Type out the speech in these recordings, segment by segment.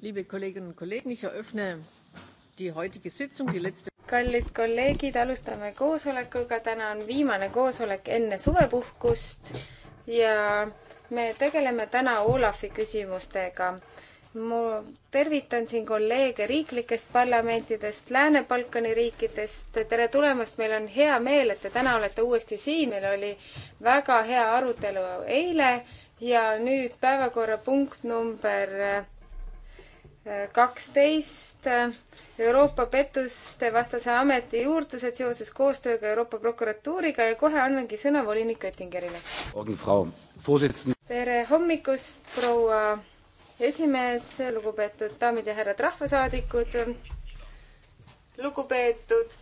liebe Kolleginnen und Kollegen, ich eröffne die heutige Sitzung, die letzte. kallid kolleegid, alustame koosolekuga, täna on viimane koosolek enne suvepuhkust ja me tegeleme täna Olafi küsimustega. ma tervitan siin kolleege riiklikest parlamentidest, Lääne-Balkani riikidest, tere tulemast, meil on hea meel, et te täna olete uuesti siin, meil oli väga hea arutelu eile ja nüüd päevakorrapunkt number kaksteist Euroopa Pettuste Vastase Ameti juurdlused seoses koostööga Euroopa Prokuratuuriga ja kohe annangi sõna volinik Oettingerile. tere hommikust, proua esimees, lugupeetud daamid ja härrad rahvasaadikud, lugupeetud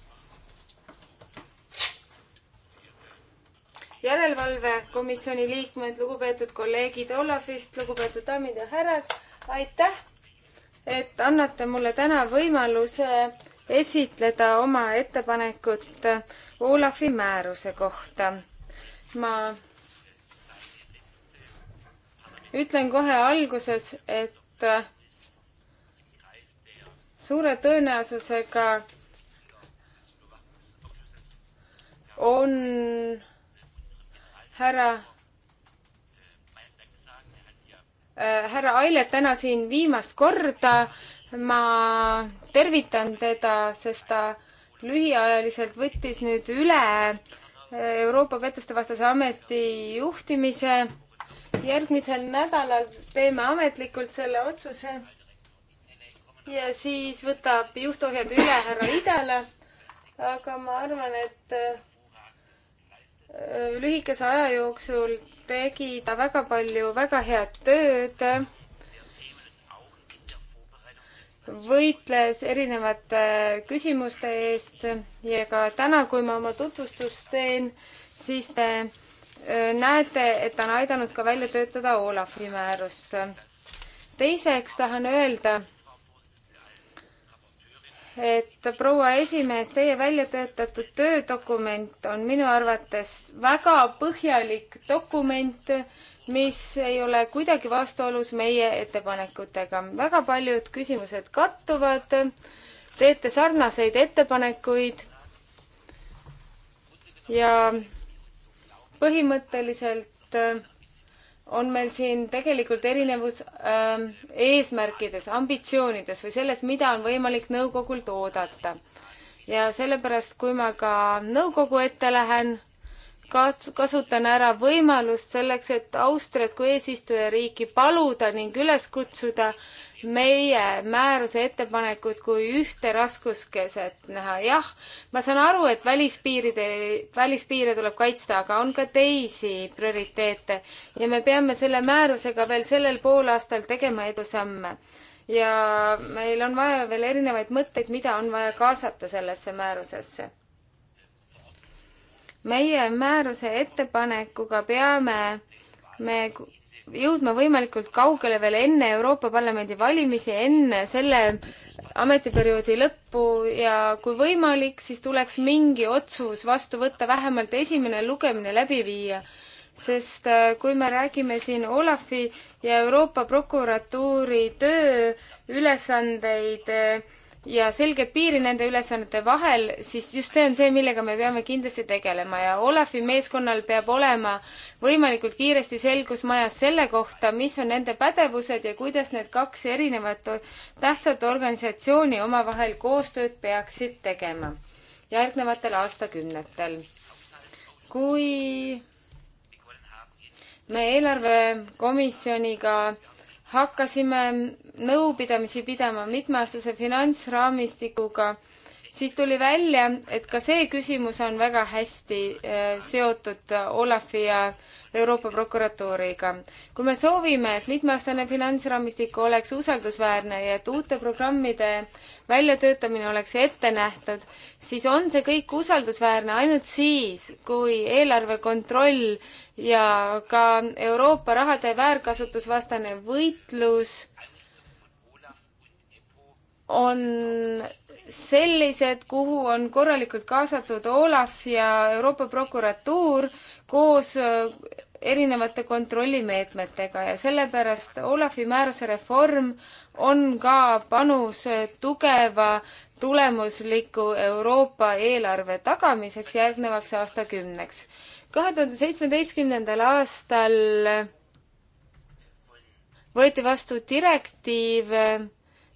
järelevalvekomisjoni liikmed, lugupeetud kolleegid Olafist, lugupeetud daamid ja härrad, aitäh et annate mulle täna võimaluse esitleda oma ettepanekut Olafi määruse kohta. ma ütlen kohe alguses, et suure tõenäosusega on härra Äh, härra Ailet täna siin viimast korda. ma tervitan teda, sest ta lühiajaliselt võttis nüüd üle äh, Euroopa Pettustevastase Ameti juhtimise. järgmisel nädalal teeme ametlikult selle otsuse. ja siis võtab juhtohjad üle härra Idala. aga ma arvan, et äh, lühikese aja jooksul tegi ta väga palju väga head tööd, võitles erinevate küsimuste eest ja ka täna, kui ma oma tutvustust teen, siis te äh, näete, et ta on aidanud ka välja töötada Olafi määrust. teiseks tahan öelda, et proua esimees, teie välja töötatud töödokument on minu arvates väga põhjalik dokument, mis ei ole kuidagi vastuolus meie ettepanekutega. väga paljud küsimused kattuvad, teete sarnaseid ettepanekuid ja põhimõtteliselt on meil siin tegelikult erinevus ähm, eesmärkides, ambitsioonides või selles, mida on võimalik nõukogult oodata. ja sellepärast, kui ma ka nõukogu ette lähen, kasutan ära võimalust selleks, et Austriat kui eesistujariiki paluda ning üles kutsuda meie määruse ettepanekut kui ühte raskuskeset näha. jah, ma saan aru, et välispiiride, välispiire tuleb kaitsta, aga on ka teisi prioriteete ja me peame selle määrusega veel sellel poolaastal tegema edusamme. ja meil on vaja veel erinevaid mõtteid, mida on vaja kaasata sellesse määrusesse meie määruse ettepanekuga peame me jõudma võimalikult kaugele veel enne Euroopa Parlamendi valimisi, enne selle ametiperioodi lõppu ja kui võimalik, siis tuleks mingi otsus vastu võtta, vähemalt esimene lugemine läbi viia. sest äh, kui me räägime siin Olafi ja Euroopa prokuratuuri töö ülesandeid äh, ja selget piiri nende ülesannete vahel, siis just see on see, millega me peame kindlasti tegelema ja Olafi meeskonnal peab olema võimalikult kiiresti selgus majas selle kohta, mis on nende pädevused ja kuidas need kaks erinevat tähtsat organisatsiooni omavahel koostööd peaksid tegema järgnevatel aastakümnetel. kui me eelarvekomisjoniga hakkasime nõupidamisi pidama mitmeaastase finantsraamistikuga siis tuli välja, et ka see küsimus on väga hästi äh, seotud äh, Olafi ja Euroopa prokuratuuriga. kui me soovime, et mitmeaastane finantsraamistik oleks usaldusväärne ja et uute programmide väljatöötamine oleks ette nähtud, siis on see kõik usaldusväärne ainult siis, kui eelarve kontroll ja ka Euroopa rahade väärkasutusvastane võitlus on sellised, kuhu on korralikult kaasatud Olav ja Euroopa prokuratuur koos äh, erinevate kontrollimeetmetega ja sellepärast Olavi määruse reform on ka panus äh, tugeva tulemusliku Euroopa eelarve tagamiseks järgnevaks aastakümneks. kahe tuhande seitsmeteistkümnendal aastal võeti vastu direktiiv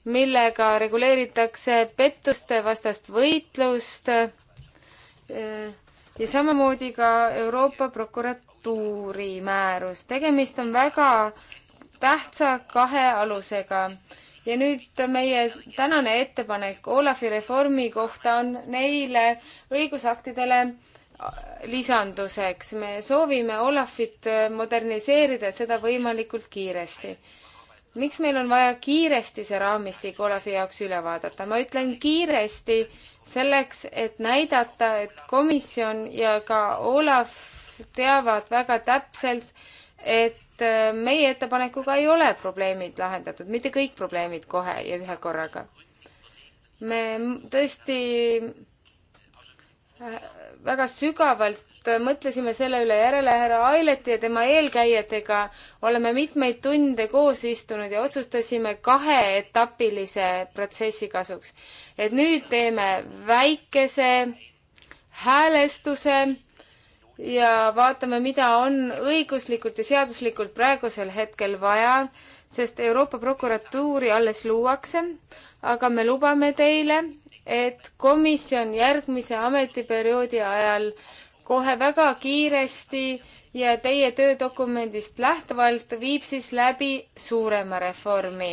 millega reguleeritakse pettuste vastast võitlust ja samamoodi ka Euroopa prokuratuuri määrus. tegemist on väga tähtsa kahe alusega. ja nüüd meie tänane ettepanek Olafi reformi kohta on neile õigusaktidele lisanduseks. me soovime Olafit moderniseerida, seda võimalikult kiiresti miks meil on vaja kiiresti see raamistik Olavi jaoks üle vaadata? ma ütlen kiiresti selleks, et näidata, et komisjon ja ka Olav teavad väga täpselt, et äh, meie ettepanekuga ei ole probleemid lahendatud, mitte kõik probleemid kohe ja ühe korraga. me tõesti väga sügavalt mõtlesime selle üle järele härra Aileti ja tema eelkäijatega. oleme mitmeid tunde koos istunud ja otsustasime kaheetapilise protsessi kasuks. et nüüd teeme väikese häälestuse ja vaatame, mida on õiguslikult ja seaduslikult praegusel hetkel vaja, sest Euroopa prokuratuuri alles luuakse, aga me lubame teile, et komisjon järgmise ametiperioodi ajal kohe väga kiiresti ja teie töödokumendist lähtuvalt viib siis läbi suurema reformi,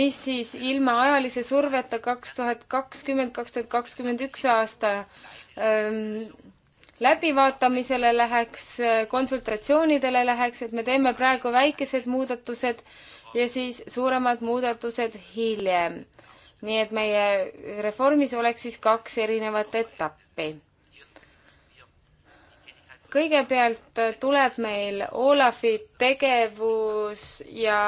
mis siis ilma ajalise surveta kaks tuhat kakskümmend, kaks tuhat kakskümmend üks aasta ähm, läbivaatamisele läheks, konsultatsioonidele läheks, et me teeme praegu väikesed muudatused ja siis suuremad muudatused hiljem nii et meie reformis oleks siis kaks erinevat etappi. kõigepealt tuleb meil Olafi tegevus ja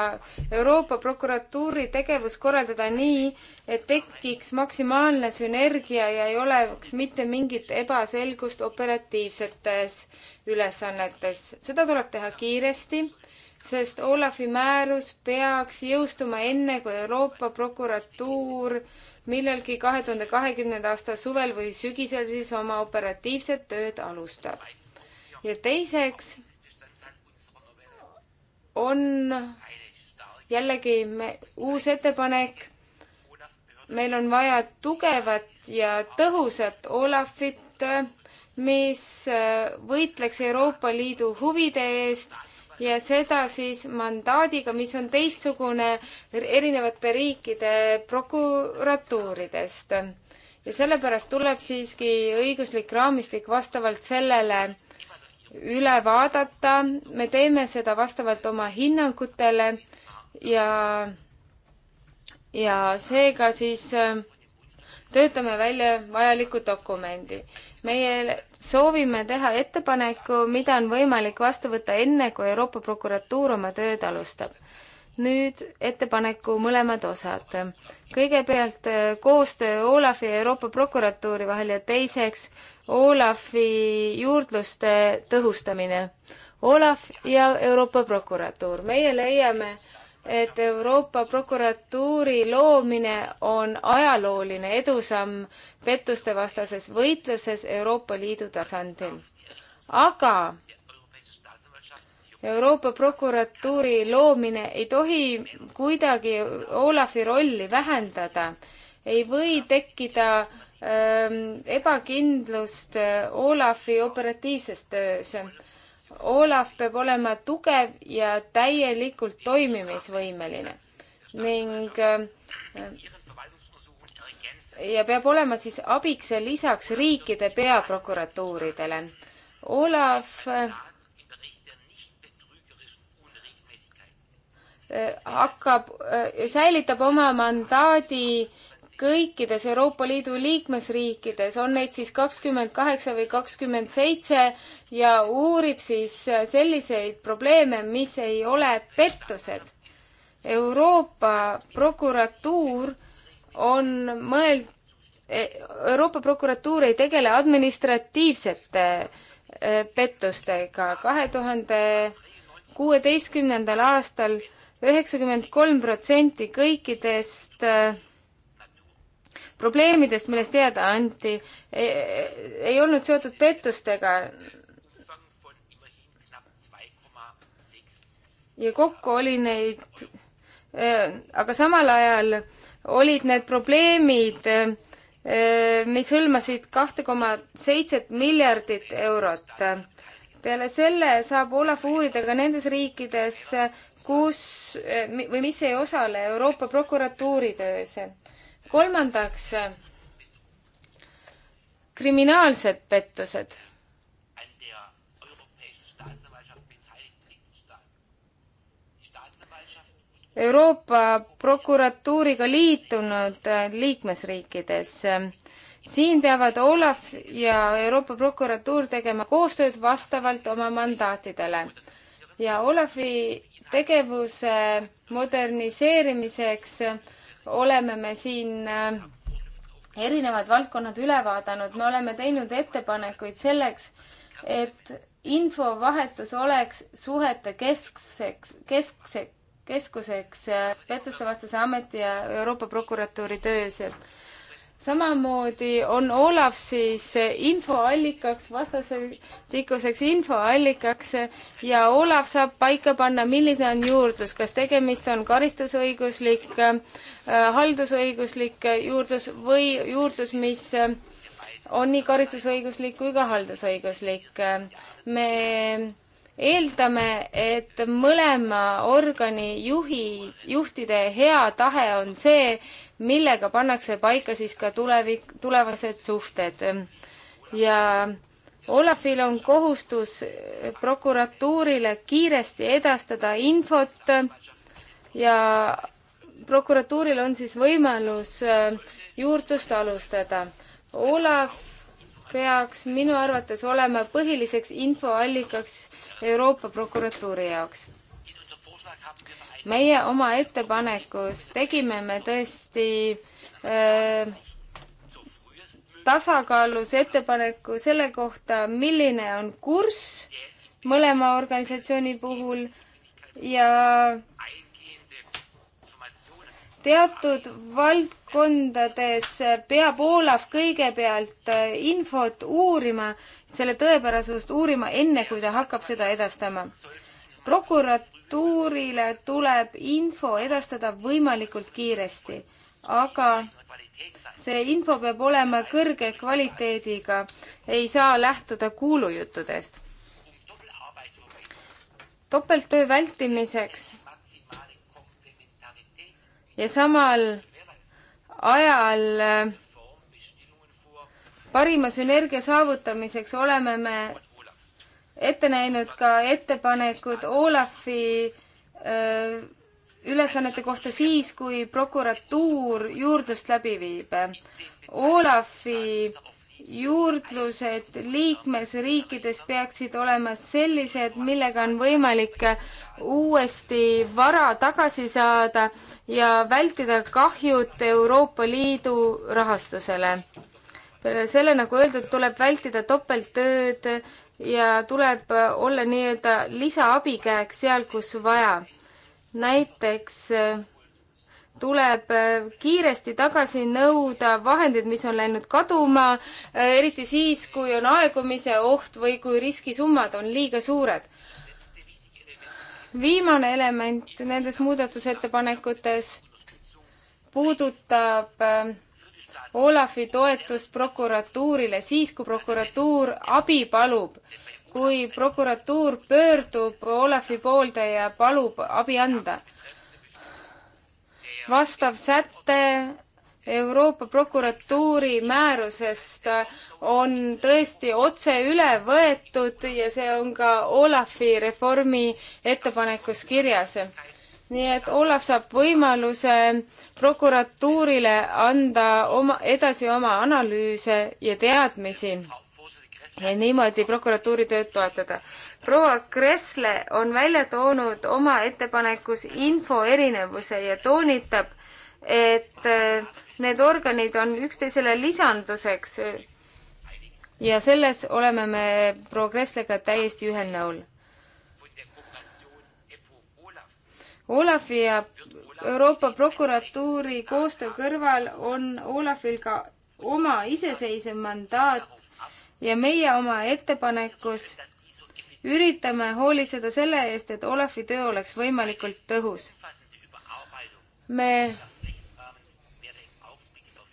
Euroopa prokuratuuri tegevus korraldada nii, et tekiks maksimaalne sünergia ja ei oleks mitte mingit ebaselgust operatiivsetes ülesannetes. seda tuleb teha kiiresti sest Olavi määrus peaks jõustuma enne, kui Euroopa prokuratuur millalgi kahe tuhande kahekümnenda aasta suvel või sügisel siis oma operatiivset tööd alustab. ja teiseks on jällegi me, uus ettepanek. meil on vaja tugevat ja tõhusat Olafit, mis võitleks Euroopa Liidu huvide eest ja seda siis mandaadiga, mis on teistsugune er-, erinevate riikide prokuratuuridest. ja sellepärast tuleb siiski õiguslik raamistik vastavalt sellele üle vaadata, me teeme seda vastavalt oma hinnangutele ja, ja seega siis äh, töötame välja vajaliku dokumendi meie soovime teha ettepaneku, mida on võimalik vastu võtta enne, kui Euroopa prokuratuur oma tööd alustab. nüüd ettepaneku mõlemad osad. kõigepealt äh, koostöö Olafi ja Euroopa prokuratuuri vahel ja teiseks Olafi juurdluste tõhustamine. Olaf ja Euroopa prokuratuur, meie leiame, et Euroopa prokuratuuri loomine on ajalooline edusamm pettustevastases võitluses Euroopa Liidu tasandil. aga Euroopa prokuratuuri loomine ei tohi kuidagi Olafi rolli vähendada. ei või tekkida öö, ähm, ebakindlust äh, Olafi operatiivses töös Olav peab olema tugev ja täielikult toimimisvõimeline ning äh, ja peab olema siis abiks ja lisaks riikide peaprokuratuuridele. Olav äh, hakkab, äh, säilitab oma mandaadi kõikides Euroopa Liidu liikmesriikides, on neid siis kakskümmend kaheksa või kakskümmend seitse ja uurib siis selliseid probleeme, mis ei ole pettused. Euroopa prokuratuur on mõeld-, Euroopa prokuratuur ei tegele administratiivsete äh, pettustega. kahe tuhande kuueteistkümnendal aastal üheksakümmend kolm protsenti kõikidest äh, probleemidest, millest teada anti, e, e, ei olnud seotud pettustega. ja kokku oli neid, e, aga samal ajal olid need probleemid, mis hõlmasid kahte koma seitset miljardit eurot. peale selle saab Olav uurida ka nendes riikides, kus või mis ei osale Euroopa prokuratuuri töös kolmandaks, kriminaalsed pettused Euroopa prokuratuuriga liitunud liikmesriikides. siin peavad Olav ja Euroopa prokuratuur tegema koostööd vastavalt oma mandaatidele ja Olavi tegevuse moderniseerimiseks oleme me siin äh, erinevad valdkonnad üle vaadanud, me oleme teinud ettepanekuid selleks, et infovahetus oleks suhete keskseks, keskseks, keskuseks äh, pettustevastase ameti ja Euroopa prokuratuuri töös samamoodi on Olav siis infoallikaks, vastastikuseks infoallikaks ja Olav saab paika panna, milline on juurdlus, kas tegemist on karistusõiguslik, äh, haldusõiguslik juurdlus või juurdlus, mis on nii karistusõiguslik kui ka haldusõiguslik. me eeldame, et mõlema organi juhi, juhtide hea tahe on see, millega pannakse paika siis ka tulevik, tulevased suhted. ja Olafil on kohustus prokuratuurile kiiresti edastada infot ja prokuratuuril on siis võimalus äh, juurdlust alustada. Olav peaks minu arvates olema põhiliseks infoallikaks Euroopa prokuratuuri jaoks. meie oma ettepanekus tegime me tõesti öö, äh, tasakaalus ettepaneku selle kohta, milline on kurss mõlema organisatsiooni puhul ja teatud valdkondades peab Olav kõigepealt äh, infot uurima, selle tõepärasust uurima, enne kui ta hakkab seda edastama. prokuratuurile tuleb info edastada võimalikult kiiresti, aga see info peab olema kõrge kvaliteediga, ei saa lähtuda kuulujuttudest. topelttöö vältimiseks ja samal ajal äh, parima sünergia saavutamiseks oleme me ette näinud ka ettepanekud Olafi öö, äh, ülesannete kohta siis, kui prokuratuur juurdlust läbi viib. Olafi juurdlused liikmesriikides peaksid olema sellised, millega on võimalik uuesti vara tagasi saada ja vältida kahjut Euroopa Liidu rahastusele. peale selle, nagu öeldud, tuleb vältida topelttööd ja tuleb olla nii-öelda lisaabikäeks seal, kus vaja. näiteks tuleb äh, kiiresti tagasi nõuda vahendid, mis on läinud kaduma, äh, eriti siis, kui on aegumise oht või kui riskisummad on liiga suured. viimane element nendes muudatusettepanekutes puudutab äh, Olafi toetust prokuratuurile siis, kui prokuratuur abi palub, kui prokuratuur pöördub Olafi poolde ja palub abi anda vastav säte Euroopa prokuratuuri määrusest on tõesti otse üle võetud ja see on ka Olafi reformi ettepanekus kirjas. nii et Olav saab võimaluse prokuratuurile anda oma, edasi oma analüüse ja teadmisi ja niimoodi prokuratuuri tööd toetada proua Kressle on välja toonud oma ettepanekus info erinevuse ja toonitab, et äh, need organid on üksteisele lisanduseks. ja selles oleme me proua Kresslega täiesti ühel nõul. Olafi ja Euroopa prokuratuuri koostöö kõrval on Olafil ka oma iseseisev mandaat ja meie oma ettepanekus üritame hoolitseda selle eest, et Olafi töö oleks võimalikult tõhus. me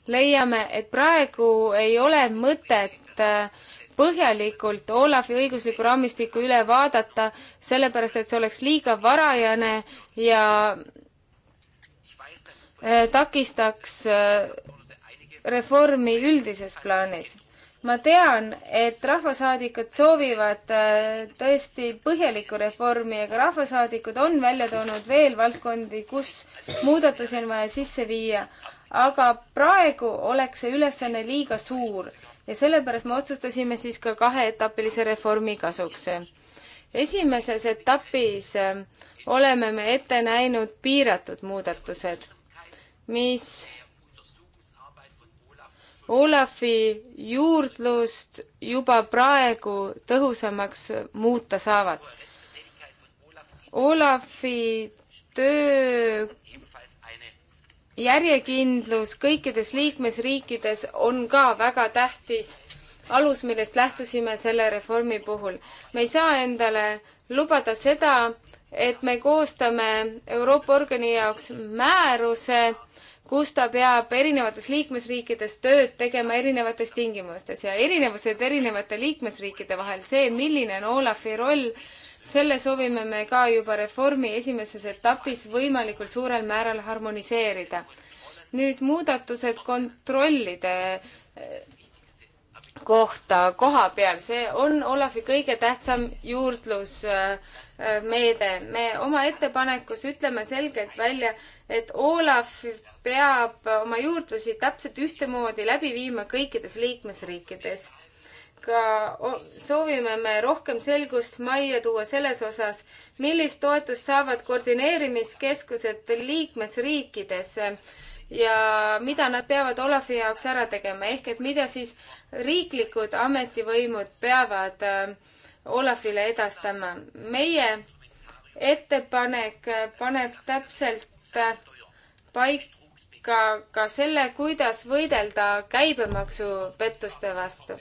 leiame, et praegu ei ole mõtet äh, põhjalikult Olavi õigusliku raamistiku üle vaadata, sellepärast et see oleks liiga varajane ja äh, takistaks äh, reformi üldises plaanis ma tean, et rahvasaadikud soovivad äh, tõesti põhjalikku reformi, aga rahvasaadikud on välja toonud veel valdkondi, kus muudatusi on vaja sisse viia. aga praegu oleks see ülesanne liiga suur ja sellepärast me otsustasime siis ka kaheetapilise reformi kasuks. esimeses etapis äh, oleme me ette näinud piiratud muudatused, mis Olafi juurdlust juba praegu tõhusamaks muuta saavad. Olafi töö järjekindlus kõikides liikmesriikides on ka väga tähtis alus, millest lähtusime selle reformi puhul. me ei saa endale lubada seda, et me koostame Euroopa organi jaoks määruse, kus ta peab erinevates liikmesriikides tööd tegema erinevates tingimustes ja erinevused erinevate liikmesriikide vahel, see, milline on Olafi roll, selle soovime me ka juba reformi esimeses etapis võimalikult suurel määral harmoniseerida. nüüd muudatused kontrollide kohta koha peal, see on Olavi kõige tähtsam juurdlusmeede. me oma ettepanekus ütleme selgelt välja, et Olav peab oma juurdlusi täpselt ühtemoodi läbi viima kõikides liikmesriikides. ka soovime me rohkem selgust majja tuua selles osas, millist toetust saavad koordineerimiskeskused liikmesriikides ja mida nad peavad Olafi jaoks ära tegema, ehk et mida siis riiklikud ametivõimud peavad äh, Olafile edastama. meie ettepanek äh, paneb täpselt äh, paika ka selle, kuidas võidelda käibemaksupettuste vastu.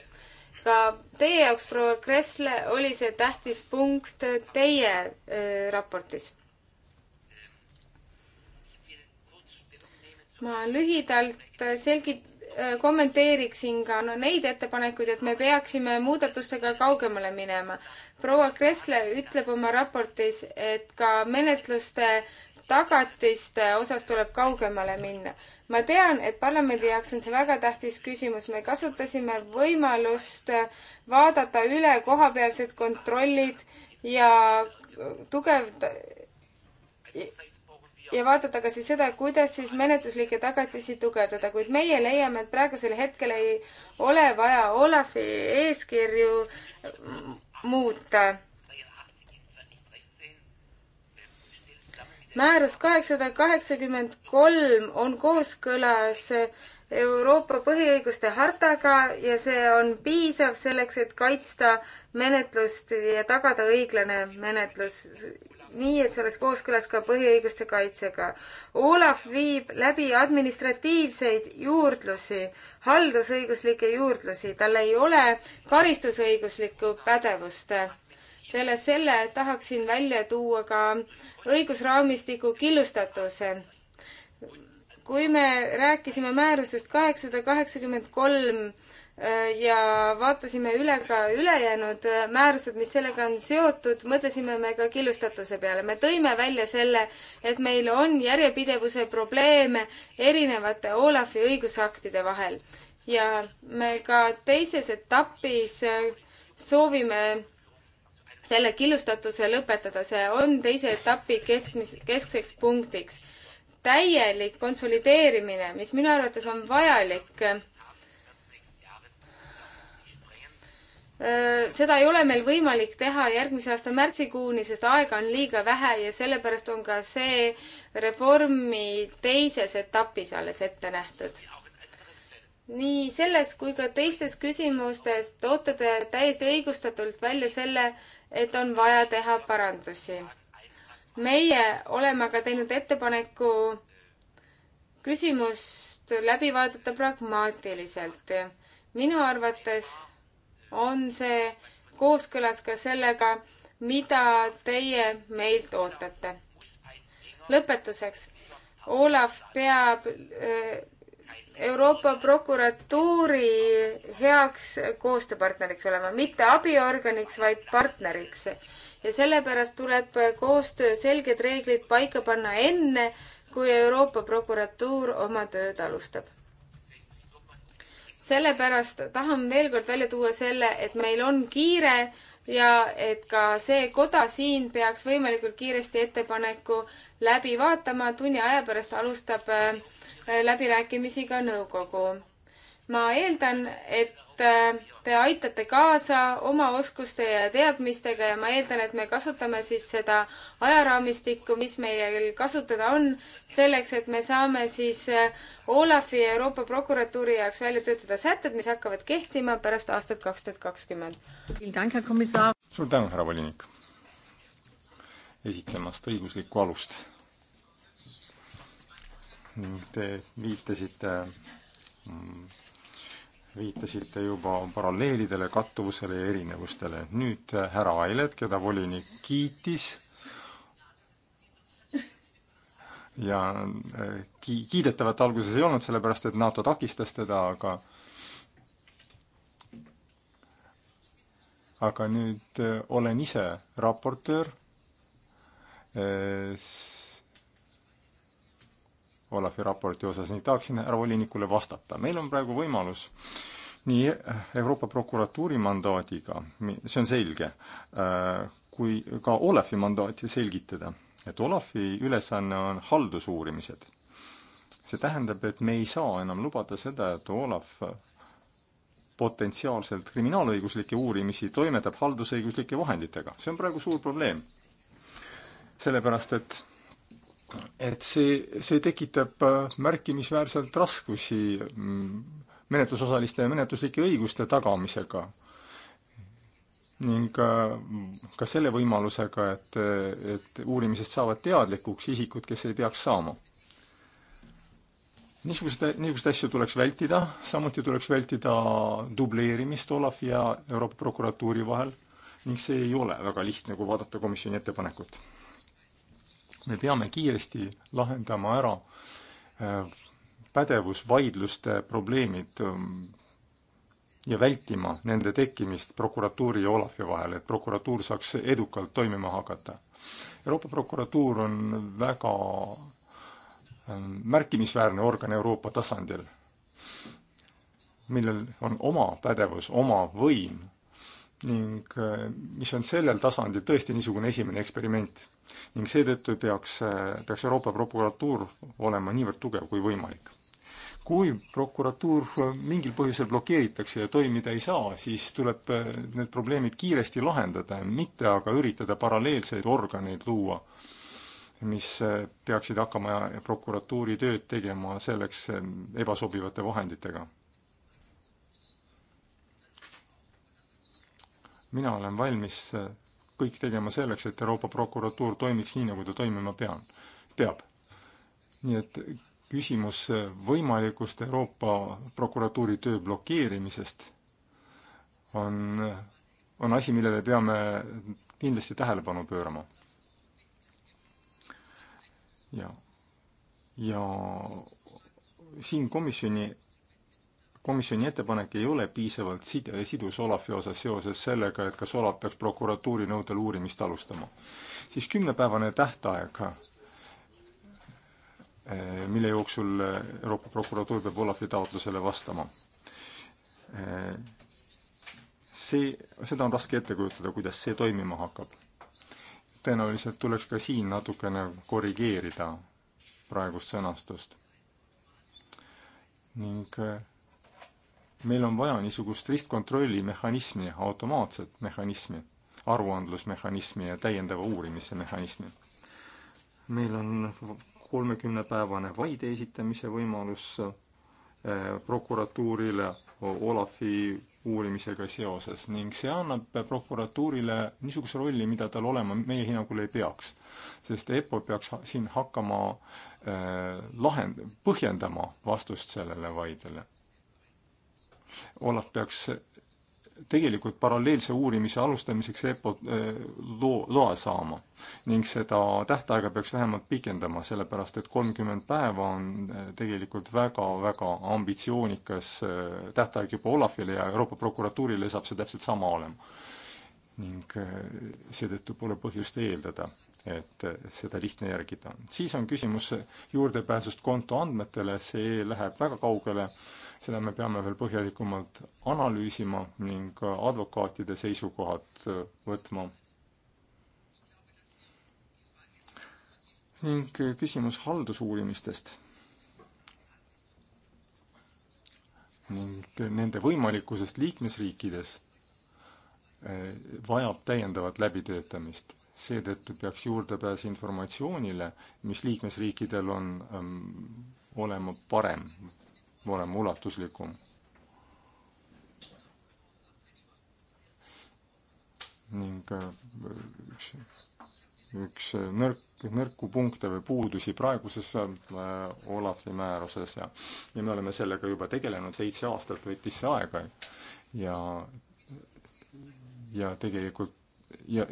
ka teie jaoks, proua Kressle, oli see tähtis punkt teie raportis ma lühidalt äh, selgit-, äh, kommenteeriksin ka no, neid ettepanekuid, et me peaksime muudatustega kaugemale minema. proua Kressle ütleb oma raportis, et ka menetluste tagatiste osas tuleb kaugemale minna. ma tean, et parlamendi jaoks on see väga tähtis küsimus. me kasutasime võimalust vaadata üle kohapealsed kontrollid ja tugev ja vaadata ka siis seda, kuidas siis menetluslikke tagatisi tugevdada, kuid meie leiame, et praegusel hetkel ei ole vaja Olafi eeskirju muuta. määrus kaheksasada kaheksakümmend kolm on kooskõlas Euroopa põhiõiguste hartaga ja see on piisav selleks, et kaitsta menetlust ja tagada õiglane menetlus nii, et see oleks kooskõlas ka põhiõiguste kaitsega. Olav viib läbi administratiivseid juurdlusi, haldusõiguslikke juurdlusi, tal ei ole karistusõiguslikku pädevust. peale selle tahaksin välja tuua ka õigusraamistiku killustatuse. kui me rääkisime määrusest kaheksasada kaheksakümmend kolm ja vaatasime üle ka ülejäänud määrused, mis sellega on seotud, mõtlesime me ka killustatuse peale. me tõime välja selle, et meil on järjepidevuse probleeme erinevate Olafi õigusaktide vahel ja me ka teises etapis soovime selle killustatuse lõpetada, see on teise etapi keskmis, keskseks punktiks. täielik konsolideerimine, mis minu arvates on vajalik Äh, seda ei ole meil võimalik teha järgmise aasta märtsikuuni, sest aega on liiga vähe ja sellepärast on ka see reformi teises etapis alles ette nähtud. nii selles kui ka teistes küsimustes toote te täiesti õigustatult välja selle, et on vaja teha parandusi. meie oleme aga teinud ettepaneku küsimust läbi vaadata pragmaatiliselt. minu arvates on see kooskõlas ka sellega, mida teie meilt ootate. lõpetuseks. Olav peab eh, Euroopa prokuratuuri heaks koostööpartneriks olema, mitte abiorganiks, vaid partneriks. ja sellepärast tuleb koostöö selged reeglid paika panna enne, kui Euroopa prokuratuur oma tööd alustab sellepärast tahan veel kord välja tuua selle, et meil on kiire ja et ka see koda siin peaks võimalikult kiiresti ettepaneku läbi vaatama. tunni aja pärast alustab äh, läbirääkimisi ka nõukogu. ma eeldan, et äh, Te aitate kaasa oma oskuste ja teadmistega ja ma eeldan, et me kasutame siis seda ajaraamistikku, mis meil kasutada on, selleks, et me saame siis eh, Olafi ja Euroopa prokuratuuri jaoks välja töötada sätted, mis hakkavad kehtima pärast aastat kaks tuhat kakskümmend. suur tänu, härra volinik, esitlemast õiguslikku alust. Te viitasite mm, viitasite juba paralleelidele, kattuvusele ja erinevustele. nüüd äh, härra Ailet, keda volinik kiitis ja äh, ki-, kiidetavat alguses ei olnud, sellepärast et NATO takistas teda, aga aga nüüd äh, olen ise raportöör, Olafi raporti osas ning tahaksin härra volinikule vastata. meil on praegu võimalus nii Euroopa prokuratuuri mandaadiga, see on selge, äh, kui ka Olafi mandaati selgitada, et Olafi ülesanne on haldusuurimised. see tähendab, et me ei saa enam lubada seda, et Olav potentsiaalselt kriminaalõiguslikke uurimisi toimetab haldusõiguslike vahenditega. see on praegu suur probleem. sellepärast, et et see, see tekitab äh, märkimisväärselt raskusi mm, menetlusosaliste ja menetluslike õiguste tagamisega ning äh, ka selle võimalusega, et, et uurimisest saavad teadlikuks isikud, kes ei peaks saama. niisugust, niisuguseid asju tuleks vältida, samuti tuleks vältida dubleerimist Olavi ja Euroopa Prokuratuuri vahel ning see ei ole väga lihtne, kui vaadata komisjoni ettepanekut me peame kiiresti lahendama ära äh, pädevusvaidluste probleemid ähm, ja vältima nende tekkimist prokuratuuri ja Olavi vahel, et prokuratuur saaks edukalt toimima hakata. Euroopa prokuratuur on väga ähm, märkimisväärne organ Euroopa tasandil, millel on oma pädevus, oma võim ning äh, mis on sellel tasandil tõesti niisugune esimene eksperiment ning seetõttu peaks, peaks Euroopa prokuratuur olema niivõrd tugev kui võimalik. kui prokuratuur mingil põhjusel blokeeritakse ja toimida ei saa, siis tuleb eh, need probleemid kiiresti lahendada, mitte aga üritada paralleelseid organeid luua, mis eh, peaksid hakkama prokuratuuri tööd tegema selleks eh, ebasobivate vahenditega mina olen valmis kõik tegema selleks, et Euroopa prokuratuur toimiks nii, nagu ta toimima pean, peab. nii et küsimus võimalikust Euroopa prokuratuuri töö blokeerimisest on, on asi, millele peame kindlasti tähelepanu pöörama. ja, ja siin komisjoni komisjoni ettepanek ei ole piisavalt side, sidus Olafi osas seoses sellega, et kas Olav peaks prokuratuuri nõudel uurimist alustama. siis kümnepäevane tähtaeg, eh, mille jooksul Euroopa prokuratuur peab Olafi taotlusele vastama. Eh, see, seda on raske ette kujutada, kuidas see toimima hakkab. tõenäoliselt tuleks ka siin natukene korrigeerida praegust sõnastust ning eh, meil on vaja niisugust ristkontrolli mehhanismi, automaatset mehhanismi, aruandlusmehhanismi ja täiendava uurimise mehhanismi. meil on kolmekümnepäevane vaide esitamise võimalus eh, prokuratuurile Olafi uurimisega seoses ning see annab prokuratuurile niisuguse rolli, mida tal olema meie hinnangul ei peaks. sest EPPO peaks siin hakkama äh, lahend-, põhjendama vastust sellele vaidele. Olav peaks eh, tegelikult paralleelse uurimise alustamiseks EPPO eh, loo, loa saama ning seda tähtaega peaks vähemalt pikendama, sellepärast et kolmkümmend päeva on eh, tegelikult väga-väga ambitsioonikas tähtaeg juba Olafile ja Euroopa prokuratuurile saab see täpselt sama olema ning äh, seetõttu pole põhjust eeldada, et äh, seda lihtne järgida. siis on küsimus juurdepääsust konto andmetele, see läheb väga kaugele, seda me peame veel põhjalikumalt analüüsima ning advokaatide seisukohad äh, võtma. ning küsimus haldusuurimistest ning nende võimalikkusest liikmesriikides Eh, vajab täiendavat läbitöötamist. seetõttu peaks juurdepääs informatsioonile, mis liikmesriikidel on, ehm, olema parem, olema ulatuslikum. ning eh, üks, üks nõrk, nõrku punkte või puudusi praeguses eh, Olavi määruses ja, ja me oleme sellega juba tegelenud, seitse aastat võttis see aega ja ja tegelikult ja,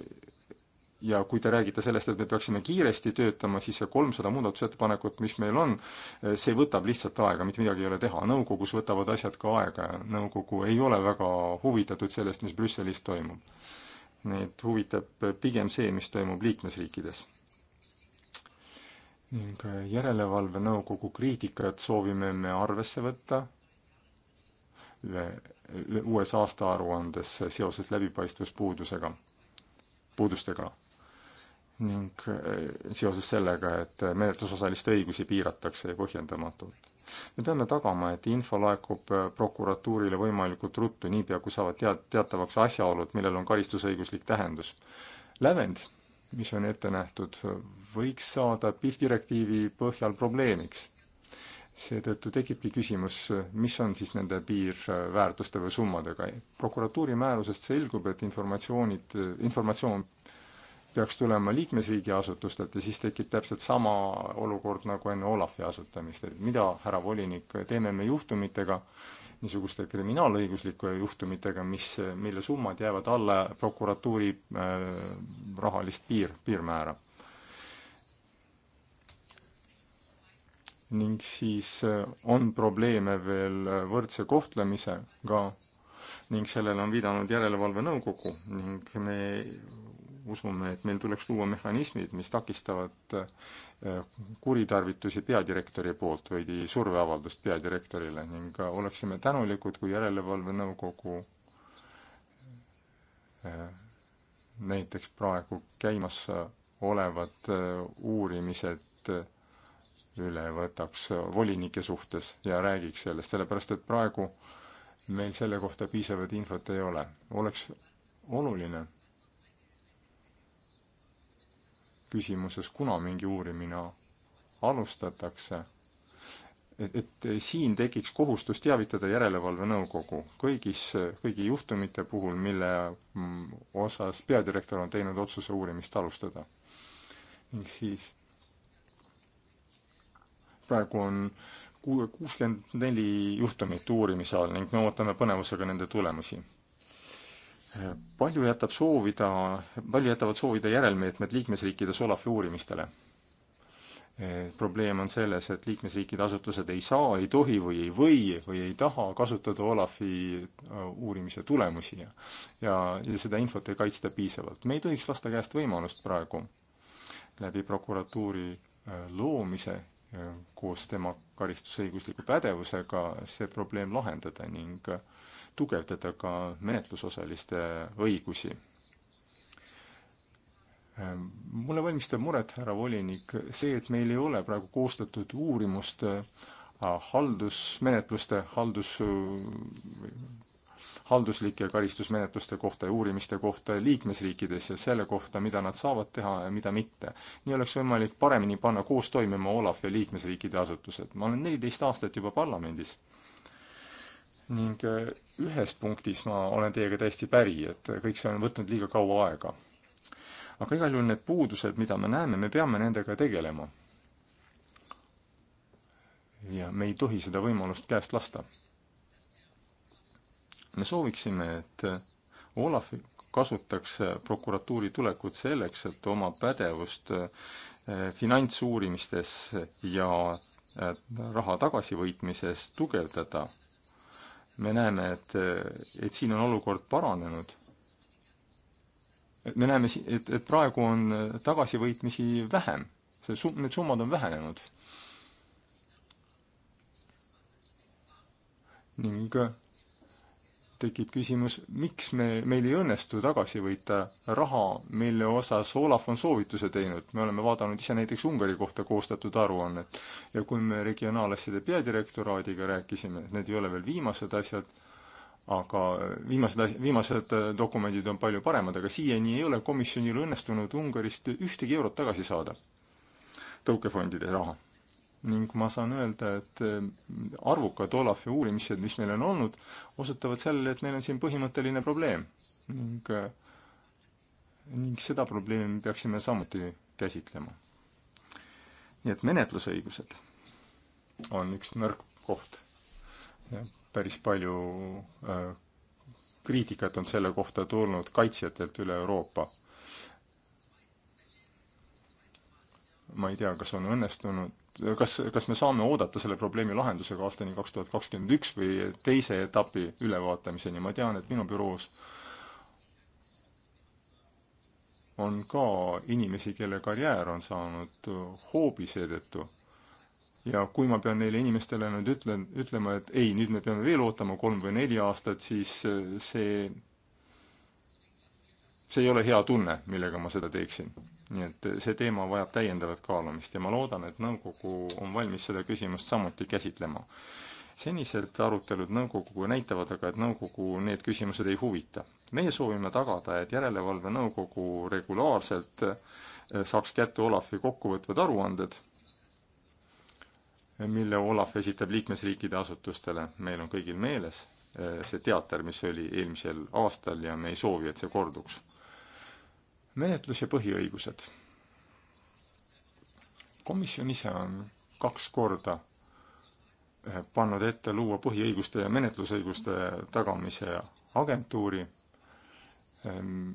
ja kui te räägite sellest, et me peaksime kiiresti töötama, siis see kolmsada muudatusettepanekut, mis meil on, see võtab lihtsalt aega, mitte midagi ei ole teha. nõukogus võtavad asjad ka aega ja nõukogu ei ole väga huvitatud sellest, mis Brüsselis toimub. Neid huvitab pigem see, mis toimub liikmesriikides ning Järelevalvenõukogu kriitikat soovime me arvesse võtta uues aastaaruandes seoses läbipaistvuspuudusega, puudustega ning eh, seoses sellega, et menetlusosaliste õigusi piiratakse põhjendamatult. me peame tagama, et info laekub eh, prokuratuurile võimalikult ruttu, niipea kui saavad tead-, teatavaks asjaolud, millel on karistusõiguslik tähendus. lävend, mis on ette nähtud, võiks saada PIF direktiivi põhjal probleemiks seetõttu tekibki küsimus, mis on siis nende piirväärtuste või summadega. prokuratuuri määrusest selgub, et informatsioonid, informatsioon peaks tulema liikmesriigi asutustelt ja siis tekib täpselt sama olukord nagu enne Olafi asutamist, et mida, härra volinik, teeme me juhtumitega, niisuguste kriminaalõiguslike juhtumitega, mis, mille summad jäävad alla prokuratuuri äh, rahalist piir, piirmäära ning siis äh, on probleeme veel äh, võrdse kohtlemisega ning sellele on viidanud Järelevalvenõukogu ning me usume, et meil tuleks luua mehhanismid, mis takistavad äh, kuritarvitusi peadirektori poolt või surveavaldust peadirektorile ning oleksime tänulikud, kui Järelevalvenõukogu näiteks praegu käimas olevad uurimised üle võtaks volinike suhtes ja räägiks sellest, sellepärast et praegu meil selle kohta piisavat infot ei ole. oleks oluline küsimuses, kuna mingi uurimine alustatakse, et, et siin tekiks kohustus teavitada Järelevalvenõukogu kõigis, kõigi juhtumite puhul, mille mm, osas peadirektor on teinud otsuse uurimist alustada. ning siis praegu on kuuskümmend neli juhtumit uurimise all ning me ootame põnevusega nende tulemusi. palju jätab soovida, palju jätavad soovida järelmeetmed liikmesriikides Olavi uurimistele? probleem on selles, et liikmesriikide asutused ei saa, ei tohi või ei või või ei taha kasutada Olavi äh, uurimise tulemusi ja ja seda infot ei kaitsta piisavalt. me ei tohiks lasta käest võimalust praegu läbi prokuratuuri äh, loomise Äh, koos tema karistusõigusliku pädevusega see probleem lahendada ning äh, tugevdada ka menetlusosaliste õigusi. Äh, mulle valmistab muret, härra volinik, see, et meil ei ole praegu koostatud uurimust haldusmenetluste, haldus halduslike karistusmenetluste kohta ja uurimiste kohta liikmesriikides ja selle kohta, mida nad saavad teha ja mida mitte. nii oleks võimalik paremini panna koos toimima Olav ja liikmesriikide asutused. ma olen neliteist aastat juba parlamendis ning äh, ühes punktis ma olen teiega täiesti päri, et kõik see on võtnud liiga kaua aega. aga igal juhul need puudused, mida me näeme, me peame nendega tegelema. ja me ei tohi seda võimalust käest lasta me sooviksime, et Olav kasutaks prokuratuuri tulekut selleks, et oma pädevust eh, finantsuurimistes ja eh, raha tagasivõitmises tugevdada. me näeme, et, et siin on olukord paranenud. me näeme, et, et praegu on tagasivõitmisi vähem, see sum-, need summad on vähenenud. ning tekib küsimus, miks me, meil ei õnnestu tagasi võita raha, mille osas Olav on soovituse teinud. me oleme vaadanud ise näiteks Ungari kohta koostatud aruannet. ja kui me regionaalasjade peadirektoraadiga rääkisime, need ei ole veel viimased asjad, aga viimased, viimased äh, dokumendid on palju paremad, aga siiani ei ole komisjonil õnnestunud Ungarist ühtegi eurot tagasi saada. tõukefondide raha ning ma saan öelda, et eh, arvukad Olafi uurimised, mis meil on olnud, osutavad sellele, et meil on siin põhimõtteline probleem ning, eh, ning seda probleemi me peaksime samuti käsitlema. nii et menetlusõigused on üks nõrk koht. päris palju äh, kriitikat on selle kohta tulnud kaitsjatelt üle Euroopa ma ei tea, kas on õnnestunud, kas, kas me saame oodata selle probleemi lahendusega aastani kaks tuhat kakskümmend üks või teise etapi ülevaatamiseni, ma tean, et minu büroos on ka inimesi, kelle karjäär on saanud hoobi seetõttu. ja kui ma pean neile inimestele nüüd ütlen, ütlema, et ei, nüüd me peame veel ootama kolm või neli aastat, siis see, see ei ole hea tunne, millega ma seda teeksin nii et see teema vajab täiendavat kaalumist ja ma loodan, et nõukogu on valmis seda küsimust samuti käsitlema. senised arutelud nõukoguga näitavad aga, et nõukogu need küsimused ei huvita. meie soovime tagada, et järelevalve nõukogu regulaarselt eh, saaks kätte Olafi kokkuvõtvad aruanded, mille Olav esitab liikmesriikide asutustele. meil on kõigil meeles eh, see teater, mis oli eelmisel aastal ja me ei soovi, et see korduks menetlus ja põhiõigused. komisjon ise on kaks korda eh, pannud ette luua põhiõiguste ja menetlusõiguste tagamise agentuuri. Ehm,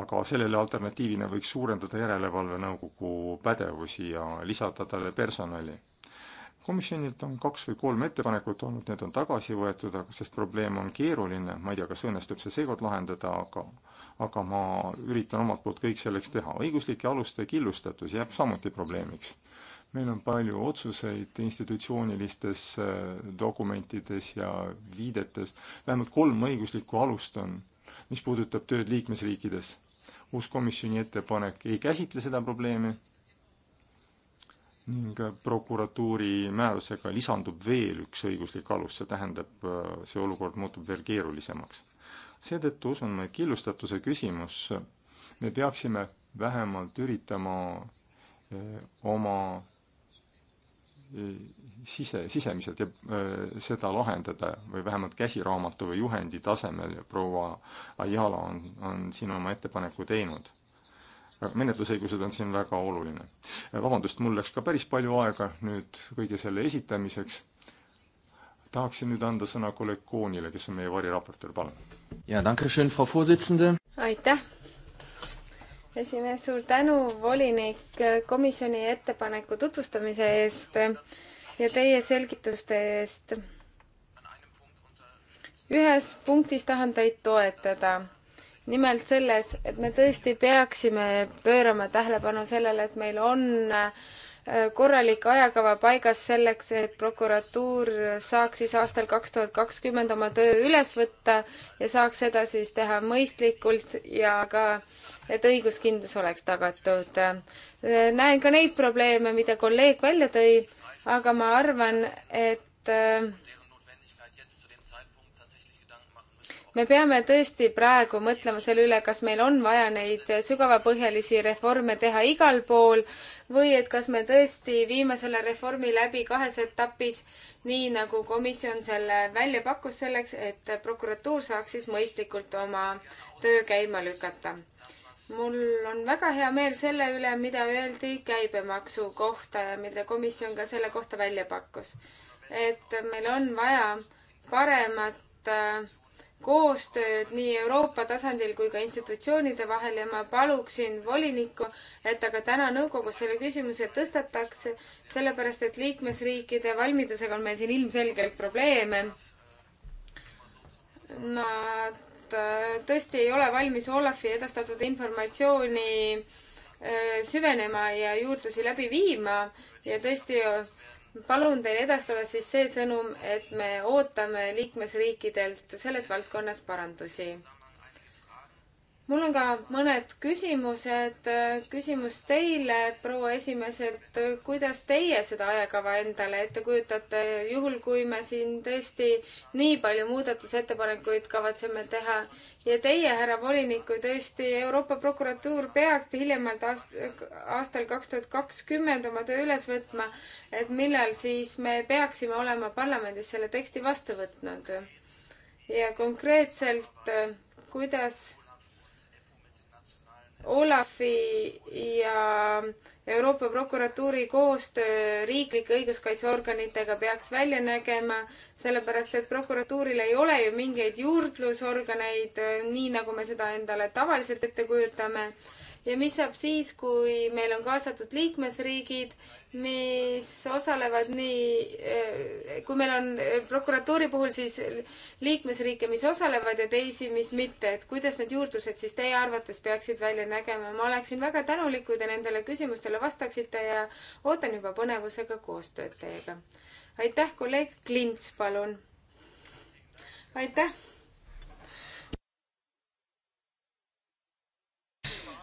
aga sellele alternatiivina võiks suurendada järelevalvenõukogu pädevusi ja lisada talle personali komisjonilt on kaks või kolm ettepanekut olnud, need on tagasi võetud, aga sest probleem on keeruline, ma ei tea, kas õnnestub see seekord lahendada, aga aga ma üritan omalt poolt kõik selleks teha. õiguslike aluste killustatus jääb samuti probleemiks. meil on palju otsuseid institutsioonilistes äh, dokumentides ja viidetes, vähemalt kolm õiguslikku alust on, mis puudutab tööd liikmesriikides. uus komisjoni ettepanek ei käsitle seda probleemi ning prokuratuuri määrusega lisandub veel üks õiguslik alus, see tähendab, see olukord muutub veel keerulisemaks. seetõttu usume, killustatuse küsimus, me peaksime vähemalt üritama eh, oma eh, sise, sisemiselt ja eh, seda lahendada või vähemalt käsiraamatu või juhendi tasemel ja proua Ajala on, on siin oma ettepaneku teinud. Äh, menetlusõigused on siin väga oluline. Äh, vabandust, mul läks ka päris palju aega nüüd kõige selle esitamiseks. tahaksin nüüd anda sõna kolleeg Koonile, kes on meie variraportöör, palun. ja danke schön, Frau Vorsitzende. aitäh, esimees, suur tänu, volinik, komisjoni ettepaneku tutvustamise eest ja teie selgituste eest. ühes punktis tahan teid toetada nimelt selles, et me tõesti peaksime pöörama tähelepanu sellele, et meil on äh, korralik ajakava paigas selleks, et prokuratuur saaks siis aastal kaks tuhat kakskümmend oma töö üles võtta ja saaks seda siis teha mõistlikult ja ka, et õiguskindlus oleks tagatud. Äh, näen ka neid probleeme, mida kolleeg välja tõi, aga ma arvan, et äh, me peame tõesti praegu mõtlema selle üle, kas meil on vaja neid sügavapõhjalisi reforme teha igal pool või et kas me tõesti viime selle reformi läbi kahes etapis, nii nagu komisjon selle välja pakkus, selleks et prokuratuur saaks siis mõistlikult oma töö käima lükata mul on väga hea meel selle üle, mida öeldi käibemaksu kohta ja mida komisjon ka selle kohta välja pakkus. et meil on vaja paremat äh, koostööd nii Euroopa tasandil kui ka institutsioonide vahel ja ma paluksin volinikku, et ta ka täna nõukogus selle küsimuse tõstataks, sellepärast et liikmesriikide valmidusega on meil siin ilmselgelt probleeme. Nad äh, tõesti ei ole valmis Olafi edastatud informatsiooni äh, süvenema ja juurdlusi läbi viima ja tõesti palun teil edastada siis see sõnum, et me ootame liikmesriikidelt selles valdkonnas parandusi mul on ka mõned küsimused. küsimus teile, proua esimees, et kuidas teie seda ajakava endale ette kujutate, juhul kui me siin tõesti nii palju muudatusettepanekuid kavatseme teha ja teie, härra volinik, kui tõesti Euroopa prokuratuur peab hiljemalt aast-, aastal kaks tuhat kakskümmend oma töö üles võtma, et millal siis me peaksime olema parlamendis selle teksti vastu võtnud? ja konkreetselt, kuidas Olafi ja Euroopa prokuratuuri koostöö riiklike õiguskaitseorganitega peaks välja nägema, sellepärast et prokuratuuril ei ole ju mingeid juurdlusorganeid, nii nagu me seda endale tavaliselt ette kujutame ja mis saab siis, kui meil on kaasatud liikmesriigid, mis osalevad nii, eh, kui meil on eh, prokuratuuri puhul siis liikmesriike, mis osalevad ja teisi, mis mitte, et kuidas need juurdlused siis teie arvates peaksid välja nägema? ma oleksin väga tänulik, kui te nendele küsimustele vastaksite ja ootan juba põnevusega koostööd teiega. aitäh, kolleeg Klints, palun. aitäh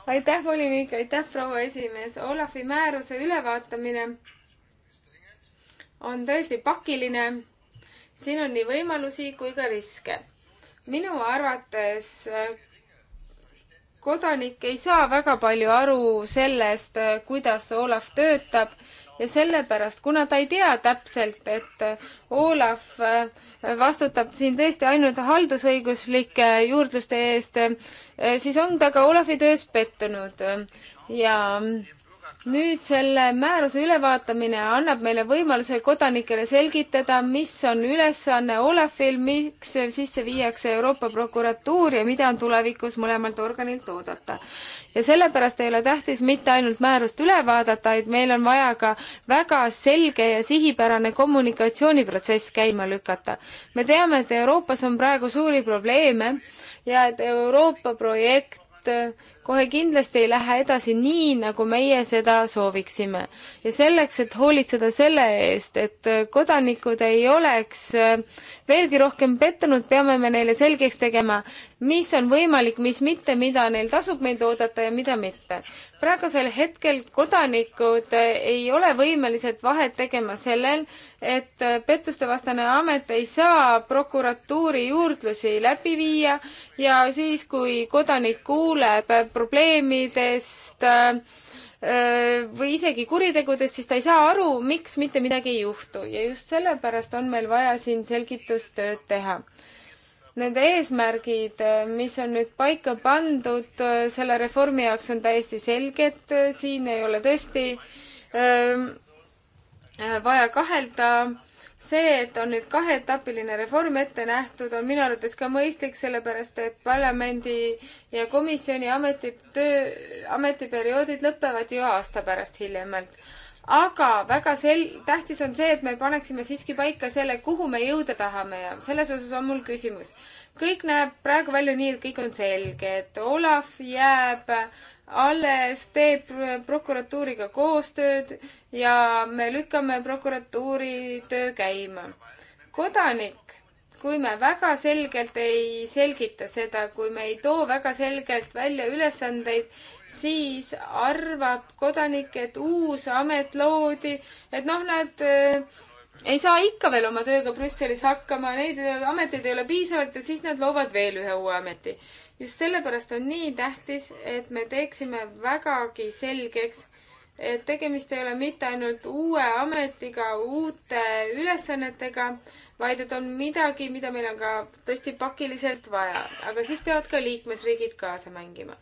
aitäh, volinik, aitäh, proua esimees. Olavi määruse ülevaatamine on tõesti pakiline. siin on nii võimalusi kui ka riske. minu arvates kodanik ei saa väga palju aru sellest, kuidas Olav töötab ja sellepärast, kuna ta ei tea täpselt, et Olav äh, vastutab siin tõesti ainult haldusõiguslike juurdluste eest, äh, siis on ta ka Olavi töös pettunud ja nüüd selle määruse ülevaatamine annab meile võimaluse kodanikele selgitada, mis on ülesanne Olafil, miks sisse viiakse Euroopa prokuratuur ja mida on tulevikus mõlemalt organilt oodata. ja sellepärast ei ole tähtis mitte ainult määrust üle vaadata, vaid meil on vaja ka väga selge ja sihipärane kommunikatsiooniprotsess käima lükata. me teame, et Euroopas on praegu suuri probleeme ja et Euroopa projekt kohe kindlasti ei lähe edasi nii, nagu meie seda sooviksime. ja selleks, et hoolitseda selle eest, et kodanikud ei oleks äh, veelgi rohkem pettunud, peame me neile selgeks tegema, mis on võimalik, mis mitte, mida neil tasub meilt oodata ja mida mitte. praegusel hetkel kodanikud äh, ei ole võimelised vahet tegema sellel, et äh, pettustevastane amet ei saa prokuratuuri juurdlusi läbi viia ja siis, kui kodanik kuuleb probleemidest äh, või isegi kuritegudest, siis ta ei saa aru, miks mitte midagi ei juhtu ja just sellepärast on meil vaja siin selgitustööd teha. Need eesmärgid, mis on nüüd paika pandud selle reformi jaoks, on täiesti selged, siin ei ole tõesti öö, äh, vaja kahelda see, et on nüüd kaheetapiline reform ette nähtud, on minu arvates ka mõistlik, sellepärast et parlamendi ja komisjoni ameti, töö, ametiperioodid lõpevad ju aasta pärast hiljemalt. aga väga sel-, tähtis on see, et me paneksime siiski paika selle, kuhu me jõuda tahame ja selles osas on mul küsimus. kõik näeb praegu välja nii, et kõik on selge, et Olav jääb äh, alles teeb prokuratuuriga koostööd ja me lükkame prokuratuuri töö käima. kodanik, kui me väga selgelt ei selgita seda, kui me ei too väga selgelt välja ülesandeid, siis arvab kodanik, et uus amet loodi, et noh, nad äh, ei saa ikka veel oma tööga Brüsselis hakkama, neid äh, ameteid ei ole piisavalt ja siis nad loovad veel ühe uue ameti just sellepärast on nii tähtis, et me teeksime vägagi selgeks, et tegemist ei ole mitte ainult uue ametiga, uute ülesannetega, vaid et on midagi, mida meil on ka tõesti pakiliselt vaja, aga siis peavad ka liikmesriigid kaasa mängima.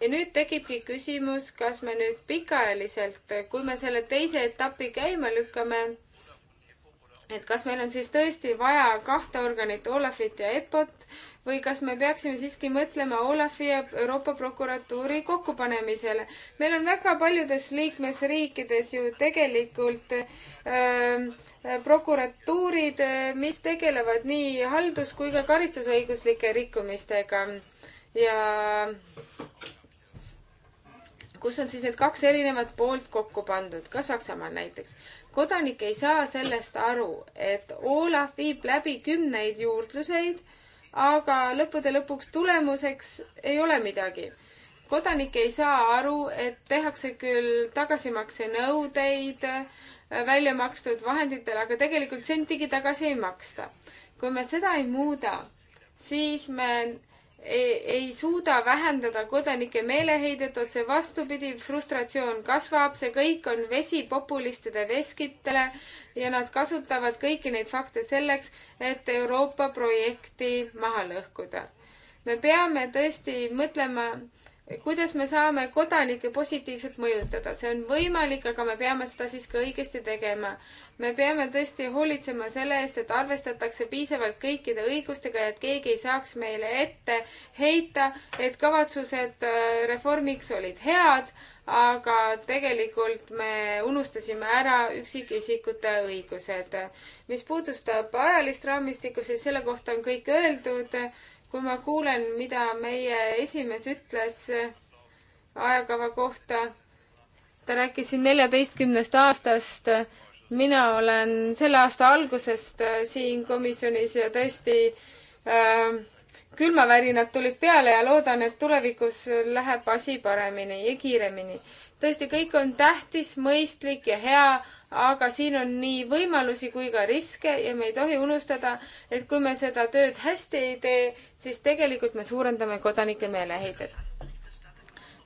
ja nüüd tekibki küsimus, kas me nüüd pikaajaliselt, kui me selle teise etapi käima lükkame, et kas meil on siis tõesti vaja kahte organit, Olafit ja EPOt või kas me peaksime siiski mõtlema Olafi ja Euroopa prokuratuuri kokkupanemisele. meil on väga paljudes liikmesriikides ju tegelikult öö, ähm, prokuratuurid, äh, mis tegelevad nii haldus- kui ka karistusõiguslike rikkumistega ja kus on siis need kaks erinevat poolt kokku pandud, ka Saksamaal näiteks. kodanik ei saa sellest aru, et Olav viib läbi kümneid juurdluseid aga lõppude lõpuks tulemuseks ei ole midagi kodanik ei saa aru, et tehakse küll tagasimaksenõudeid äh, välja makstud vahenditele, aga tegelikult sentigi tagasi ei maksta. kui me seda ei muuda, siis me ei, ei suuda vähendada kodanike meeleheidet, otse vastupidi, frustratsioon kasvab, see kõik on vesi populistide veskitele ja nad kasutavad kõiki neid fakte selleks, et Euroopa projekti maha lõhkuda. me peame tõesti mõtlema kuidas me saame kodanikke positiivselt mõjutada, see on võimalik, aga me peame seda siis ka õigesti tegema. me peame tõesti hoolitsema selle eest, et arvestatakse piisavalt kõikide õigustega ja et keegi ei saaks meile ette heita, et kavatsused äh, reformiks olid head, aga tegelikult me unustasime ära üksikisikute õigused. mis puudutab ajalist raamistikku, siis selle kohta on kõik öeldud kui ma kuulen, mida meie esimees ütles ajakava kohta, ta rääkis siin neljateistkümnest aastast, mina olen selle aasta algusest äh, siin komisjonis ja tõesti äh, külmavärinad tulid peale ja loodan, et tulevikus läheb asi paremini ja kiiremini tõesti, kõik on tähtis, mõistlik ja hea, aga siin on nii võimalusi kui ka riske ja me ei tohi unustada, et kui me seda tööd hästi ei tee, siis tegelikult me suurendame kodanike meeleheidet.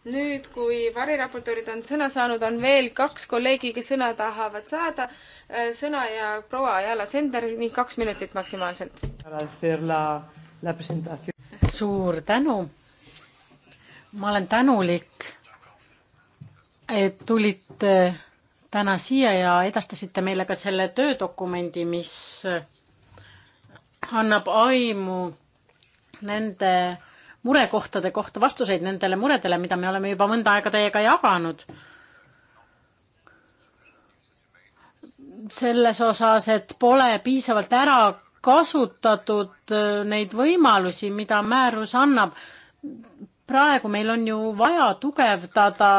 nüüd, kui variraportöörid on sõna saanud, on veel kaks kolleegi, kes sõna tahavad saada. Äh, sõna ja proua Ajala Sender, nii kaks minutit maksimaalselt. suur tänu. ma olen tänulik et tulite täna siia ja edastasite meile ka selle töödokumendi, mis annab aimu nende murekohtade kohta, vastuseid nendele muredele, mida me oleme juba mõnda aega teiega jaganud. selles osas, et pole piisavalt ära kasutatud neid võimalusi, mida määrus annab. praegu meil on ju vaja tugevdada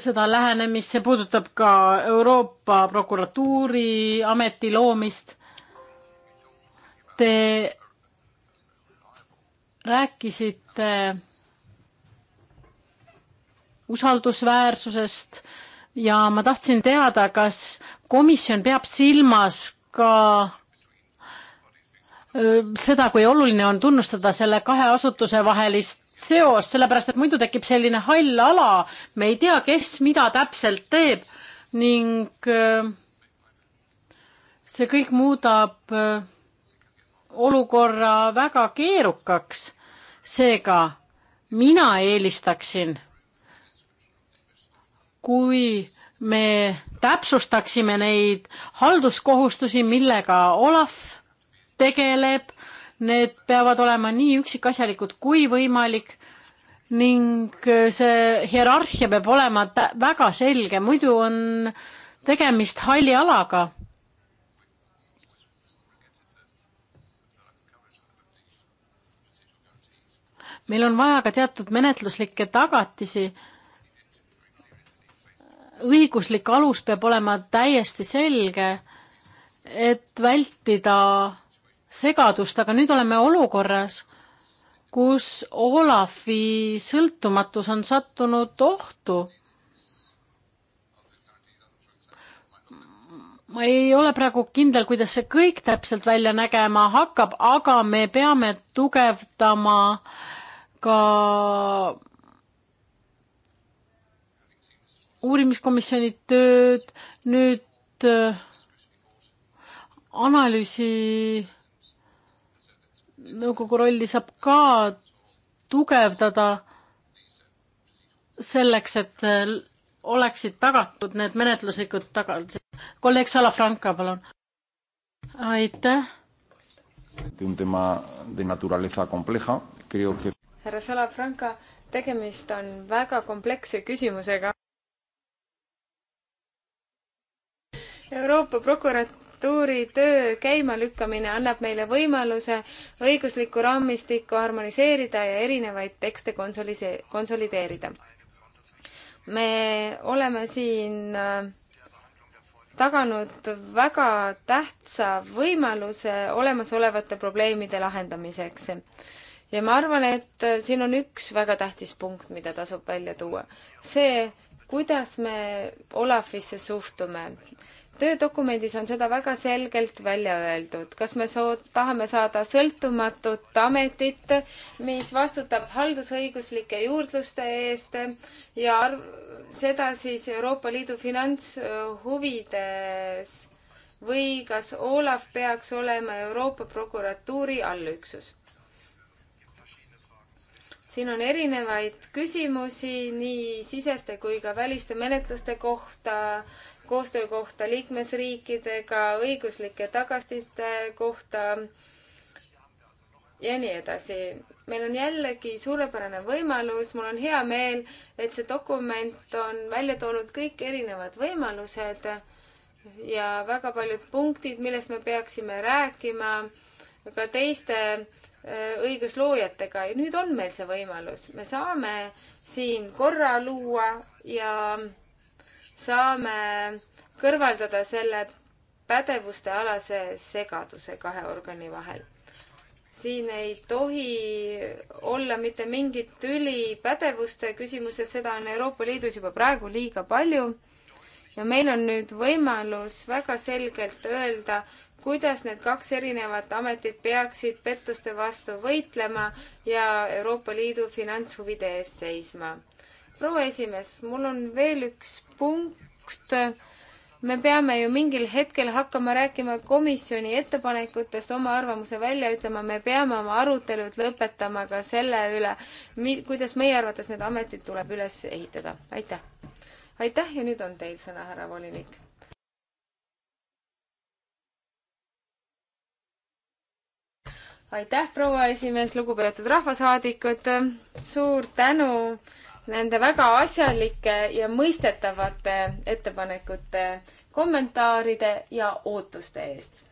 seda lähenemist, see puudutab ka Euroopa prokuratuuri ameti loomist. Te rääkisite usaldusväärsusest ja ma tahtsin teada, kas komisjon peab silmas ka äh, seda, kui oluline on tunnustada selle kahe asutuse vahelist seos, sellepärast et muidu tekib selline hall ala, me ei tea, kes mida täpselt teeb ning äh, see kõik muudab äh, olukorra väga keerukaks. seega mina eelistaksin, kui me täpsustaksime neid halduskohustusi, millega Olav tegeleb Need peavad olema nii üksikasjalikud kui võimalik ning äh, see hierarhia peab olema väga selge, muidu on tegemist halli alaga. meil on vaja ka teatud menetluslikke tagatisi. õiguslik alus peab olema täiesti selge, et vältida segadust, aga nüüd oleme olukorras, kus Olafi sõltumatus on sattunud ohtu. ma ei ole praegu kindel, kuidas see kõik täpselt välja nägema hakkab, aga me peame tugevdama ka uurimiskomisjoni tööd, nüüd äh, analüüsi nõukogu rolli saab ka tugevdada selleks, et äh, oleksid tagatud need menetluslikud tagatised. kolleeg Salafranca, palun. aitäh. Un tema de naturaleza compleja, creo que. härra Salafranca, tegemist on väga kompleksse küsimusega. Euroopa prokurat-, prokuratuuri töö käimalükkamine annab meile võimaluse õiguslikku raamistikku harmoniseerida ja erinevaid tekste konsolise-, konsolideerida. me oleme siin äh, taganud väga tähtsa võimaluse olemasolevate probleemide lahendamiseks ja ma arvan, et äh, siin on üks väga tähtis punkt, mida tasub välja tuua. see, kuidas me Olafisse suhtume töödokumendis on seda väga selgelt välja öeldud, kas me soo-, tahame saada sõltumatut ametit, mis vastutab haldusõiguslike juurdluste eest ja arv-, seda siis Euroopa Liidu finantshuvides või kas Olav peaks olema Euroopa prokuratuuri allüksus? siin on erinevaid küsimusi nii siseste kui ka väliste menetluste kohta koostöö kohta liikmesriikidega, õiguslike tagastiste kohta ja nii edasi. meil on jällegi suurepärane võimalus, mul on hea meel, et see dokument on välja toonud kõik erinevad võimalused ja väga paljud punktid, millest me peaksime rääkima ka teiste äh, õigusloojatega ja nüüd on meil see võimalus, me saame siin korra luua ja saame kõrvaldada selle pädevuste alase segaduse kahe organi vahel. siin ei tohi olla mitte mingit tüli pädevuste küsimuses, seda on Euroopa Liidus juba praegu liiga palju. ja meil on nüüd võimalus väga selgelt öelda, kuidas need kaks erinevat ametit peaksid pettuste vastu võitlema ja Euroopa Liidu finantshuvide eest seisma proua esimees, mul on veel üks punkt. me peame ju mingil hetkel hakkama rääkima komisjoni ettepanekutest, oma arvamuse välja ütlema, me peame oma arutelud lõpetama ka selle üle, kuidas meie arvates need ametid tuleb üles ehitada. aitäh. aitäh ja nüüd on teil sõna, härra volinik. aitäh, proua esimees, lugupeetud rahvasaadikud, suur tänu nende väga asjalike ja mõistetavate ettepanekute, kommentaaride ja ootuste eest.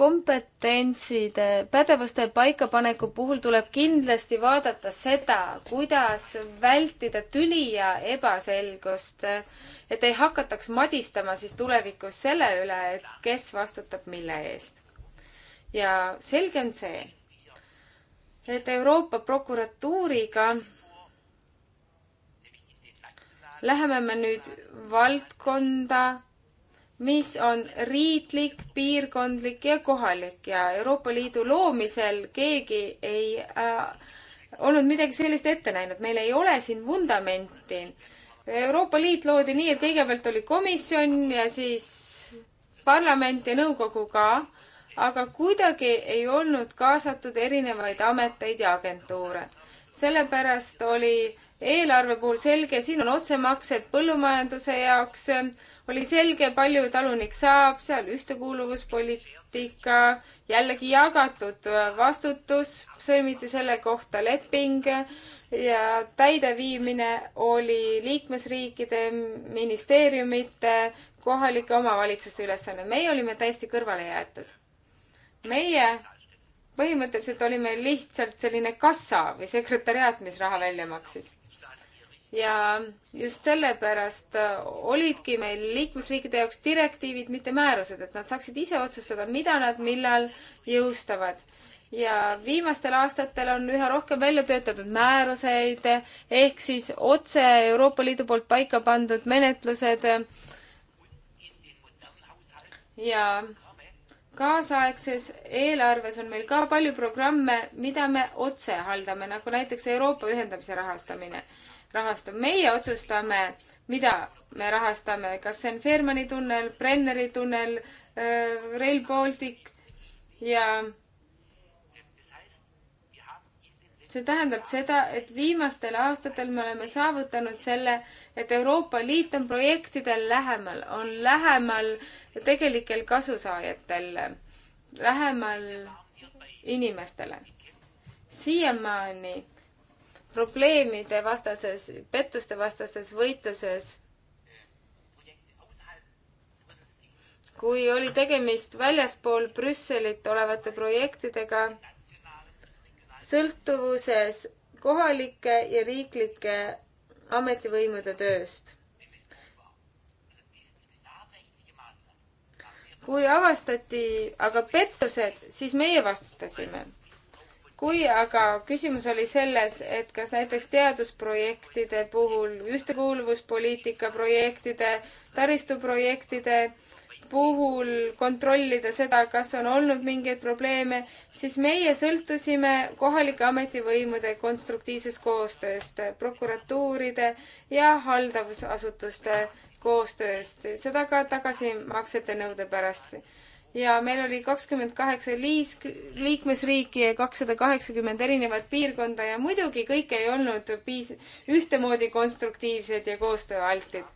kompetentside, pädevuste paikapaneku puhul tuleb kindlasti vaadata seda, kuidas vältida tüli ja ebaselgust, et ei hakataks madistama siis tulevikus selle üle, et kes vastutab mille eest. ja selge on see et Euroopa prokuratuuriga läheme me nüüd valdkonda, mis on riiklik, piirkondlik ja kohalik ja Euroopa Liidu loomisel keegi ei äh, olnud midagi sellist ette näinud, meil ei ole siin vundamenti. Euroopa Liit loodi nii, et kõigepealt oli komisjon ja siis parlament ja nõukogu ka aga kuidagi ei olnud kaasatud erinevaid ameteid ja agentuure. sellepärast oli eelarve puhul selge, siin on otsemaksed põllumajanduse jaoks, oli selge, palju talunik saab, seal ühtekuuluvuspoliitika, jällegi jagatud vastutus, sõlmiti selle kohta leping ja täideviimine oli liikmesriikide, ministeeriumite, kohalike omavalitsuste ülesanne. meie olime täiesti kõrvale jäetud meie põhimõtteliselt olime lihtsalt selline kassa või sekretäriaat, mis raha välja maksis. ja just sellepärast äh, olidki meil liikmesriikide jaoks direktiivid, mitte määrused, et nad saaksid ise otsustada, mida nad millal jõustavad ja viimastel aastatel on üha rohkem välja töötatud määruseid ehk siis otse Euroopa Liidu poolt paika pandud menetlused. ja kaasaegses eelarves on meil ka palju programme, mida me otse haldame, nagu näiteks Euroopa ühendamise rahastamine, rahastu. meie otsustame, mida me rahastame, kas see on Fermani tunnel, Brenneri tunnel, Rail Baltic ja see tähendab seda, et viimastel aastatel me oleme saavutanud selle, et Euroopa Liit on projektidel lähemal, on lähemal äh, tegelikel kasusaajatel, lähemal inimestele. siiamaani probleemide vastases, pettuste vastases võitluses kui oli tegemist väljaspool Brüsselit olevate projektidega, sõltuvuses kohalike ja riiklike ametivõimude tööst. kui avastati aga pettused, siis meie vastutasime. kui aga küsimus oli selles, et kas näiteks teadusprojektide puhul, ühtekuuluvuspoliitika projektide, taristuprojektide puhul kontrollida seda, kas on olnud mingeid probleeme, siis meie sõltusime kohalike ametivõimude konstruktiivsest koostööst, prokuratuuride ja haldavusasutuste koostööst, seda ka tagasimaksete nõude pärast. ja meil oli kakskümmend kaheksa liis-, liikmesriiki ja kakssada kaheksakümmend erinevat piirkonda ja muidugi kõik ei olnud piis-, ühtemoodi konstruktiivsed ja koostööaltid.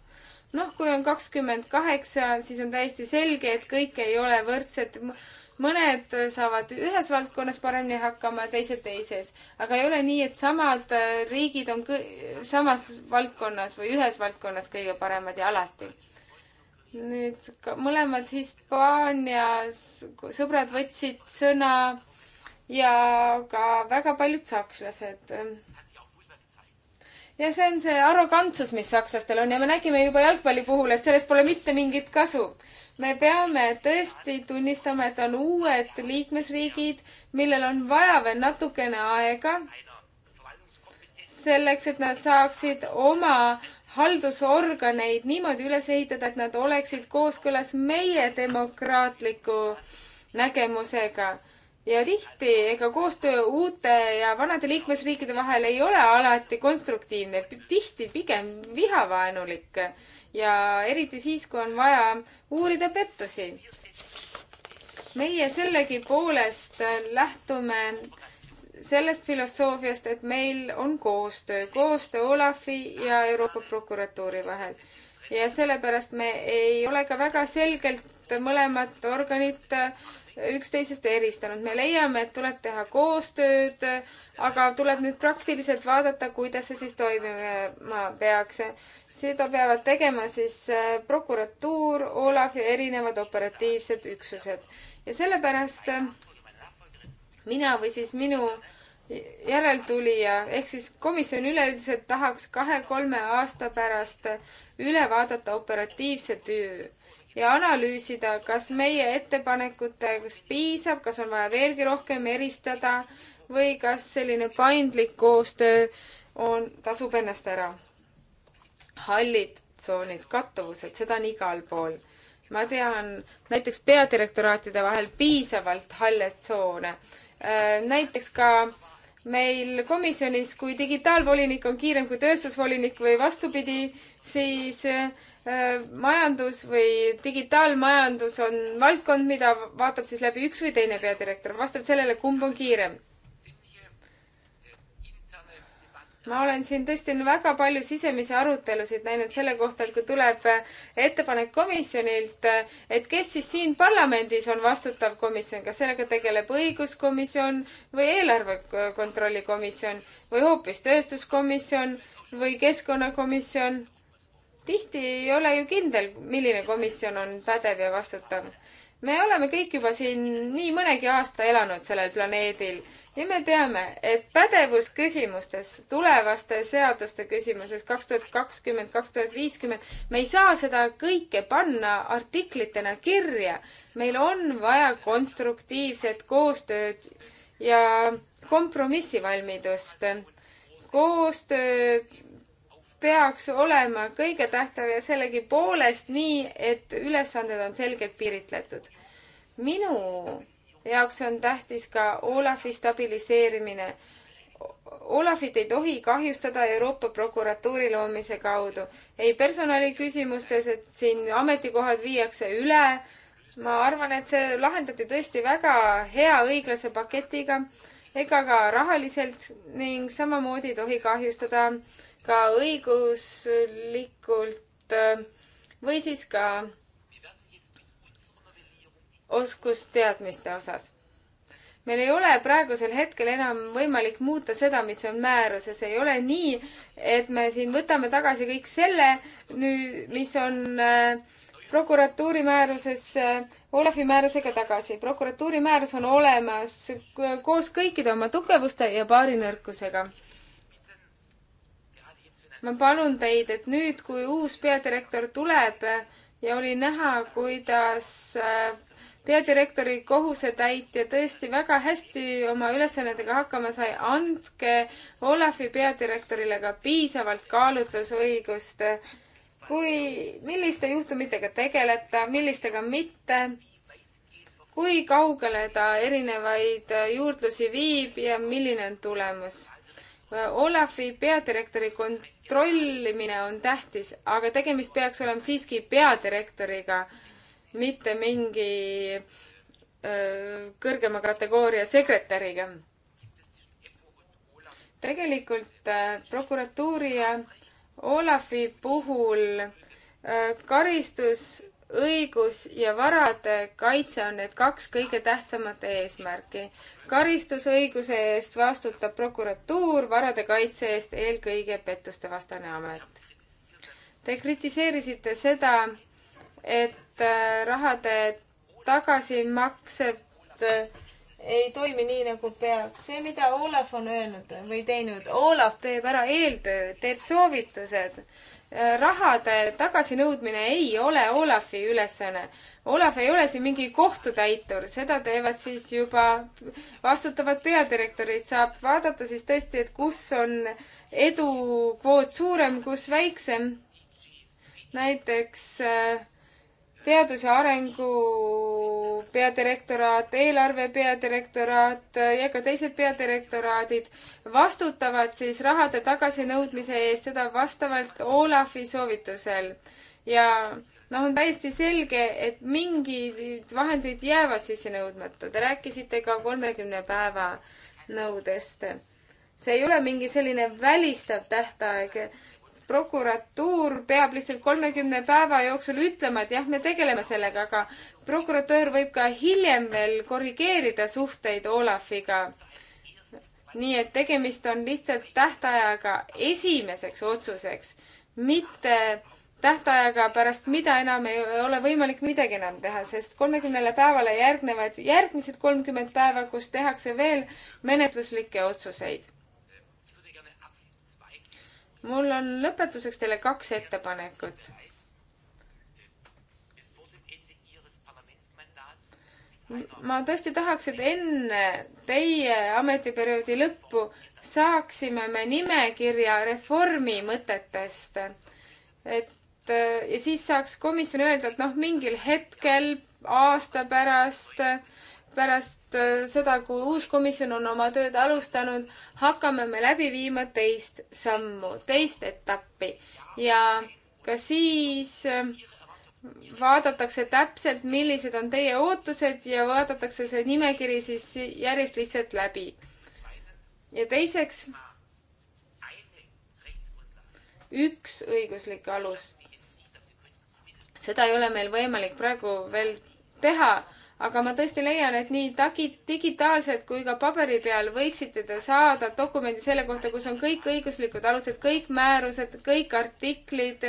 noh, kui on kakskümmend kaheksa, siis on täiesti selge, et kõik ei ole võrdsed mõned saavad ühes valdkonnas paremini hakkama, teised teises. aga ei ole nii, et samad äh, riigid on samas valdkonnas või ühes valdkonnas kõige paremad ja alati. nüüd mõlemad Hispaanias sõbrad võtsid sõna ja ka väga paljud sakslased ja see on see arrogantsus, mis sakslastel on ja me nägime juba jalgpalli puhul, et sellest pole mitte mingit kasu. me peame tõesti tunnistama, et on uued liikmesriigid, millel on vaja veel natukene aega selleks, et nad saaksid oma haldusorganeid niimoodi üles ehitada, et nad oleksid kooskõlas meie demokraatliku nägemusega ja tihti ega koostöö uute ja vanade liikmesriikide vahel ei ole alati konstruktiivne, tihti pigem vihavaenulik ja eriti siis, kui on vaja uurida pettusi. meie sellegipoolest lähtume sellest filosoofiast, et meil on koostöö, koostöö Olafi ja Euroopa prokuratuuri vahel. ja sellepärast me ei ole ka väga selgelt mõlemat organit äh, üksteisest eristanud. me leiame, et tuleb teha koostööd, aga tuleb nüüd praktiliselt vaadata, kuidas see siis toimima peaks. seda peavad tegema siis äh, prokuratuur, Olav ja erinevad operatiivsed üksused. ja sellepärast äh, mina või siis minu järeltulija ehk siis komisjon üleüldiselt tahaks kahe-kolme aasta pärast äh, üle vaadata operatiivse töö ja analüüsida, kas meie ettepanekutest piisab, kas on vaja veelgi rohkem eristada või kas selline paindlik koostöö on, tasub ennast ära. hallid tsoonid, kattuvused, seda on igal pool. ma tean näiteks peadirektoraatide vahel piisavalt halle tsoone. Äh, näiteks ka meil komisjonis, kui digitaalvolinik on kiirem kui tööstusvolinik või vastupidi, siis äh, majandus või digitaalmajandus on valdkond, mida vaatab siis läbi üks või teine peadirektor, vastavalt sellele, kumb on kiirem. ma olen siin tõesti väga palju sisemisi arutelusid näinud selle kohta, et kui tuleb ettepanek komisjonilt, et kes siis siin parlamendis on vastutav komisjon, kas sellega tegeleb õiguskomisjon või eelarve kontrolli komisjon või hoopis tööstuskomisjon või keskkonnakomisjon tihti ei ole ju kindel, milline komisjon on pädev ja vastutav. me oleme kõik juba siin nii mõnegi aasta elanud sellel planeedil ja me teame, et pädevusküsimustes, tulevaste seaduste küsimuses kaks tuhat kakskümmend, kaks tuhat viiskümmend, me ei saa seda kõike panna artiklitena kirja. meil on vaja konstruktiivset koostööd ja kompromissivalmidust. koostöö peaks olema kõige tähtsam ja sellegipoolest nii, et ülesanded on selgelt piiritletud. minu jaoks on tähtis ka Olafi stabiliseerimine. Olafit ei tohi kahjustada Euroopa prokuratuuri loomise kaudu. ei personali küsimustes, et siin ametikohad viiakse üle. ma arvan, et see lahendati tõesti väga hea õiglase paketiga ega ka rahaliselt ning samamoodi ei tohi kahjustada ka õiguslikult äh, või siis ka oskusteadmiste osas. meil ei ole praegusel hetkel enam võimalik muuta seda, mis on määruses, ei ole nii, et me siin võtame tagasi kõik selle nüüd, mis on äh, prokuratuuri määruses, äh, Olavi määrusega tagasi. prokuratuuri määrus on olemas koos kõikide oma tugevuste ja paari nõrkusega ma palun teid, et nüüd, kui uus peadirektor tuleb ja oli näha, kuidas äh, peadirektori kohusetäitja tõesti väga hästi oma ülesannetega hakkama sai, andke Olavi peadirektorile ka piisavalt kaalutlusõigust, kui, milliste juhtumitega tegeleda, millistega mitte, kui kaugele ta erinevaid juurdlusi viib ja milline on tulemus Äh, Olafi peadirektori kontrollimine on tähtis, aga tegemist peaks olema siiski peadirektoriga, mitte mingi öö, äh, kõrgema kategooria sekretäriga. tegelikult äh, prokuratuuri ja Olafi puhul äh, karistus õigus ja varade kaitse on need kaks kõige tähtsamat eesmärki. karistusõiguse eest vastutab prokuratuur, varade kaitse eest eelkõige pettuste vastane amet. Te kritiseerisite seda, et äh, rahade tagasimaksed äh, ei toimi nii, nagu peaks. see, mida Olav on öelnud või teinud, Olav teeb ära eeltöö, teeb soovitused rahade tagasinõudmine ei ole Olafi ülesanne. Olav ei ole siin mingi kohtutäitur, seda teevad siis juba vastutavad peadirektorid, saab vaadata siis tõesti, et kus on edukvoot suurem, kus väiksem. näiteks äh, teadus- ja arengu peadirektoraat, eelarve peadirektoraat ja ka teised peadirektoraadid vastutavad siis rahade tagasinõudmise eest, seda vastavalt Olafi soovitusel. ja noh, on täiesti selge, et mingid vahendid jäävad siis nõudmata. Te rääkisite ka kolmekümne päeva nõudest. see ei ole mingi selline välistav tähtaeg prokuratuur peab lihtsalt kolmekümne päeva jooksul ütlema, et jah, me tegeleme sellega, aga prokuratöör võib ka hiljem veel korrigeerida suhteid Olafiga. nii et tegemist on lihtsalt tähtajaga esimeseks otsuseks, mitte tähtajaga, pärast mida enam ei ole võimalik midagi enam teha, sest kolmekümnele päevale järgnevad järgmised kolmkümmend päeva, kus tehakse veel menetluslikke otsuseid mul on lõpetuseks teile kaks ettepanekut. ma tõesti tahaks, et enne teie ametiperioodi lõppu saaksime me nimekirja reformi mõtetest. et äh, ja siis saaks komisjon öelda, et noh, mingil hetkel aasta pärast pärast äh, seda, kui uus komisjon on oma tööd alustanud, hakkame me läbi viima teist sammu, teist etappi ja ka siis äh, vaadatakse täpselt, millised on teie ootused ja vaadatakse see nimekiri siis järjest lihtsalt läbi. ja teiseks, üks õiguslik alus. seda ei ole meil võimalik praegu veel teha aga ma tõesti leian, et nii tagi, digitaalselt kui ka paberi peal võiksite te saada dokumendi selle kohta, kus on kõik õiguslikud alused, kõik määrused, kõik artiklid,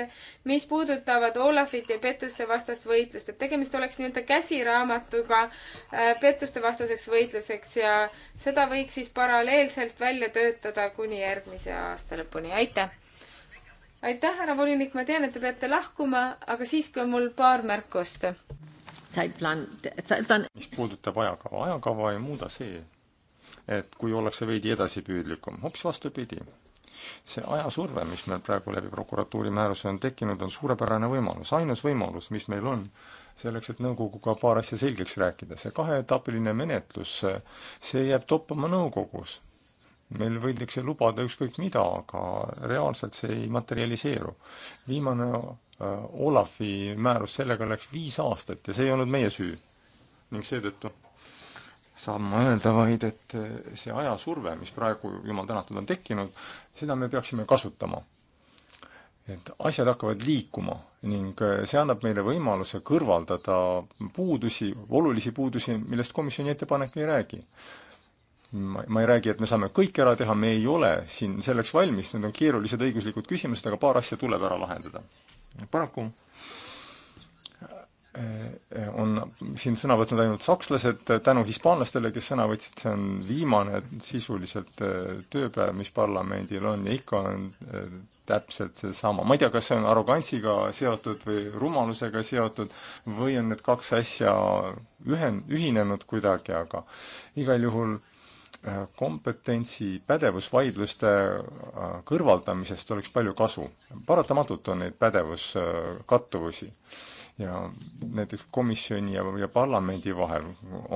mis puudutavad Olafit ja pettuste vastast võitlust, et tegemist oleks nii-öelda käsiraamatuga äh, pettuste vastaseks võitluseks ja seda võiks siis paralleelselt välja töötada kuni järgmise aasta lõpuni, aitäh! aitäh, härra volinik, ma tean, et te peate lahkuma, aga siiski on mul paar märkust Zeitplan, Zeitplan. mis puudutab ajakava, ajakava ei muuda see, et kui ollakse veidi edasipüüdlikum, hoopis vastupidi. see ajasurve, mis meil praegu läbi prokuratuuri määruse on tekkinud, on suurepärane võimalus, ainus võimalus, mis meil on, selleks, et nõukoguga paar asja selgeks rääkida. see kaheetapiline menetlus, see jääb toppama nõukogus meil võidakse lubada ükskõik mida, aga reaalselt see ei materialiseeru. viimane äh, Olafi määrus, sellega läks viis aastat ja see ei olnud meie süü. ning seetõttu saan ma öelda vaid, et äh, see ajasurve, mis praegu, jumal tänatud, on tekkinud, seda me peaksime kasutama. et asjad hakkavad liikuma ning äh, see annab meile võimaluse kõrvaldada puudusi, olulisi puudusi, millest komisjoni ettepanek ei räägi ma, ma ei räägi, et me saame kõik ära teha, me ei ole siin selleks valmis, need on keerulised õiguslikud küsimused, aga paar asja tuleb ära lahendada. paraku äh, äh, on siin sõna võtnud ainult sakslased, äh, tänu hispaanlastele, kes sõna võtsid, see on viimane sisuliselt tööpäev, mis parlamendil on ja ikka on täpselt seesama. ma ei tea, kas see on arrogantsiga seotud või rumalusega seotud või on need kaks asja ühen-, ühinenud kuidagi, aga igal juhul äh, Äh, kompetentsi pädevusvaidluste äh, kõrvaldamisest oleks palju kasu. paratamatult on neid pädevuskattuvusi äh, ja näiteks komisjoni ja, ja parlamendi vahel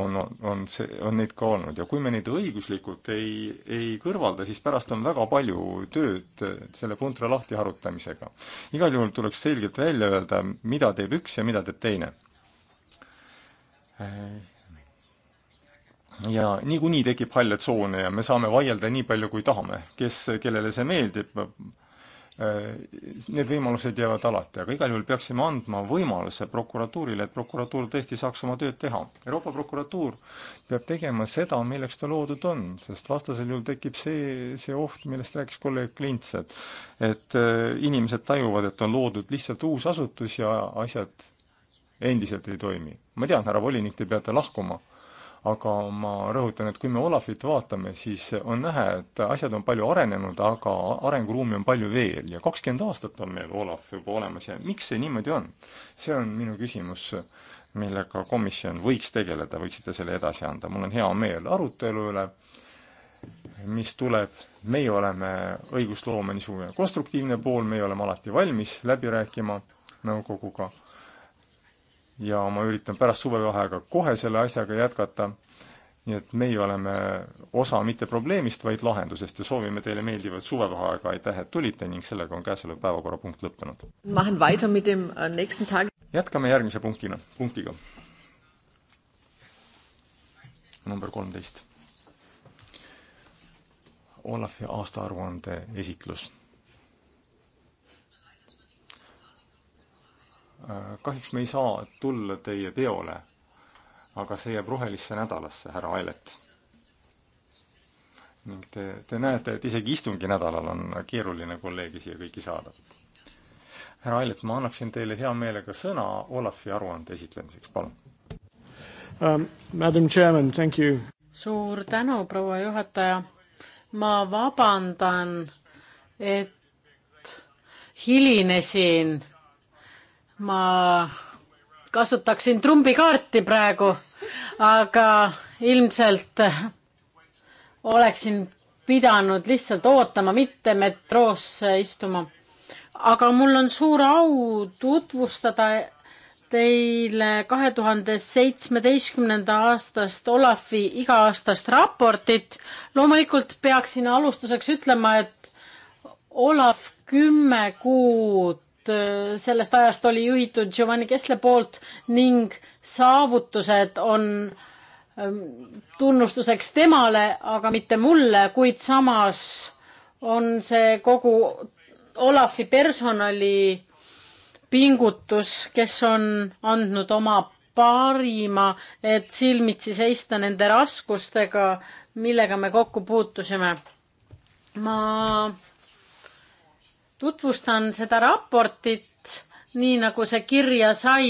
on, on see, on neid ka olnud ja kui me neid õiguslikult ei, ei kõrvalda, siis pärast on väga palju tööd selle puntra lahti harutamisega. igal juhul tuleks selgelt välja öelda, mida teeb üks ja mida teeb teine ja niikuinii tekib halle tsoone ja me saame vaielda nii palju, kui tahame, kes, kellele see meeldib, eh, need võimalused jäävad alati, aga igal juhul peaksime andma võimaluse prokuratuurile, et prokuratuur tõesti saaks oma tööd teha. Euroopa prokuratuur peab tegema seda, milleks ta loodud on, sest vastasel juhul tekib see, see oht, millest rääkis kolleeg Klints, et et eh, inimesed tajuvad, et on loodud lihtsalt uus asutus ja asjad endiselt ei toimi. ma tean, härra volinik, te peate lahkuma aga ma rõhutan, et kui me Olafit vaatame, siis on näha, et asjad on palju arenenud, aga arenguruumi on palju veel ja kakskümmend aastat on meil Olaf juba olemas ja miks see niimoodi on? see on minu küsimus, millega komisjon võiks tegeleda, võiksite selle edasi anda, mul on hea meel arutelu üle, mis tuleb, meie oleme õigusloome niisugune konstruktiivne pool, meie oleme alati valmis läbi rääkima nõukoguga no, ja ma üritan pärast suvevaheaega kohe selle asjaga jätkata, nii et meie oleme osa mitte probleemist, vaid lahendusest ja soovime teile meeldivat suvevaheaega, aitäh, et tulite ning sellega on käesolev päevakorrapunkt lõppenud. Äh, jätkame järgmise punktina, punktiga. number kolmteist. Olafi aastaaruande esitlus Äh, kahjuks me ei saa tulla teie peole, aga see jääb rohelisse nädalasse, härra Ailet. ning te, te näete, et isegi istunginädalal on keeruline kolleege siia kõiki saada. härra Ailet, ma annaksin teile hea meelega sõna Olafi aruande esitlemiseks, palun um,. Madam Chairman, thank you. suur tänu, proua juhataja. ma vabandan, et hilinesin ma kasutaksin trumbikaarti praegu, aga ilmselt oleksin pidanud lihtsalt ootama, mitte metroosse istuma. aga mul on suur au tutvustada teile kahe tuhande seitsmeteistkümnenda aastast Olafi iga-aastast raportit. loomulikult peaksin alustuseks ütlema, et Olav kümme kuud Äh, sellest ajast oli juhitud Giovanni Kessle poolt ning saavutused on ähm, tunnustuseks temale, aga mitte mulle, kuid samas on see kogu Olafi personali pingutus, kes on andnud oma parima, et silmitsi seista nende raskustega, millega me kokku puutusime. ma tutvustan seda raportit nii nagu see kirja sai,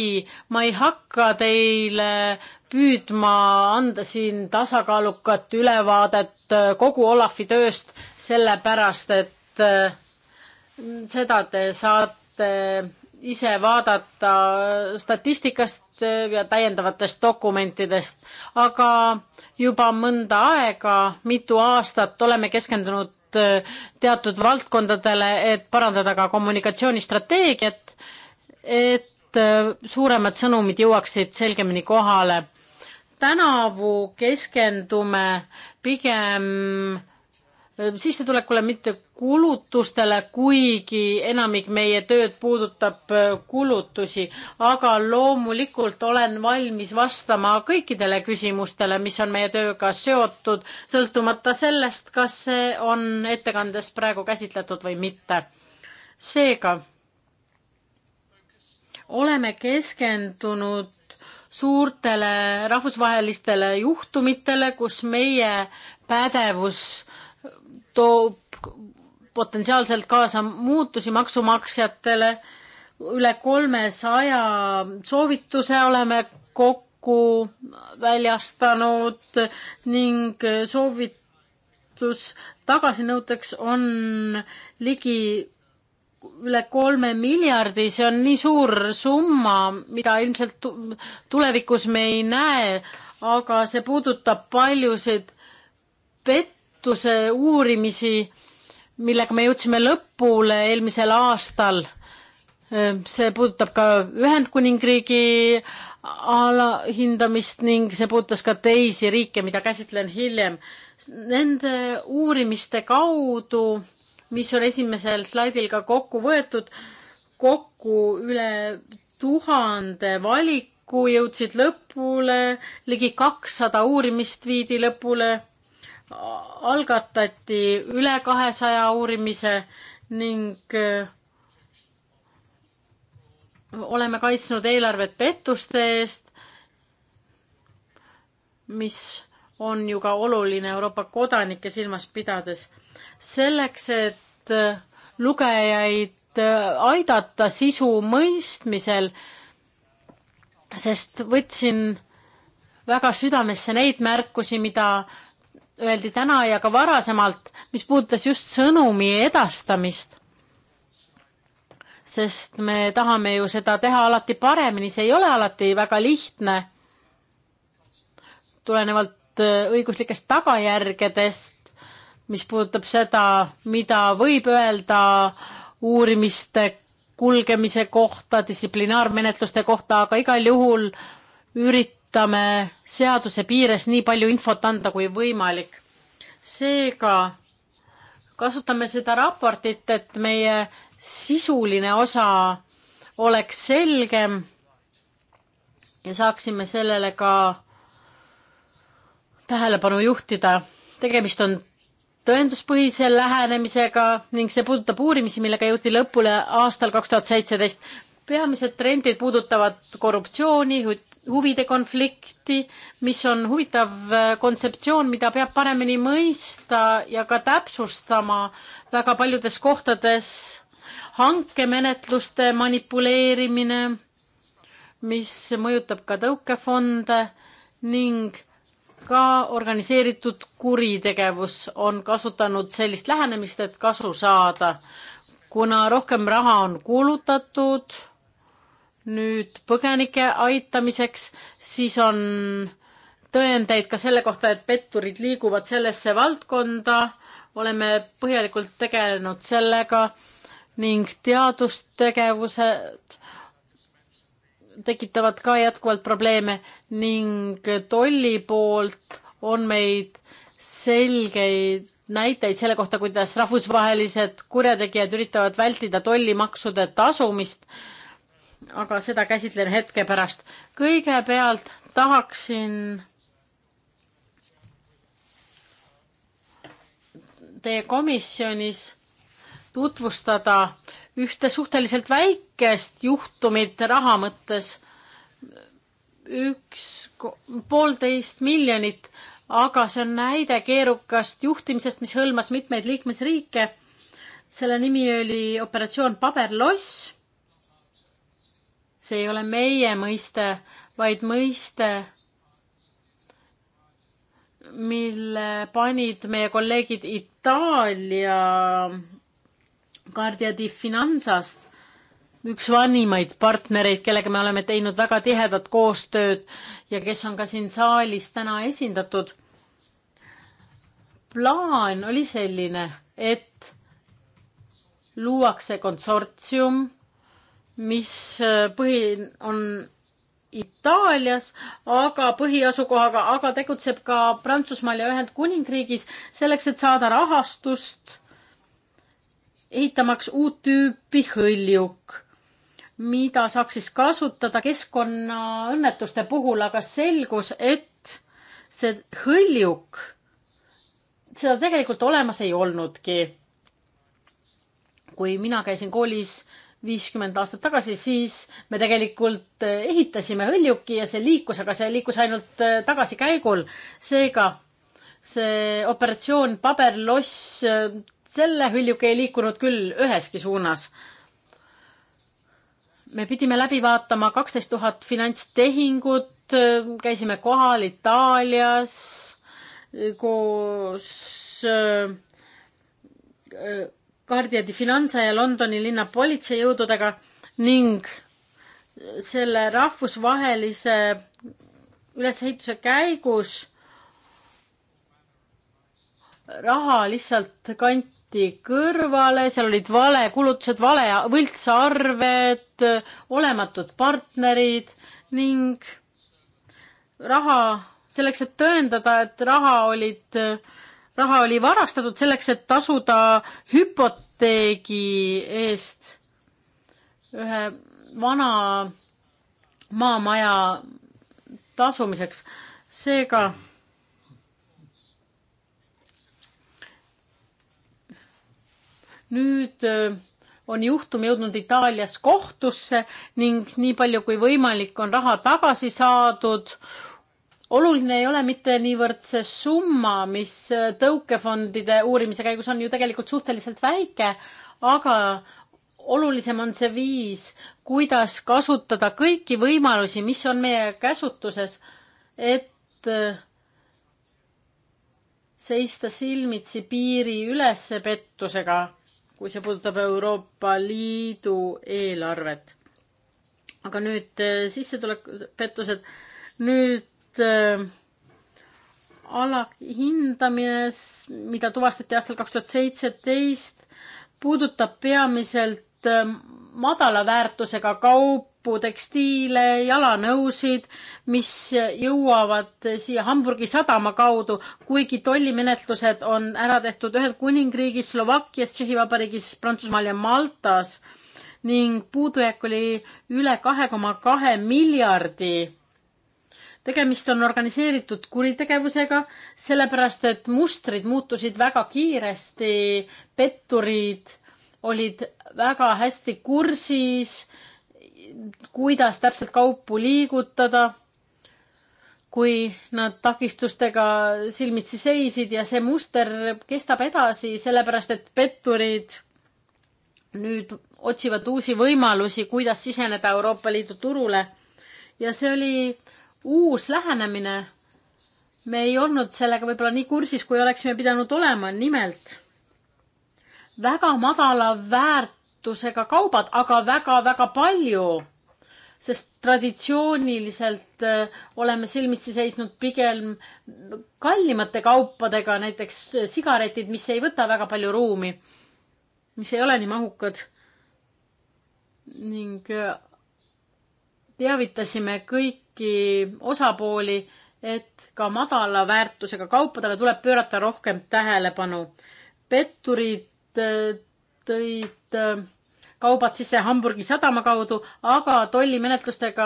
ma ei hakka teile püüdma anda siin tasakaalukat ülevaadet kogu Olafi tööst, sellepärast et äh, seda te saate ise vaadata statistikast äh, ja täiendavatest dokumentidest, aga juba mõnda aega, mitu aastat oleme keskendunud Äh, teatud valdkondadele, et parandada ka kommunikatsioonistrateegiat, et äh, suuremad sõnumid jõuaksid selgemini kohale. tänavu keskendume pigem äh, sissetulekule, mitte kulutustele, kuigi enamik meie tööd puudutab äh, kulutusi, aga loomulikult olen valmis vastama kõikidele küsimustele, mis on meie tööga seotud, sõltumata sellest, kas see on ettekandes praegu käsitletud või mitte. seega oleme keskendunud suurtele rahvusvahelistele juhtumitele, kus meie pädevus toob potentsiaalselt kaasa muutusi maksumaksjatele. üle kolmesaja soovituse oleme kokku väljastanud ning soovitus tagasinõuteks on ligi üle kolme miljardi, see on nii suur summa, mida ilmselt tulevikus me ei näe, aga see puudutab paljusid pettuse uurimisi millega me jõudsime lõpule eelmisel aastal. Ehm, see puudutab ka Ühendkuningriigi alahindamist ning see puudutas ka teisi riike, mida käsitlen hiljem. Nende uurimiste kaudu, mis on esimesel slaidil ka kokku võetud, kokku üle tuhande valiku jõudsid lõpule, ligi kakssada uurimist viidi lõpule algatati üle kahesaja uurimise ning äh, oleme kaitsnud eelarvet pettuste eest, mis on ju ka oluline Euroopa kodanikke silmas pidades. selleks, et äh, lugejaid äh, aidata sisu mõistmisel, sest võtsin väga südamesse neid märkusi, mida öeldi täna ja ka varasemalt, mis puudutas just sõnumi edastamist. sest me tahame ju seda teha alati paremini, see ei ole alati väga lihtne. tulenevalt äh, õiguslikest tagajärgedest, mis puudutab seda, mida võib öelda uurimiste kulgemise kohta, distsiplinaarmenetluste kohta, aga igal juhul ürit-, üritame seaduse piires nii palju infot anda kui võimalik. seega kasutame seda raportit, et meie sisuline osa oleks selgem ja saaksime sellele ka tähelepanu juhtida. tegemist on tõenduspõhise lähenemisega ning see puudutab uurimisi, millega jõuti lõpule aastal kaks tuhat seitseteist peamised trendid puudutavad korruptsiooni, huvide konflikti, mis on huvitav äh, kontseptsioon, mida peab paremini mõista ja ka täpsustama väga paljudes kohtades. hankemenetluste manipuleerimine, mis mõjutab ka tõukefonde ning ka organiseeritud kuritegevus on kasutanud sellist lähenemist, et kasu saada kuna rohkem raha on kulutatud, nüüd põgenike aitamiseks, siis on tõendeid ka selle kohta, et petturid liiguvad sellesse valdkonda. oleme põhjalikult tegelenud sellega ning teadustegevused tekitavad ka jätkuvalt probleeme ning tolli poolt on meid selgeid näiteid selle kohta, kuidas rahvusvahelised kurjategijad üritavad vältida tollimaksude tasumist aga seda käsitlen hetke pärast. kõigepealt tahaksin teie komisjonis tutvustada ühte suhteliselt väikest juhtumit raha mõttes, üks poolteist miljonit, aga see on näide keerukast juhtimisest, mis hõlmas mitmeid liikmesriike. selle nimi oli operatsioon Paberloss see ei ole meie mõiste, vaid mõiste, mille panid meie kolleegid Itaalia Guardia di Finanzast, üks vanimaid partnereid, kellega me oleme teinud väga tihedat koostööd ja kes on ka siin saalis täna esindatud. plaan oli selline, et luuakse konsortsium mis äh, põhi on Itaalias, aga põhiasukohaga, aga tegutseb ka Prantsusmaal ja Ühendkuningriigis selleks, et saada rahastust ehitamaks uut tüüpi hõljuk, mida saaks siis kasutada keskkonnaõnnetuste puhul, aga selgus, et see hõljuk, seda tegelikult olemas ei olnudki. kui mina käisin koolis viiskümmend aastat tagasi, siis me tegelikult eh, ehitasime hõljuki ja see liikus, aga see liikus ainult eh, tagasikäigul. seega see operatsioon paberloss, eh, selle hõljuki ei liikunud küll üheski suunas. me pidime läbi vaatama kaksteist tuhat finantstehingut, käisime kohal Itaalias koos Guardia di Finanza ja Londoni linna politseijõududega ning selle rahvusvahelise ülesehituse käigus raha lihtsalt kanti kõrvale, seal olid valekulutused, vale, vale võltsarved, olematud partnerid ning raha selleks, et tõendada, et raha olid äh, raha oli varastatud selleks, et tasuda hüpoteegi eest ühe vana maamaja tasumiseks. seega nüüd äh, on juhtum jõudnud Itaalias kohtusse ning nii palju kui võimalik on raha tagasi saadud oluline ei ole mitte niivõrd see summa, mis tõukefondide uurimise käigus on ju tegelikult suhteliselt väike, aga olulisem on see viis, kuidas kasutada kõiki võimalusi, mis on meie käsutuses, et äh, seista silmitsi piiri ülesse pettusega, kui see puudutab Euroopa Liidu eelarvet. aga nüüd äh, sissetulekupettused, nüüd Äh, alahindamine, mida tuvastati aastal kaks tuhat seitseteist, puudutab peamiselt äh, madala väärtusega kaupu, tekstiile, jalanõusid, mis jõuavad siia Hamburgi sadama kaudu, kuigi tollimenetlused on ära tehtud Ühendkuningriigis, Slovakkias, Tšehhi Vabariigis, Prantsusmaal ja Maltas ning puudujääk oli üle kahe koma kahe miljardi tegemist on organiseeritud kuritegevusega, sellepärast et mustrid muutusid väga kiiresti, petturid olid väga hästi kursis, kuidas täpselt kaupu liigutada, kui nad takistustega silmitsi seisid ja see muster kestab edasi, sellepärast et petturid nüüd otsivad uusi võimalusi, kuidas siseneda Euroopa Liidu turule. ja see oli äh, uus lähenemine. me ei olnud sellega võib-olla nii kursis, kui oleksime pidanud olema, nimelt väga madala väärtusega kaubad, aga väga-väga palju sest traditsiooniliselt äh, oleme silmitsi seisnud pigem kallimate kaupadega, näiteks äh, sigaretid, mis ei võta väga palju ruumi, mis ei ole nii mahukad. ning äh, teavitasime kõik kõiki osapooli, et ka madala väärtusega kaupadele tuleb pöörata rohkem tähelepanu. petturid äh, tõid äh, kaubad sisse Hamburgi sadama kaudu, aga tollimenetlustega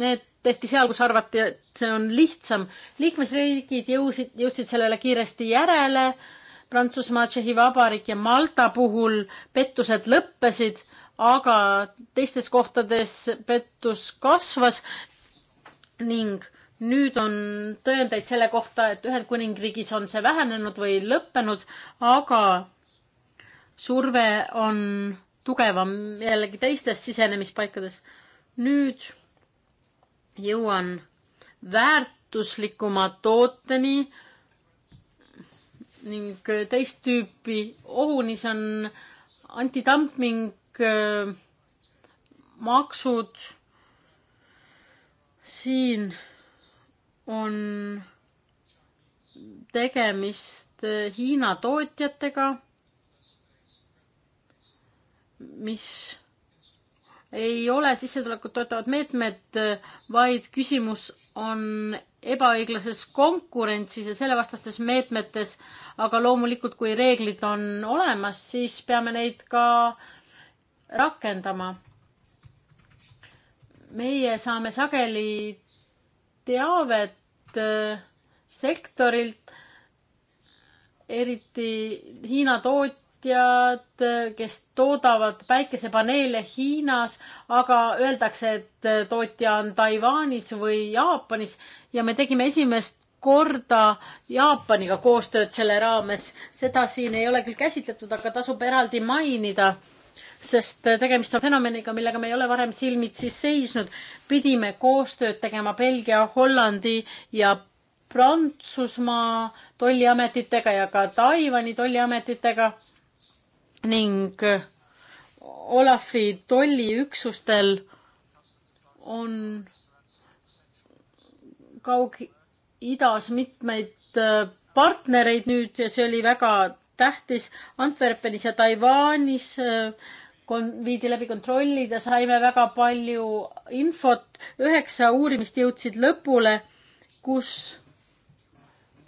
need tehti seal, kus arvati, et see on lihtsam. liikmesriigid jõusid, jõudsid sellele kiiresti järele. Prantsusmaa, Tšehhi Vabariik ja Malta puhul pettused lõppesid aga teistes kohtades pettus kasvas ning nüüd on tõendeid selle kohta, et Ühendkuningriigis on see vähenenud või lõppenud, aga surve on tugevam jällegi teistes sisenemispaikades. nüüd jõuan väärtuslikuma tooteni ning teist tüüpi ohuni, see on antidumping Äh, maksud. siin on tegemist äh, Hiina tootjatega, mis ei ole sissetulekut toetavad meetmed, vaid küsimus on ebaõiglases konkurentsis ja sellevastastes meetmetes. aga loomulikult, kui reeglid on olemas, siis peame neid ka rakendama. meie saame sageli teavet äh, sektorilt, eriti Hiina tootjad, äh, kes toodavad päikesepaneele Hiinas, aga öeldakse, et äh, tootja on Taiwanis või Jaapanis ja me tegime esimest korda Jaapaniga koostööd selle raames. seda siin ei ole küll käsitletud, aga tasub eraldi mainida sest tegemist on fenomeniga, millega me ei ole varem silmitsi seisnud. pidime koostööd tegema Belgia, Hollandi ja Prantsusmaa tolliametitega ja ka Taiwan'i tolliametitega ning Olafi tolliüksustel on Kaug-Idas mitmeid äh, partnereid nüüd ja see oli väga tähtis Antwerpenis ja Taiwanis äh, kon-, viidi läbi kontrollid ja saime väga palju infot. üheksa uurimist jõudsid lõpule, kus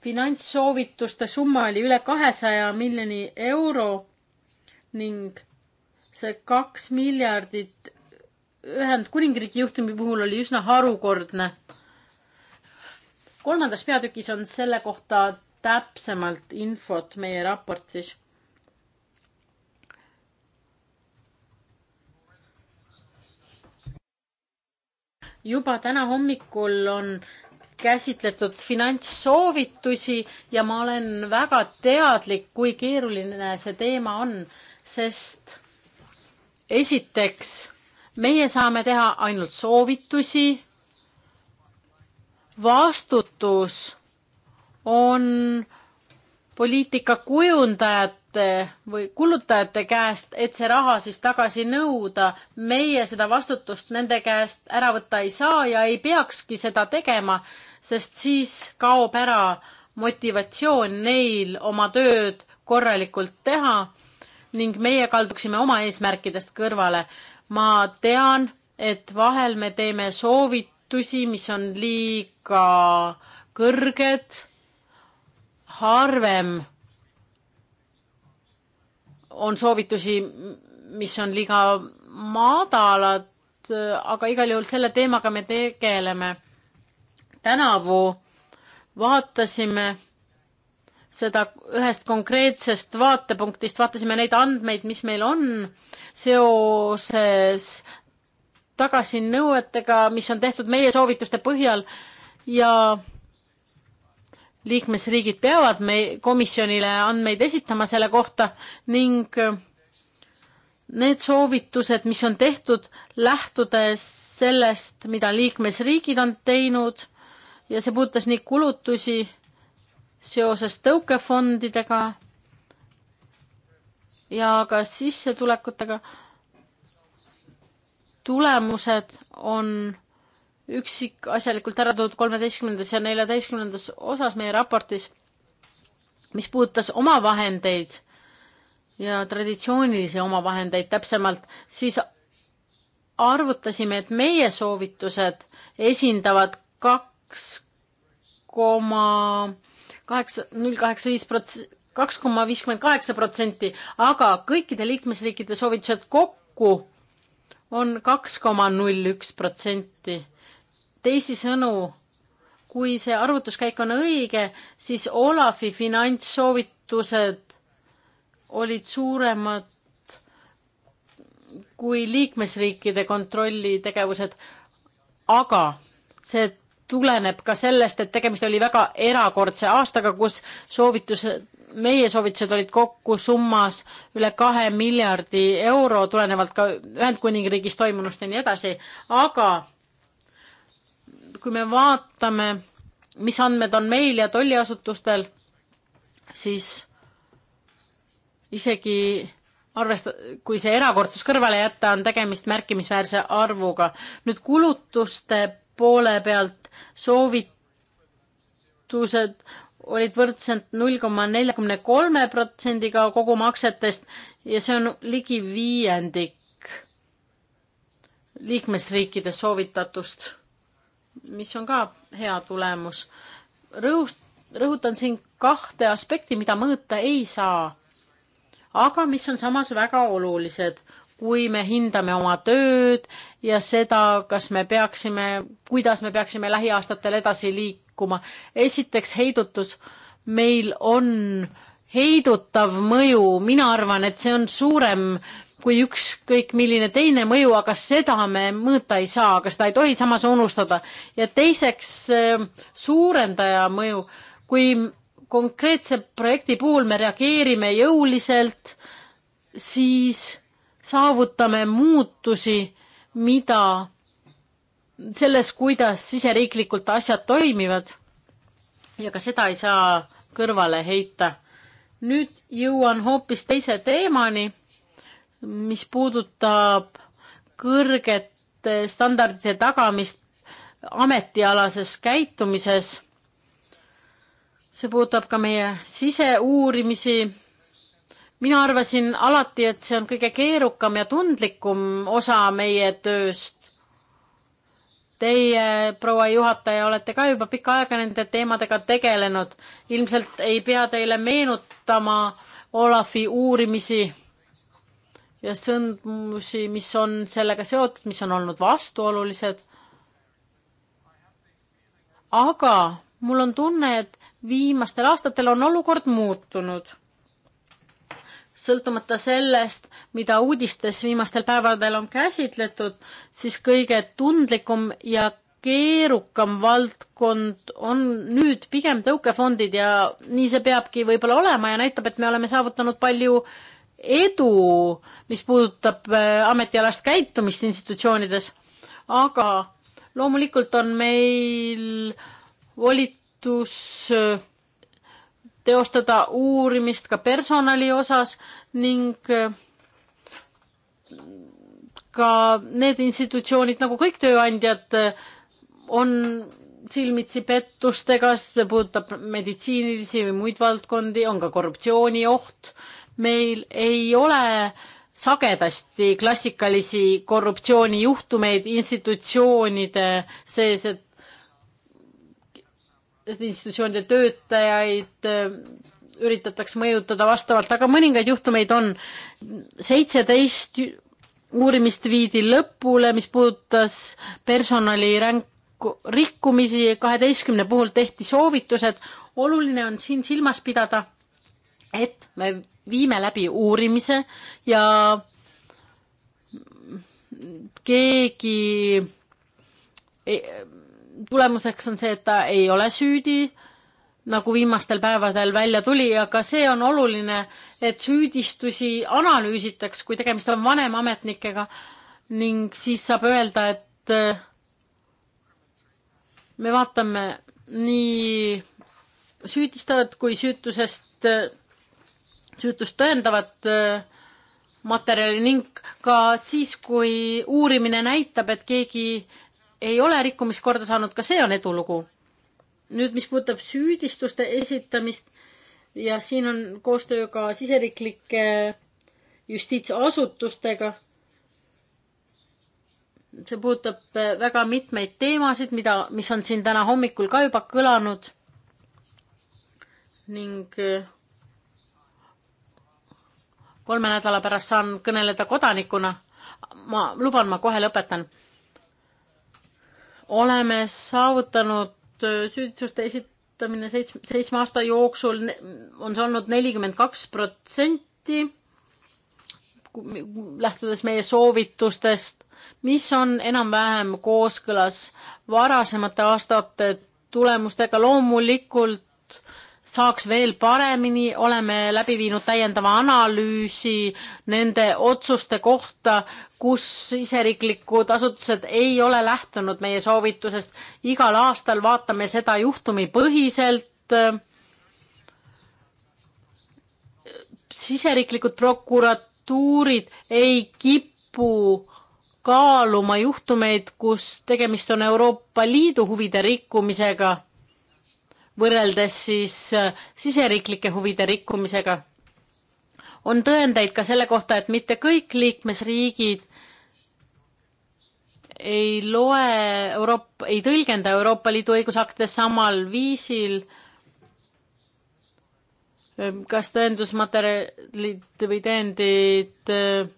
finantssoovituste summa oli üle kahesaja miljoni euro ning see kaks miljardit Ühendkuningriigi juhtumi puhul oli üsna harukordne. kolmandas peatükis on selle kohta täpsemalt infot meie raportis juba täna hommikul on käsitletud finantssoovitusi ja ma olen väga teadlik, kui keeruline see teema on, sest esiteks meie saame teha ainult soovitusi. vastutus on poliitika kujundajate ettevõtete või kulutajate käest, et see raha siis tagasi nõuda. meie seda vastutust nende käest ära võtta ei saa ja ei peakski seda tegema, sest siis kaob ära motivatsioon neil oma tööd korralikult teha ning meie kalduksime oma eesmärkidest kõrvale. ma tean, et vahel me teeme soovitusi, mis on liiga kõrged harvem on soovitusi, mis on liiga madalad, aga igal juhul selle teemaga me tegeleme. tänavu vaatasime seda ühest konkreetsest vaatepunktist, vaatasime neid andmeid, mis meil on seoses tagasinõuetega, mis on tehtud meie soovituste põhjal ja liikmesriigid peavad me komisjonile andmeid esitama selle kohta ning äh, need soovitused, mis on tehtud, lähtudes sellest, mida liikmesriigid on teinud ja see puudutas nii kulutusi seoses tõukefondidega ja ka sissetulekutega. tulemused on üksikasjalikult ära toodud kolmeteistkümnendas ja neljateistkümnendas osas meie raportis, mis puudutas omavahendeid ja traditsioonilisi omavahendeid täpsemalt, siis arvutasime, et meie soovitused esindavad kaks koma kaheksa, null kaheksa viis prots-, kaks koma viiskümmend kaheksa protsenti, aga kõikide liikmesriikide soovitused kokku on kaks koma null üks protsenti teisisõnu, kui see arvutuskäik on õige, siis Olafi finantssoovitused olid suuremad kui liikmesriikide kontrollitegevused, aga see tuleneb ka sellest, et tegemist oli väga erakordse aastaga, kus soovitused, meie soovitused olid kokku summas üle kahe miljardi euro, tulenevalt ka Ühendkuningriigis toimunust ja nii edasi, aga kui me vaatame, mis andmed on meil ja tolliasutustel, siis isegi arvesta-, kui see erakordsus kõrvale jätta, on tegemist märkimisväärse arvuga. nüüd kulutuste poole pealt soovitused olid võrdselt null koma neljakümne kolme protsendiga kogumaksetest ja see on ligi viiendik liikmesriikide soovitatust mis on ka hea tulemus. rõhust, rõhutan siin kahte aspekti, mida mõõta ei saa, aga mis on samas väga olulised, kui me hindame oma tööd ja seda, kas me peaksime, kuidas me peaksime lähiaastatel edasi liikuma. esiteks heidutus, meil on heidutav mõju, mina arvan, et see on suurem kui ükskõik milline teine mõju, aga seda me mõõta ei saa, aga seda ei tohi samas unustada. ja teiseks äh, suurendaja mõju, kui konkreetse projekti puhul me reageerime jõuliselt, siis saavutame muutusi, mida selles, kuidas siseriiklikult asjad toimivad. ja ka seda ei saa kõrvale heita. nüüd jõuan hoopis teise teemani mis puudutab kõrgete standardite tagamist ametialases käitumises. see puudutab ka meie siseuurimisi. mina arvasin alati, et see on kõige keerukam ja tundlikum osa meie tööst. Teie, proua juhataja, olete ka juba pikka aega nende teemadega tegelenud. ilmselt ei pea teile meenutama Olafi uurimisi ja sõndmusi, mis on sellega seotud, mis on olnud vastuolulised. aga mul on tunne, et viimastel aastatel on olukord muutunud. sõltumata sellest, mida uudistes viimastel päevadel on käsitletud, siis kõige tundlikum ja keerukam valdkond on nüüd pigem tõukefondid ja nii see peabki võib-olla olema ja näitab, et me oleme saavutanud palju äh, edu, mis puudutab äh, ametialast käitumist institutsioonides, aga loomulikult on meil volitus äh, teostada uurimist ka personali osas ning äh, ka need institutsioonid nagu kõik tööandjad on silmitsi pettustega, see puudutab meditsiinilisi või muid valdkondi, on ka korruptsioonioht äh, meil ei ole sagedasti klassikalisi korruptsioonijuhtumeid institutsioonide sees, et et institutsioonide töötajaid äh, üritatakse mõjutada vastavalt, aga mõningaid juhtumeid on. seitseteist uurimist viidi lõpule, mis puudutas personali ränku, rikkumisi, kaheteistkümne puhul tehti soovitused. oluline on siin silmas pidada, et me viime läbi uurimise ja keegi, e, tulemuseks on see, et ta ei ole süüdi, nagu viimastel päevadel välja tuli, aga see on oluline, et süüdistusi analüüsitaks, kui tegemist on vanemametnikega ning siis saab öelda, et me vaatame nii süüdistajat kui süütusest süütust tõendavat äh, materjali ning ka siis, kui uurimine näitab, et keegi ei ole rikkumist korda saanud, ka see on edulugu. nüüd, mis puudutab süüdistuste esitamist ja siin on koostöö ka siseriiklike justiitsasutustega. see puudutab äh, väga mitmeid teemasid, mida, mis on siin täna hommikul ka juba kõlanud ning äh, kolme nädala pärast saan kõneleda kodanikuna. ma luban, ma kohe lõpetan. oleme saavutanud äh, süüdistuste esitamine seitsme, seitsme aasta jooksul on see olnud nelikümmend kaks protsenti, lähtudes meie soovitustest, mis on enam-vähem kooskõlas varasemate aastate tulemustega. loomulikult saaks veel paremini, oleme läbi viinud täiendava analüüsi nende otsuste kohta, kus siseriiklikud asutused ei ole lähtunud meie soovitusest. igal aastal vaatame seda juhtumipõhiselt. siseriiklikud prokuratuurid ei kipu kaaluma juhtumeid, kus tegemist on Euroopa Liidu huvide rikkumisega võrreldes siis äh, siseriiklike huvide rikkumisega. on tõendeid ka selle kohta, et mitte kõik liikmesriigid ei loe Euroopa, ei tõlgenda Euroopa Liidu õigusakte samal viisil. Ähm, kas tõendusmaterjalid või tõendid äh,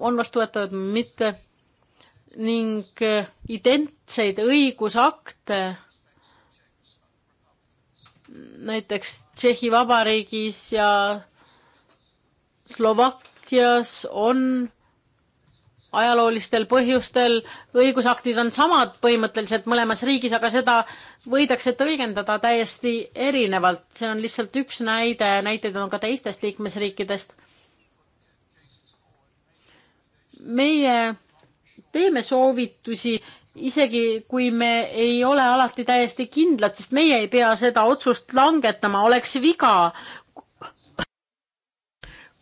on vastuvõetavad või mitte ning äh, identseid õigusakte näiteks Tšehhi Vabariigis ja Slovakkias on ajaloolistel põhjustel õigusaktid on samad põhimõtteliselt mõlemas riigis, aga seda võidakse tõlgendada täiesti erinevalt, see on lihtsalt üks näide, näiteid on ka teistest liikmesriikidest. meie teeme soovitusi isegi kui me ei ole alati täiesti kindlad, sest meie ei pea seda otsust langetama, oleks viga,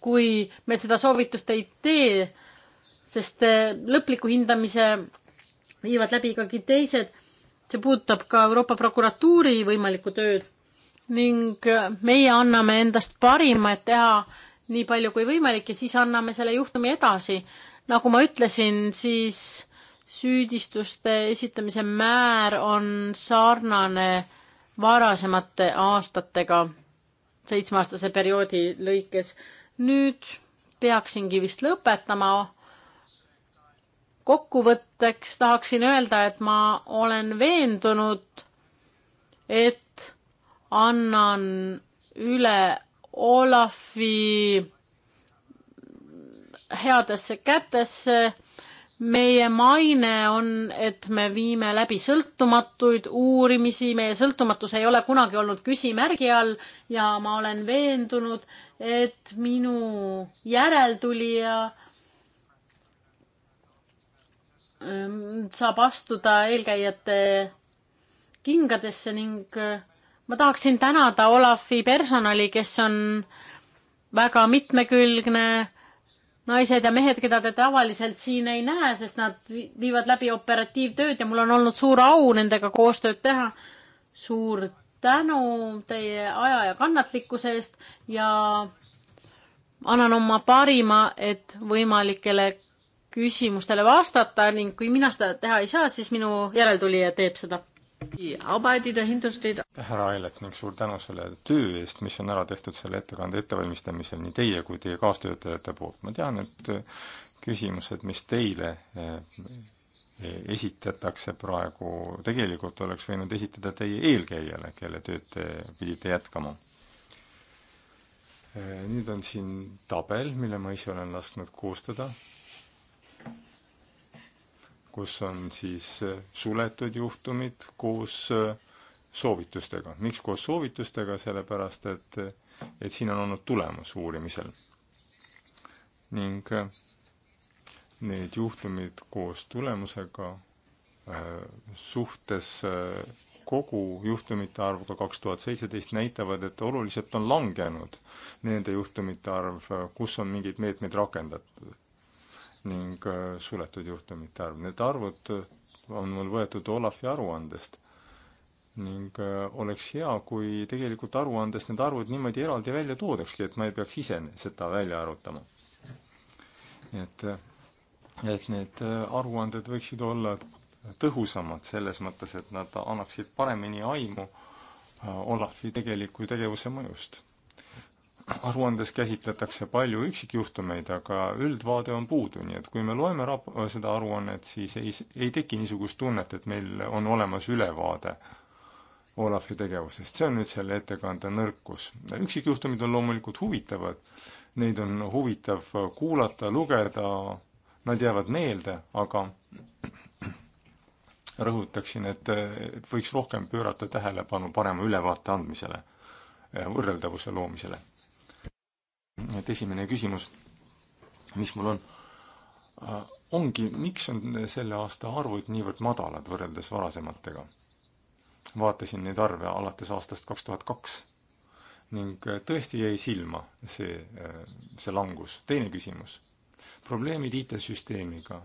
kui me seda soovitust ei tee, sest eh, lõpliku hindamise viivad läbi ikkagi teised. see puudutab ka Euroopa prokuratuuri võimalikku tööd ning eh, meie anname endast parima, et teha nii palju kui võimalik ja siis anname selle juhtumi edasi. nagu ma ütlesin, siis süüdistuste esitamise määr on sarnane varasemate aastatega seitsmeaastase perioodi lõikes. nüüd peaksingi vist lõpetama. kokkuvõtteks tahaksin öelda, et ma olen veendunud, et annan üle Olafi headesse kätesse meie maine on, et me viime läbi sõltumatuid uurimisi, meie sõltumatus ei ole kunagi olnud küsimärgi all ja ma olen veendunud, et minu järeltulija ähm, saab astuda eelkäijate kingadesse ning äh, ma tahaksin tänada Olafi personali, kes on väga mitmekülgne naised ja mehed, keda te tavaliselt siin ei näe, sest nad viivad läbi operatiivtööd ja mul on olnud suur au nendega koostööd teha. suur tänu teie aja ja kannatlikkuse eest ja annan oma parima, et võimalikele küsimustele vastata ning kui mina seda teha ei saa, siis minu järeltulija teeb seda härra Ailet ning suur tänu selle töö eest, mis on ära tehtud selle ettekande ettevalmistamisel nii teie kui teie kaastöötajate poolt. ma tean, et äh, küsimused, mis teile äh, esitatakse praegu, tegelikult oleks võinud esitada teie eelkäijale, kelle tööd te pidite jätkama. Äh, nüüd on siin tabel, mille ma ise olen lasknud koostada kus on siis eh, suletud juhtumid koos eh, soovitustega. miks koos soovitustega, sellepärast et, eh, et siin on olnud tulemus uurimisel. ning need juhtumid koos tulemusega suhtes kogu juhtumite arvuga kaks tuhat seitseteist näitavad, et oluliselt on langenud nende juhtumite arv, kus on mingeid meetmeid rakendatud ning äh, suletud juhtumite arv. Need arvud äh, on mul võetud Olafi aruandest ning äh, oleks hea, kui tegelikult aruandes need arvud niimoodi eraldi välja toodakski, et ma ei peaks ise seda välja arvutama. et, et need aruanded võiksid olla tõhusamad selles mõttes, et nad annaksid paremini aimu Olafi tegeliku tegevuse mõjust aruandes käsitletakse palju üksikjuhtumeid, aga üldvaade on puudu, nii et kui me loeme rap-, seda aruannet, siis ei, ei teki niisugust tunnet, et meil on olemas ülevaade Olavi tegevusest, see on nüüd selle ettekande nõrkus. üksikjuhtumid on loomulikult huvitavad, neid on huvitav kuulata, lugeda, nad jäävad meelde, aga rõhutaksin, et võiks rohkem pöörata tähelepanu parema ülevaate andmisele, võrreldavuse loomisele et esimene küsimus, mis mul on, äh, ongi, miks on selle aasta arvud niivõrd madalad võrreldes varasematega? vaatasin neid arve alates aastast kaks tuhat kaks ning äh, tõesti jäi silma see, äh, see langus. teine küsimus, probleemid IT-süsteemiga.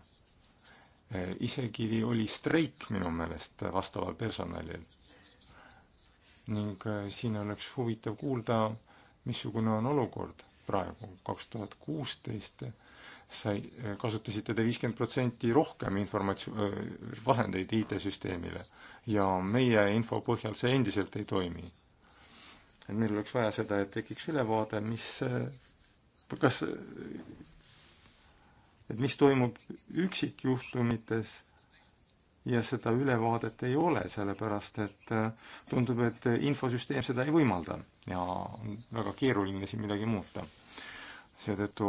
isegi oli streik minu meelest vastaval personalil. ning siin oleks huvitav kuulda, missugune on olukord praegu, kaks tuhat kuusteist, sai, kasutasite te viiskümmend protsenti rohkem informatsioon, vahendeid IT-süsteemile ja meie info põhjal see endiselt ei toimi. et meil oleks vaja seda, et tekiks ülevaade, mis, kas, et mis toimub üksikjuhtumites ja seda ülevaadet ei ole, sellepärast et tundub, et infosüsteem seda ei võimalda ja on väga keeruline siin midagi muuta seetõttu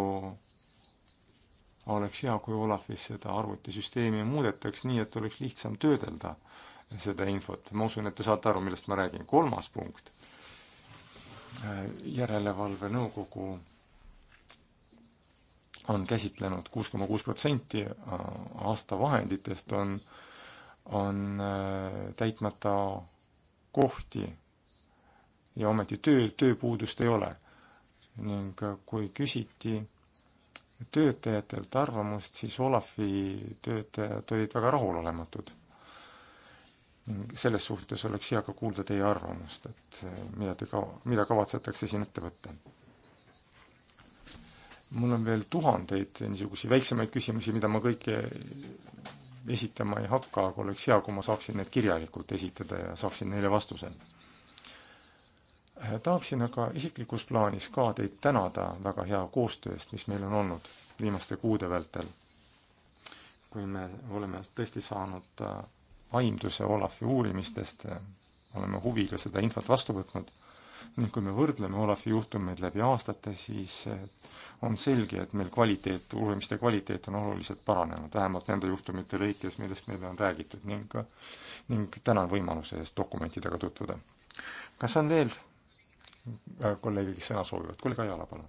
oleks hea, kui Olafis seda arvutisüsteemi muudetaks nii, et oleks lihtsam töödelda seda infot. ma usun, et te saate aru, millest ma räägin. kolmas punkt, järelevalvenõukogu on käsitlenud kuus koma kuus protsenti aastavahenditest on, on äh, täitmata kohti ja ometi töö, tööpuudust ei ole ning äh, kui küsiti töötajatelt arvamust, siis Olafi töötajad olid väga rahulolematud. ning selles suhtes oleks hea ka kuulda teie arvamust, et äh, mida te ka, mida kavatsetakse siin ette võtta. mul on veel tuhandeid niisuguseid väiksemaid küsimusi, mida ma kõiki esitama ei hakka, aga oleks hea, kui ma saaksin need kirjalikult esitada ja saaksin neile vastuse Äh, tahaksin aga isiklikus plaanis ka teid tänada väga hea koostöö eest, mis meil on olnud viimaste kuude vältel. kui me oleme tõesti saanud äh, aimduse Olafi uurimistest, äh, oleme huviga seda infot vastu võtnud ning kui me võrdleme Olafi juhtumeid läbi aastate, siis on selge, et meil kvaliteet, uurimiste kvaliteet on oluliselt paranenud, vähemalt nende juhtumite lõikes, millest meile on räägitud ning ning tänan võimaluse eest dokumentidega tutvuda. kas on veel Äh, kolleegid, kes sõna soovivad. kuulge, Ajala, palun.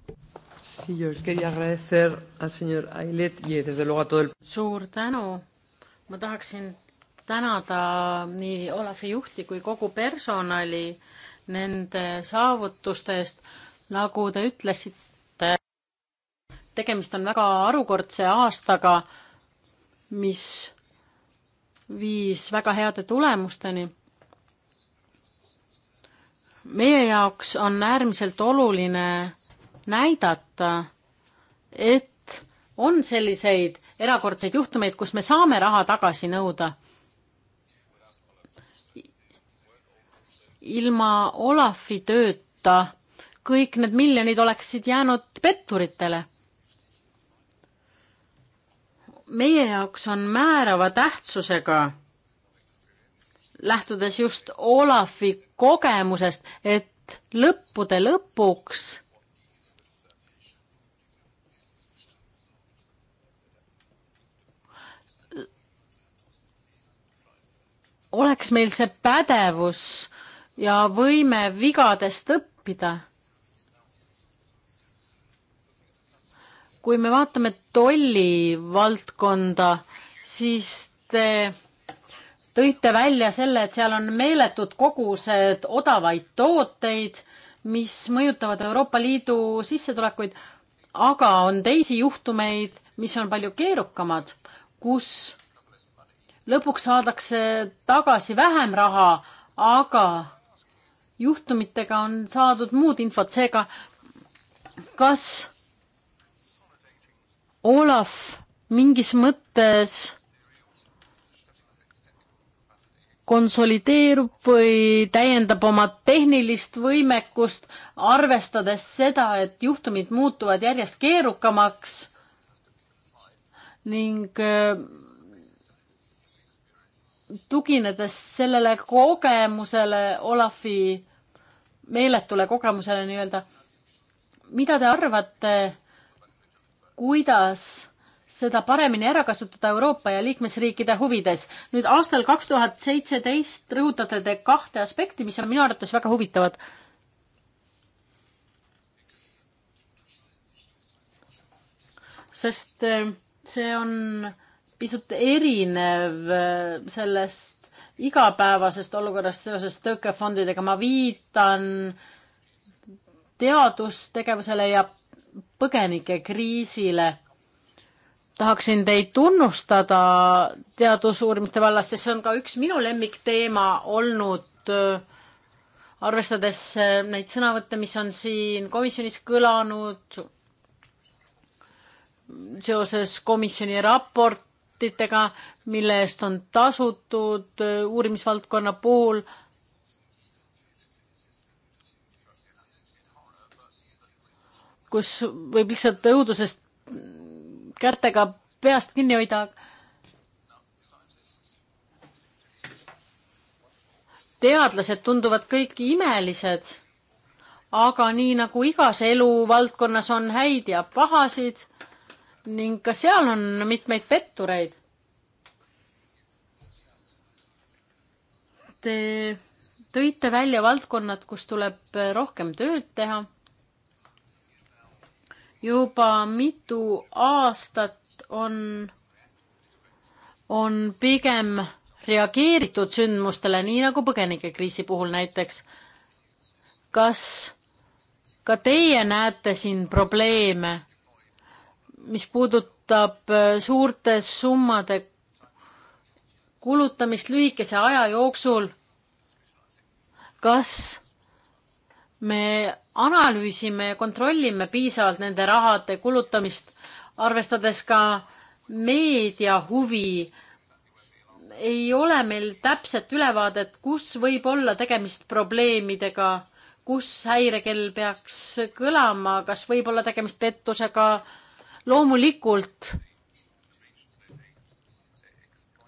suur tänu. ma tahaksin tänada nii Olavi juhti kui kogu personali nende saavutuste eest. nagu te ütlesite, tegemist on väga harukordse aastaga, mis viis väga heade tulemusteni meie jaoks on äärmiselt oluline näidata, et on selliseid erakordseid juhtumeid, kus me saame raha tagasi nõuda. ilma Olafi tööta kõik need miljonid oleksid jäänud petturitele. meie jaoks on määrava tähtsusega, lähtudes just Olafi kogemusest, et lõppude lõpuks oleks meil see pädevus ja võime vigadest õppida. kui me vaatame tolli valdkonda, siis te tõite välja selle, et seal on meeletud kogused odavaid tooteid, mis mõjutavad Euroopa Liidu sissetulekuid, aga on teisi juhtumeid, mis on palju keerukamad, kus lõpuks saadakse tagasi vähem raha, aga juhtumitega on saadud muud infot, seega kas Olav mingis mõttes konsolideerub või täiendab oma tehnilist võimekust, arvestades seda, et juhtumid muutuvad järjest keerukamaks ning äh, tuginedes sellele kogemusele, Olafi meeletule kogemusele nii-öelda, mida te arvate, kuidas seda paremini ära kasutada Euroopa ja liikmesriikide huvides. nüüd aastal kaks tuhat seitseteist rõhutate te kahte aspekti, mis on minu arvates väga huvitavad. sest eh, see on pisut erinev eh, sellest igapäevasest olukorrast seoses tõukefondidega. ma viitan teadustegevusele ja põgenikekriisile tahaksin teid tunnustada teadusuurimiste vallas, sest see on ka üks minu lemmikteema olnud, äh, arvestades äh, neid sõnavõtte, mis on siin komisjonis kõlanud seoses komisjoni raportitega, mille eest on tasutud äh, uurimisvaldkonna puhul kus võib lihtsalt õudusest kärtega peast kinni hoida. teadlased tunduvad kõik imelised, aga nii nagu igas eluvaldkonnas on häid ja pahasid ning ka seal on mitmeid pettureid. Te tõite välja valdkonnad, kus tuleb rohkem tööd teha juba mitu aastat on, on pigem reageeritud sündmustele, nii nagu põgenikekriisi puhul näiteks. kas ka teie näete siin probleeme, mis puudutab äh, suurte summade kulutamist lühikese aja jooksul? kas me analüüsime ja kontrollime piisavalt nende rahade kulutamist, arvestades ka meedia huvi. ei ole meil täpset ülevaadet, kus võib olla tegemist probleemidega, kus häirekell peaks kõlama, kas võib olla tegemist pettusega. loomulikult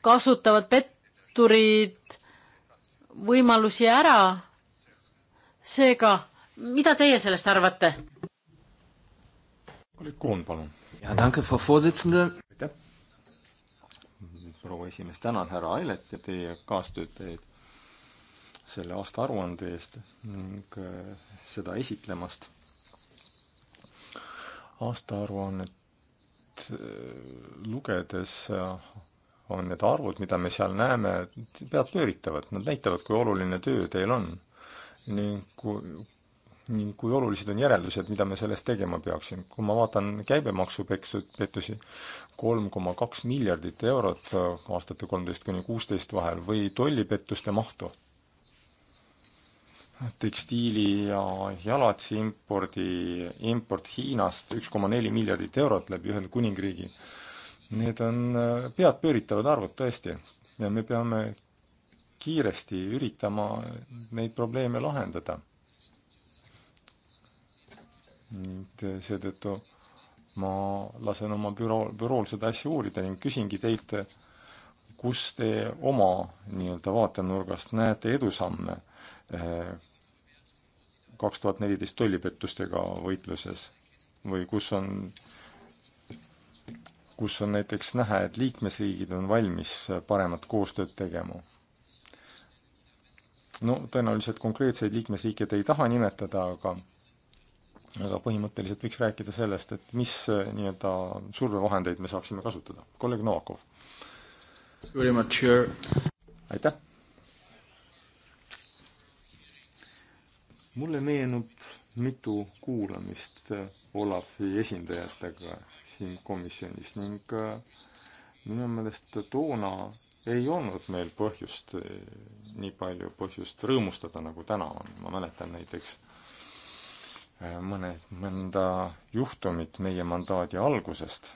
kasutavad petturid võimalusi ära seega, mida teie sellest arvate? kolleeg Kuhn, palun. ja tänke, Frau Vorsitzende. aitäh. proua esimees, tänan härra Ailet ja teie kaastöötajaid selle aasta aruande eest ning äh, seda esitlemast. aastaaruannet äh, lugedes äh, on need arvud, mida me seal näeme, peadpööritavad, nad näitavad, kui oluline töö teil on ning kui, ning kui olulised on järeldused, mida me sellest tegema peaksime. kui ma vaatan käibemaksupeksu, pettusi, kolm koma kaks miljardit eurot aastate kolmteist kuni kuusteist vahel või tollipettuste mahtu, tekstiili ja jalatsi impordi, import Hiinast üks koma neli miljardit eurot läbi Ühendkuningriigi, need on peadpööritavad arvud tõesti ja me peame kiiresti üritama neid probleeme lahendada. et seetõttu ma lasen oma büroo, bürool seda asja uurida ning küsingi teilt, kus te oma nii-öelda vaatenurgast näete edusamme eh, kaks tuhat neliteist tollipettustega võitluses või kus on, kus on näiteks näha, et liikmesriigid on valmis paremat koostööd tegema no tõenäoliselt konkreetseid liikmesriike te ei taha nimetada, aga aga põhimõtteliselt võiks rääkida sellest, et mis äh, nii-öelda survevahendeid me saaksime kasutada. kolleeg Novakov. aitäh! mulle meenub mitu kuulamist äh, Olavi esindajatega siin komisjonis ning äh, minu meelest toona ei olnud meil põhjust, eh, nii palju põhjust rõõmustada, nagu täna on. ma mäletan näiteks eh, mõne, mõnda juhtumit meie mandaadi algusest.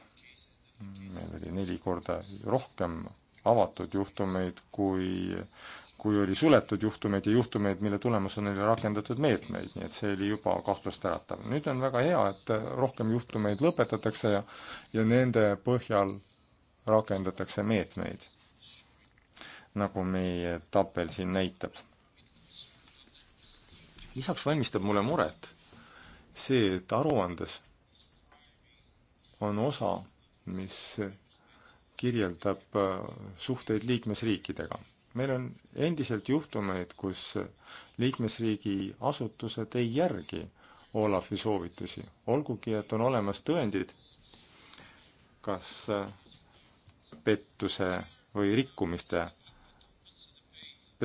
meil oli neli korda rohkem avatud juhtumeid, kui, kui oli suletud juhtumeid ja juhtumeid, mille tulemusena oli rakendatud meetmeid, nii et see oli juba kahtlust äratav. nüüd on väga hea, et rohkem juhtumeid lõpetatakse ja, ja nende põhjal rakendatakse meetmeid nagu meie tabel siin näitab. lisaks valmistab mulle muret see, et aruandes on osa, mis kirjeldab äh, suhteid liikmesriikidega. meil on endiselt juhtumeid, kus liikmesriigi asutused ei järgi Olavi soovitusi, olgugi et on olemas tõendid, kas äh, pettuse või rikkumiste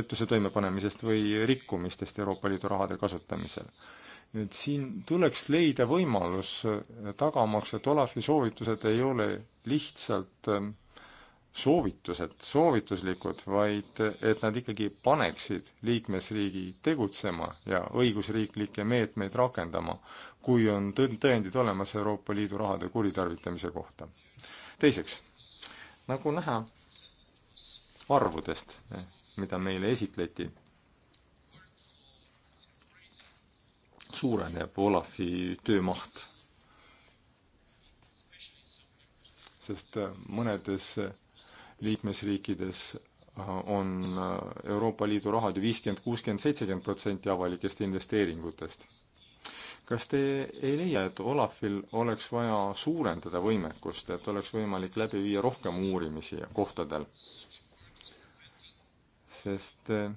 pettuse toimepanemisest või rikkumistest Euroopa Liidu rahade kasutamisel. et siin tuleks leida võimalus tagamaks, et Olavi soovitused ei ole lihtsalt ähm, soovitused, soovituslikud, vaid et nad ikkagi paneksid liikmesriigi tegutsema ja õigusriiklikke meetmeid rakendama, kui on tõendid olemas Euroopa Liidu rahade kuritarvitamise kohta. teiseks, nagu näha arvudest, mida meile esitleti, suureneb Olafi töömaht. sest äh, mõnedes äh, liikmesriikides äh, on Euroopa Liidu rahad ju viiskümmend, kuuskümmend, seitsekümmend protsenti avalikest investeeringutest. kas te ei leia, et Olafil oleks vaja suurendada võimekust, et oleks võimalik läbi viia rohkem uurimisi kohtadel? sest äh,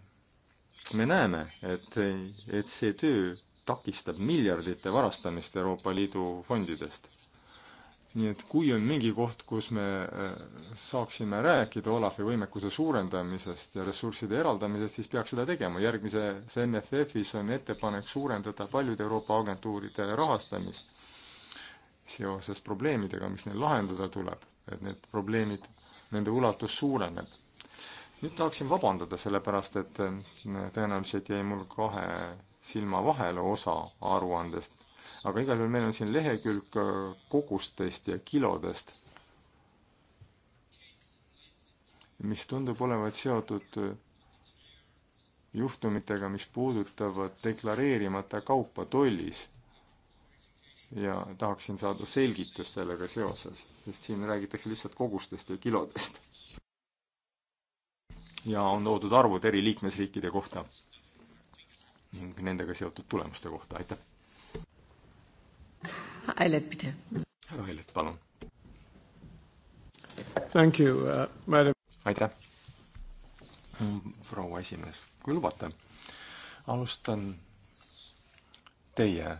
me näeme, et, et see töö takistab miljardite varastamist Euroopa Liidu fondidest. nii et kui on mingi koht, kus me äh, saaksime rääkida Olavi võimekuse suurendamisest ja ressursside eraldamisest, siis peaks seda tegema. järgmises NFF-is on ettepanek suurendada paljude Euroopa agentuuride rahastamist seoses probleemidega, mis neil lahendada tuleb, et need probleemid, nende ulatus suureneb nüüd tahaksin vabandada, sellepärast et äh, tõenäoliselt jäi mul kahe silma vahele osa aruandest, aga igal juhul meil on siin lehekülg äh, kogustest ja kilodest, mis tundub olevat seotud äh, juhtumitega, mis puudutavad deklareerimata kaupa tollis. ja tahaksin saada selgitust sellega seoses, sest siin räägitakse lihtsalt kogustest ja kilodest ja on toodud arvud eri liikmesriikide kohta ning nendega seotud tulemuste kohta, aitäh. Ailet, pidi. härra Ailet, palun. Thank you uh,, madam. aitäh. Mm, proua esimees, kui lubate, alustan teie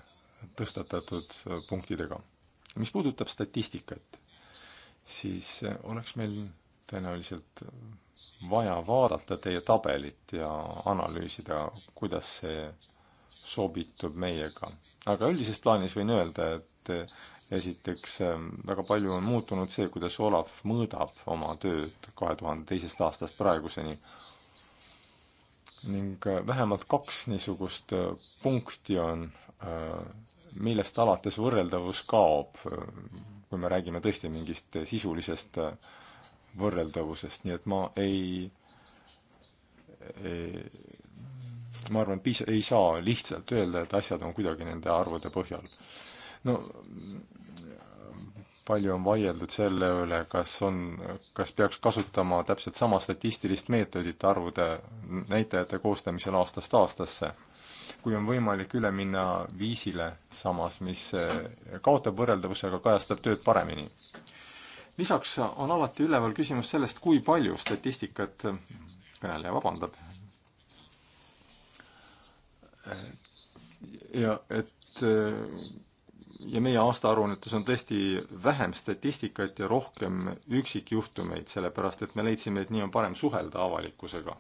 tõstatatud punktidega. mis puudutab statistikat, siis oleks meil tõenäoliselt vaja vaadata teie tabelit ja analüüsida, kuidas see sobitub meiega. aga üldises plaanis võin öelda, et esiteks ähm, väga palju on muutunud see, kuidas Olav mõõdab oma tööd kahe tuhande teisest aastast praeguseni. ning äh, vähemalt kaks niisugust äh, punkti on, äh, millest alates võrreldavus kaob, kui me räägime tõesti mingist sisulisest äh, võrreldavusest, nii et ma ei, ei ma arvan, piis-, ei saa lihtsalt öelda, et asjad on kuidagi nende arvude põhjal. no palju on vaieldud selle üle, kas on, kas peaks kasutama täpselt sama statistilist meetodit arvude näitajate koostamisel aastast aastasse. kui on võimalik üle minna viisile samas, mis eh, kaotab võrreldavuse, aga kajastab tööd paremini lisaks on alati üleval küsimus sellest, kui palju statistikat, kõneleja vabandab, ja et ja meie aastaaruannetes on tõesti vähem statistikat ja rohkem üksikjuhtumeid, sellepärast et me leidsime, et nii on parem suhelda avalikkusega.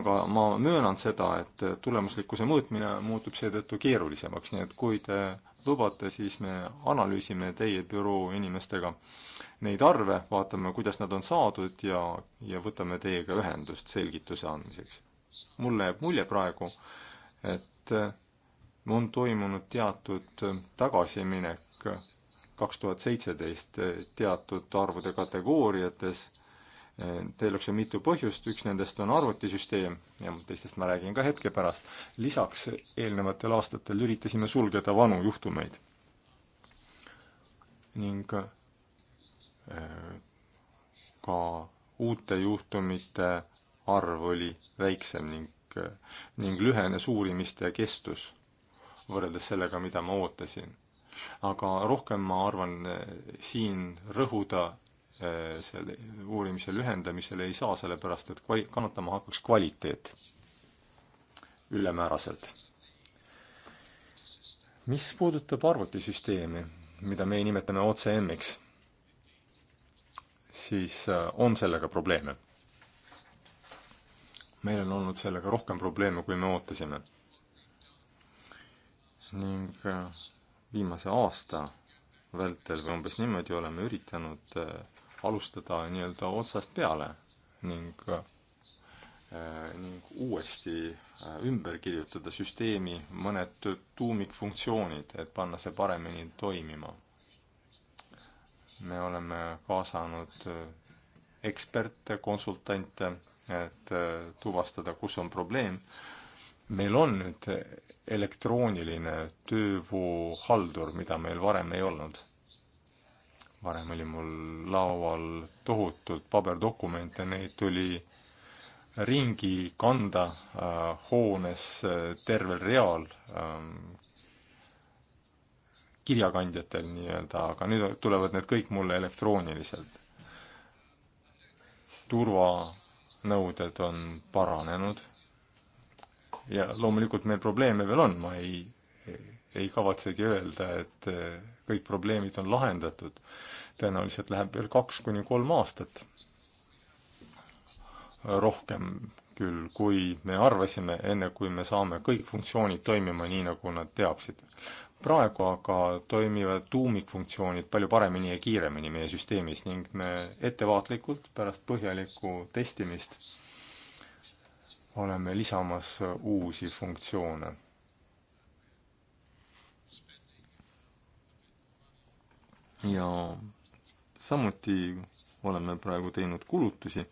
aga ma möönan seda, et tulemuslikkuse mõõtmine muutub seetõttu keerulisemaks, nii et kui te lubate, siis me analüüsime teie büroo inimestega neid arve, vaatame, kuidas nad on saadud ja, ja võtame teiega ühendust selgituse andmiseks. mulle jääb mulje praegu, et on toimunud teatud tagasiminek kaks tuhat seitseteist teatud arvude kategooriates Teeluks on mitu põhjust, üks nendest on arvutisüsteem ja teistest ma räägin ka hetke pärast. lisaks eelnevatel aastatel üritasime sulgeda vanu juhtumeid. ning äh, ka uute juhtumite arv oli väiksem ning, äh, ning lühenes uurimiste kestus võrreldes sellega, mida ma ootasin. aga rohkem ma arvan äh, siin rõhuda selle uurimise lühendamisele ei saa, sellepärast et kvali-, kannatama hakkaks kvaliteet ülemääraselt. mis puudutab arvutisüsteemi, mida meie nimetame OCM-iks, siis äh, on sellega probleeme. meil on olnud sellega rohkem probleeme, kui me ootasime. ning äh, viimase aasta vältel või umbes niimoodi oleme üritanud äh, alustada nii-öelda otsast peale ning äh, ning uuesti äh, ümber kirjutada süsteemi mõned tuumikfunktsioonid, et panna see paremini toimima. me oleme kaasanud äh, eksperte, konsultante, et tuvastada, kus on probleem. meil on nüüd elektrooniline töövoohaldur, mida meil varem ei olnud varem oli mul laual tohutult paberdokumente, neid tuli ringi kanda äh, hoones äh, tervel real äh, kirjakandjatel nii-öelda, aga nüüd tulevad need kõik mulle elektrooniliselt. turvanõuded on paranenud ja loomulikult meil probleeme veel on, ma ei, ei kavatsegi öelda, et kõik probleemid on lahendatud. tõenäoliselt läheb veel kaks kuni kolm aastat. rohkem küll, kui me arvasime, enne kui me saame kõik funktsioonid toimima nii, nagu nad peaksid. praegu aga toimivad tuumikfunktsioonid palju paremini ja kiiremini meie süsteemis ning me ettevaatlikult pärast põhjalikku testimist oleme lisamas uusi funktsioone ja samuti oleme praegu teinud kulutusi,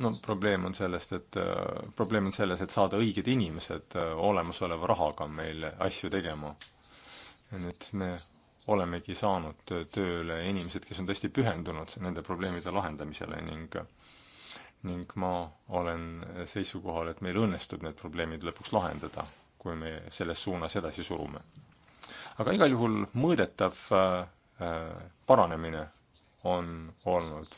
no probleem on sellest, et äh, probleem on selles, et saada õiged inimesed äh, olemasoleva rahaga meil asju tegema. ja nüüd me olemegi saanud tööle inimesed, kes on tõesti pühendunud nende probleemide lahendamisele ning ning ma olen seisukohal, et meil õnnestub need probleemid lõpuks lahendada, kui me selles suunas edasi surume. aga igal juhul mõõdetav äh, paranemine on olnud,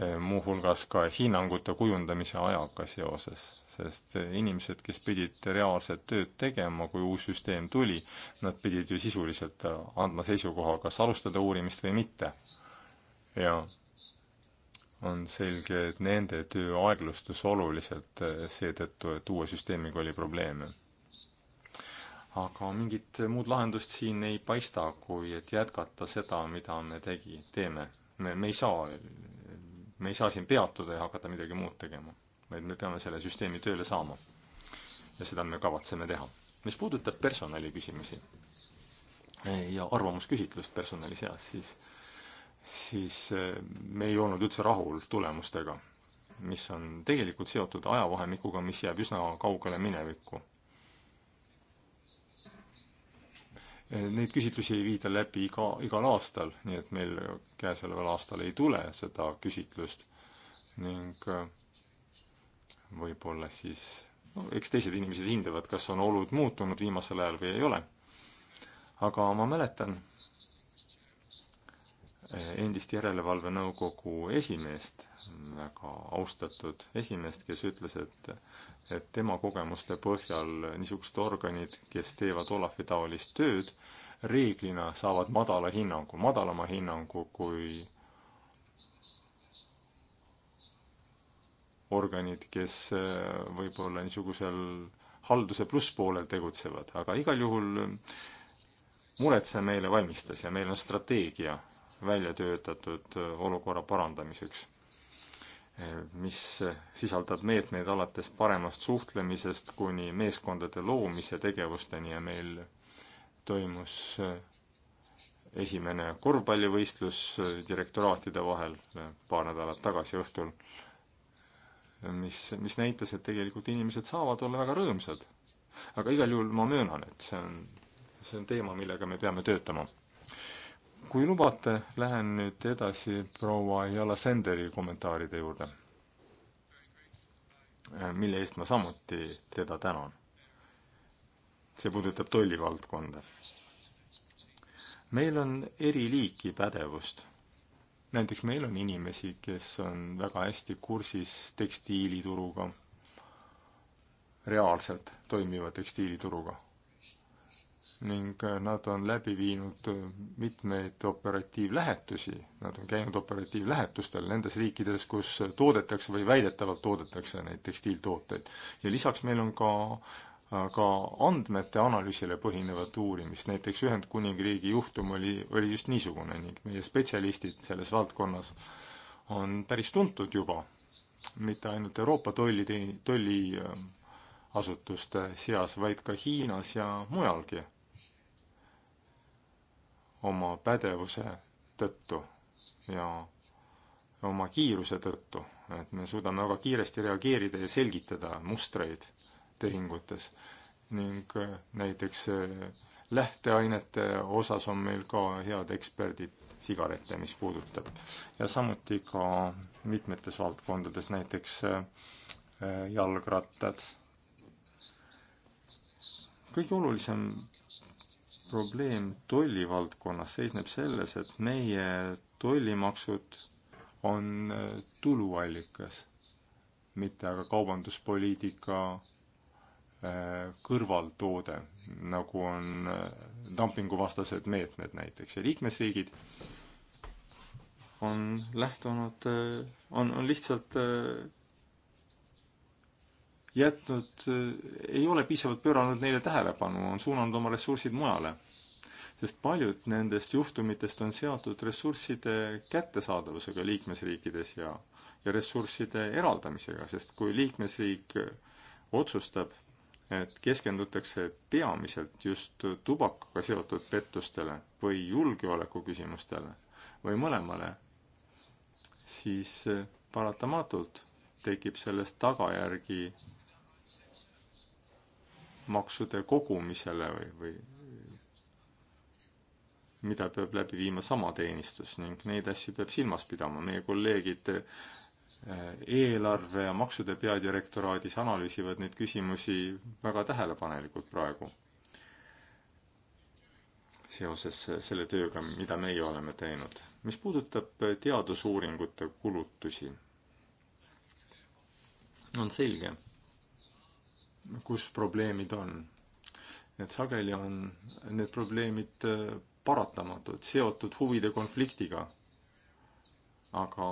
eh, muuhulgas ka hinnangute kujundamise ajaga seoses, sest inimesed, kes pidid reaalset tööd tegema, kui uus süsteem tuli, nad pidid ju sisuliselt äh, andma seisukoha, kas alustada uurimist või mitte. ja on selge, et nende töö aeglustus oluliselt äh, seetõttu, et uue süsteemiga oli probleeme aga mingit muud lahendust siin ei paista, kui et jätkata seda, mida me tegi, teeme. me, me ei saa, me ei saa siin peatuda ja hakata midagi muud tegema, vaid me peame selle süsteemi tööle saama. ja seda me kavatseme teha. mis puudutab personali küsimusi ja arvamusküsitlust personali seas, siis siis eh, me ei olnud üldse rahul tulemustega, mis on tegelikult seotud ajavahemikuga, mis jääb üsna kaugele minevikku Eh, neid küsitlusi ei viida läbi iga, igal aastal, nii et meil käesoleval aastal ei tule seda küsitlust ning eh, võib-olla siis no, eks teised inimesed hindavad, kas on olud muutunud viimasel ajal või ei ole. aga ma mäletan, endist järelevalvenõukogu esimeest, väga austatud esimeest, kes ütles, et, et tema kogemuste põhjal niisugused organid, kes teevad Olafi taolist tööd, reeglina saavad madala hinnangu, madalama hinnangu kui organid, kes eh, võib-olla niisugusel halduse plusspoolel tegutsevad, aga igal juhul eh, muret see meile valmistas ja meil on strateegia välja töötatud äh, olukorra parandamiseks, äh, mis sisaldab meetmeid alates paremast suhtlemisest kuni meeskondade loomise tegevusteni ja meil toimus äh, esimene korvpallivõistlus direktoraatide vahel paar nädalat tagasi õhtul, mis, mis näitas, et tegelikult inimesed saavad olla väga rõõmsad. aga igal juhul ma möönan, et see on, see on teema, millega me peame töötama kui lubate, lähen nüüd edasi proua Jala Senderi kommentaaride juurde, mille eest ma samuti teda tänan. see puudutab tollivaldkonda. meil on eri liiki pädevust. näiteks meil on inimesi, kes on väga hästi kursis tekstiilituruga, reaalselt toimiva tekstiilituruga ning äh, nad on läbi viinud äh, mitmeid operatiivlähetusi, nad on käinud operatiivlähetustel nendes riikides, kus äh, toodetakse või väidetavalt toodetakse neid tekstiiltooteid. ja lisaks meil on ka ka andmete analüüsile põhinevat uurimist, näiteks Ühendkuningriigi juhtum oli, oli just niisugune ning meie spetsialistid selles valdkonnas on päris tuntud juba, mitte ainult Euroopa tolli, tolliasutuste seas, vaid ka Hiinas ja mujalgi oma pädevuse tõttu ja oma kiiruse tõttu, et me suudame väga kiiresti reageerida ja selgitada mustreid tehingutes ning äh, näiteks äh, lähteainete osas on meil ka head eksperdid sigarette, mis puudutab. ja samuti ka mitmetes valdkondades, näiteks äh, jalgrattad. kõige olulisem probleem tollivaldkonnas seisneb selles, et meie tollimaksud on äh, tuluallikas, mitte aga kaubanduspoliitika äh, kõrvaltoode, nagu on äh, dumpinguvastased meetmed näiteks ja liikmesriigid on lähtunud, on, on lihtsalt jätnud, eh, ei ole piisavalt pööranud neile tähelepanu, on suunanud oma ressursid mujale. sest paljud nendest juhtumitest on seotud ressursside kättesaadavusega liikmesriikides ja, ja ressursside eraldamisega, sest kui liikmesriik otsustab, et keskendutakse peamiselt just tubakaga seotud pettustele või julgeoleku küsimustele või mõlemale, siis eh, paratamatult tekib sellest tagajärgi maksude kogumisele või, või mida peab läbi viima sama teenistus ning neid asju peab silmas pidama. meie kolleegid eh, eelarve ja maksude peadirektoraadis analüüsivad neid küsimusi väga tähelepanelikult praegu seoses selle tööga, mida meie oleme teinud. mis puudutab teadusuuringute kulutusi, on selge, kus probleemid on. et sageli on need probleemid äh, paratamatud, seotud huvide konfliktiga. aga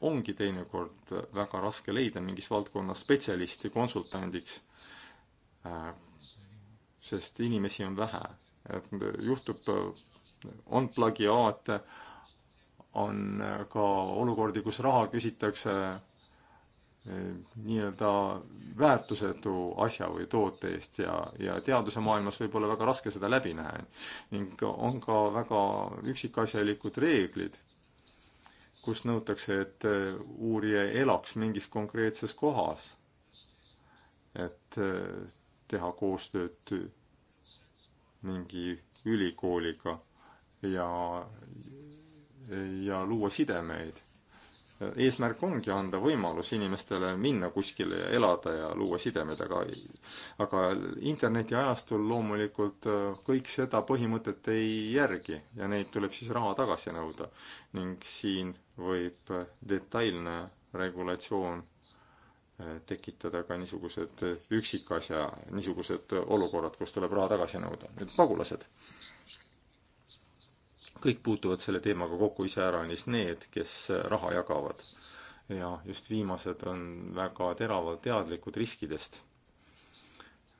ongi teinekord väga raske leida mingis valdkonnas spetsialisti konsultandiks, äh, sest inimesi on vähe. et juhtub, äh, on plagiaate, on ka olukordi, kus raha küsitakse Eh, nii-öelda väärtusetu asja või toote eest ja, ja teaduse maailmas võib olla väga raske seda läbi näha. ning on ka väga üksikasjalikud reeglid, kus nõutakse, et eh, uurija elaks mingis konkreetses kohas. et eh, teha koostööd mingi ülikooliga ja, ja luua sidemeid eesmärk ongi anda võimalus inimestele minna kuskile ja elada ja luua sidemed, aga aga internetiajastul loomulikult äh, kõik seda põhimõtet ei järgi ja neilt tuleb siis raha tagasi nõuda. ning siin võib äh, detailne regulatsioon äh, tekitada ka niisugused üksikasja, niisugused olukorrad, kus tuleb raha tagasi nõuda. nüüd pagulased kõik puutuvad selle teemaga kokku iseäranis need, kes raha jagavad. ja just viimased on väga teravalt teadlikud riskidest,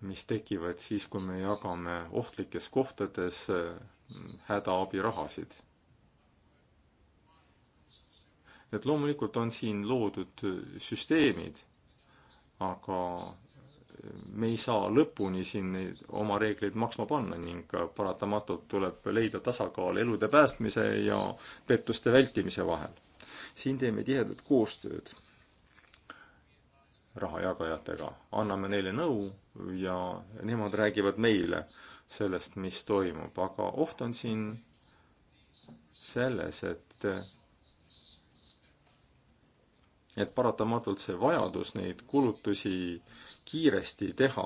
mis tekivad siis, kui me jagame ohtlikes kohtades mm, hädaabirahasid. et loomulikult on siin loodud süsteemid, aga me ei saa lõpuni siin neid oma reegleid maksma panna ning paratamatult tuleb leida tasakaal elude päästmise ja pettuste vältimise vahel. siin teeme tihedat koostööd rahajagajatega, anname neile nõu ja nemad räägivad meile sellest, mis toimub, aga oht on siin selles, et et paratamatult see vajadus neid kulutusi äh, kiiresti teha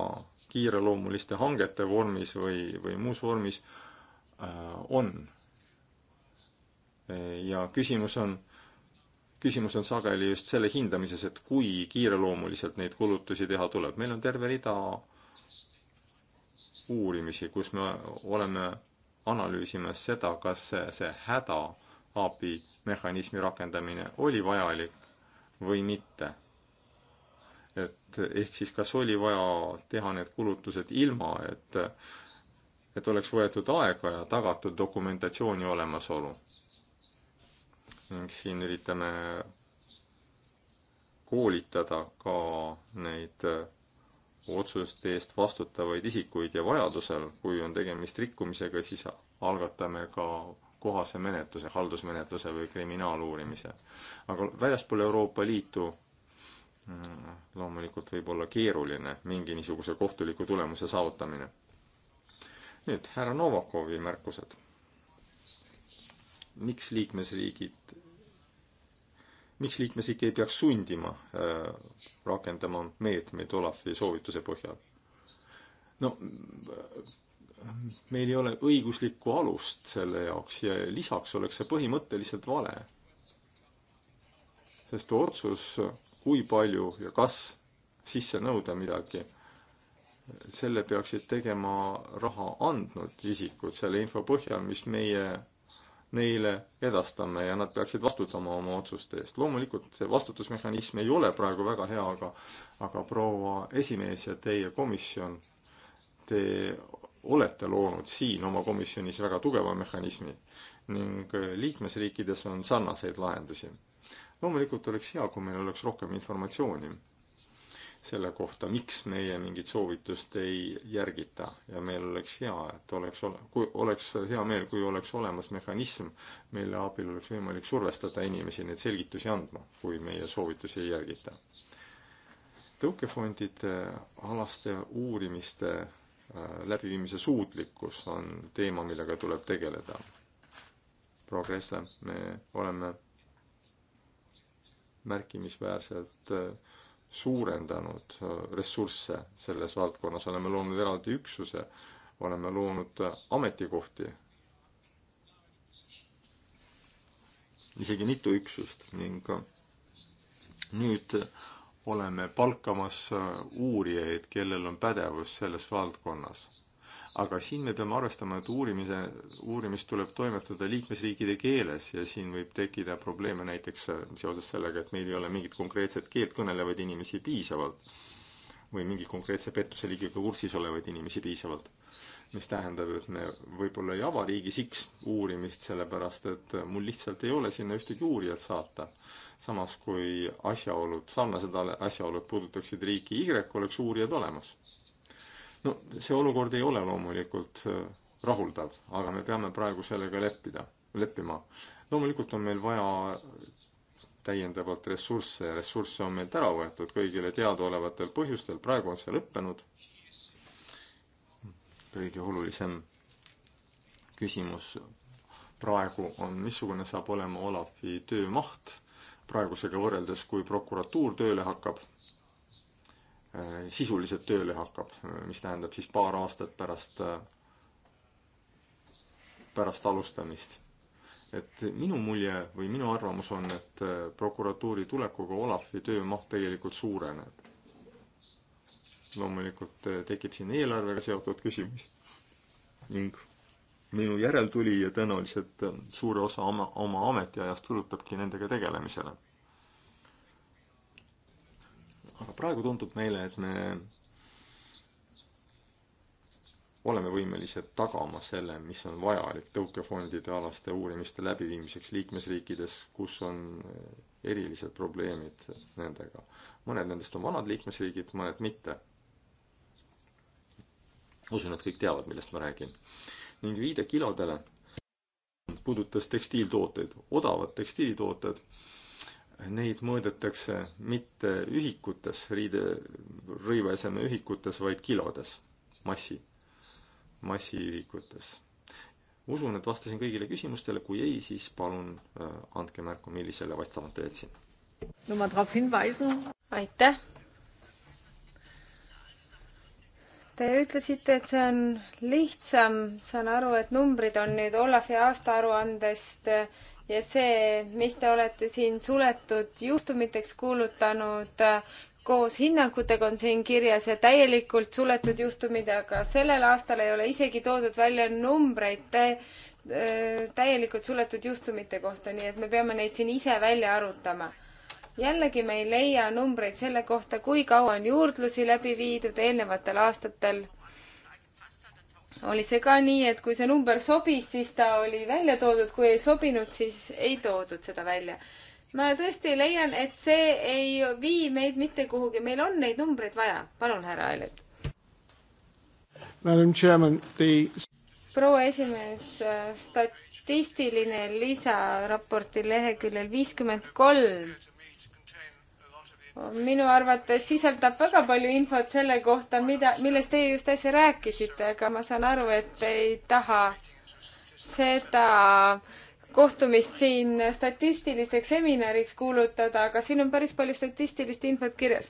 kiireloomuliste hangete vormis või, või muus vormis, äh, on. ja küsimus on, küsimus on sageli just selle hindamises, et kui kiireloomuliselt neid kulutusi teha tuleb. meil on terve rida uurimisi, kus me oleme analüüsimas seda, kas see, see hädaabi mehhanismi rakendamine oli vajalik või mitte et ehk siis kas oli vaja teha need kulutused ilma, et, et oleks võetud aega ja tagatud dokumentatsiooni olemasolu. ning siin üritame koolitada ka neid otsuste eest vastutavaid isikuid ja vajadusel, kui on tegemist rikkumisega, siis algatame ka kohase menetluse, haldusmenetluse või kriminaaluurimise. aga väljaspool Euroopa Liitu loomulikult võib olla keeruline mingi niisuguse kohtuliku tulemuse saavutamine. nüüd härra Novakovi märkused. miks liikmesriigid, miks liikmesriik ei peaks sundima äh, rakendama meetmeid Olafi soovituse põhjal? no meil ei ole õiguslikku alust selle jaoks ja lisaks oleks see põhimõtteliselt vale. sest otsus kui palju ja kas sisse nõuda midagi, selle peaksid tegema raha andnud isikud selle info põhjal, mis meie neile edastame ja nad peaksid vastutama oma otsuste eest. loomulikult see vastutusmehhanism ei ole praegu väga hea, aga aga proua esimees ja teie komisjon, te olete loonud siin oma komisjonis väga tugeva mehhanismi ning liikmesriikides on sarnaseid lahendusi loomulikult oleks hea, kui meil oleks rohkem informatsiooni selle kohta, miks meie mingit soovitust ei järgita ja meil oleks hea, et oleks, kui oleks hea meel, kui oleks olemas mehhanism, mille abil oleks võimalik survestada inimesi neid selgitusi andma, kui meie soovitusi ei järgita. tõukefondide alaste uurimiste äh, läbiviimise suutlikkus on teema, millega tuleb tegeleda. proua Kressle, me oleme märkimisväärselt äh, suurendanud äh, ressursse selles valdkonnas, oleme loonud eraldi üksuse, oleme loonud äh, ametikohti, isegi mitu üksust ning nüüd oleme palkamas uurijaid, kellel on pädevus selles valdkonnas aga siin me peame arvestama, et uurimise, uurimist tuleb toimetada liikmesriikide keeles ja siin võib tekkida probleeme näiteks äh, seoses sellega, et meil ei ole mingit konkreetset keelt kõnelevaid inimesi piisavalt või mingi konkreetse pettuseliigiga kursis olevaid inimesi piisavalt. mis tähendab, et me võib-olla ei ava riigis X uurimist, sellepärast et äh, mul lihtsalt ei ole sinna ühtegi uurijat saata. samas kui asjaolud, sarnased asjaolud puudutaksid riiki Y, oleks uurijad olemas no see olukord ei ole loomulikult äh, rahuldav, aga me peame praegu sellega leppida, leppima. loomulikult on meil vaja täiendavalt ressursse ja ressursse on meilt ära võetud kõigile teadaolevatel põhjustel, praegu on see lõppenud. kõige olulisem küsimus praegu on, missugune saab olema Olavi töömaht praegusega võrreldes, kui prokuratuur tööle hakkab Äh, sisuliselt tööle hakkab, mis tähendab siis paar aastat pärast, äh, pärast alustamist. et minu mulje või minu arvamus on, et äh, prokuratuuri tulekuga Olafi töömaht tegelikult suureneb. loomulikult tekib siin eelarvega seotud küsimus ning minu järeltulija tõenäoliselt suure osa oma, oma ametiajast kulutabki nendega tegelemisele aga praegu tundub meile, et me oleme võimelised tagama selle, mis on vajalik tõukefondide alaste uurimiste läbiviimiseks liikmesriikides, kus on erilised probleemid nendega. mõned nendest on vanad liikmesriigid, mõned mitte. usun, et kõik teavad, millest ma räägin. ning viide kilodele puudutas tekstiiltooteid, odavad tekstiilitooted neid mõõdetakse mitte ühikutes, riide, rõivaeseme ühikutes, vaid kilodes, massi, massiühikutes. usun, et vastasin kõigile küsimustele, kui ei, siis palun äh, andke märku, millisele vastamata jätsin. aitäh. Te ütlesite, et see on lihtsam, saan aru, et numbrid on nüüd Olavi aastaaruandest äh, ja see, mis te olete siin suletud juhtumiteks kuulutanud, äh, koos hinnangutega on siin kirjas ja täielikult suletud juhtumid, aga sellel aastal ei ole isegi toodud välja numbreid tä äh, täielikult suletud juhtumite kohta, nii et me peame neid siin ise välja arutama. jällegi me ei leia numbreid selle kohta, kui kaua on juurdlusi läbi viidud eelnevatel aastatel oli see ka nii, et kui see number sobis, siis ta oli välja toodud, kui ei sobinud, siis ei toodud seda välja. ma tõesti leian, et see ei vii meid mitte kuhugi, meil on neid numbreid vaja. palun, härra Ailet. proua esimees, statistiline lisa raporti leheküljel viiskümmend kolm minu arvates sisaldab väga palju infot selle kohta, mida, millest teie just äsja rääkisite, aga ma saan aru, et te ei taha seda kohtumist siin statistiliseks seminariks kuulutada, aga siin on päris palju statistilist infot kirjas.